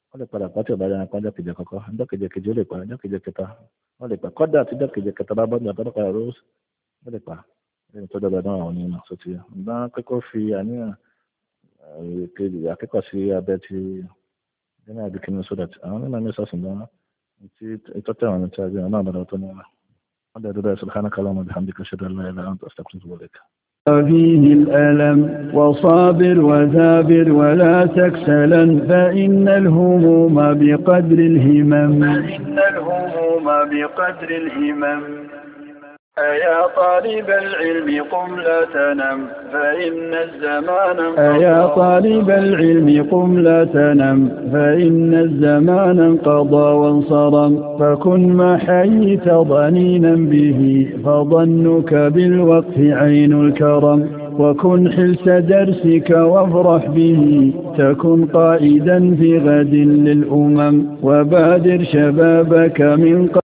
wọ́n lè padà pàtì ọ̀bá wọ́n lè pa kọ́dà tí dọ́kẹ̀jẹ kẹta bá bọ́dún àtọ́dọ́kọ̀ ẹ̀rọ wọ́n lè pa lẹ́yìn tó dọ́gba náà àwọn onímọ̀ sọ́tì bá kẹ́kọ̀ọ́ fi àníyàn akẹ́kọ̀ọ́ eh, sí abẹ́ ti nínú àdìkínú so that àwọn onímọ̀ mi sọ̀sìn gan tí ìtọ́tẹ̀ àwọn ọ̀nà tí a gbé wọn náà bọ̀dọ̀ tó ní wọn. wọ́n dẹ̀ dúró ẹ̀ sọ̀rọ̀ فيه الألم وصابر وذابر ولا تكسلا فإن الهموم بقدر الهمم فإن الهموم بقدر الهمم أيا طالب العلم قم لا تنم فإن الزمان انقضى أيا طالب العلم قم لا تنم فإن الزمان انقضى وانصرم فكن ما حييت ضنينا به فظنك بالوقت عين الكرم وكن حلس درسك وافرح به تكن قائدا في غد للأمم وبادر شبابك من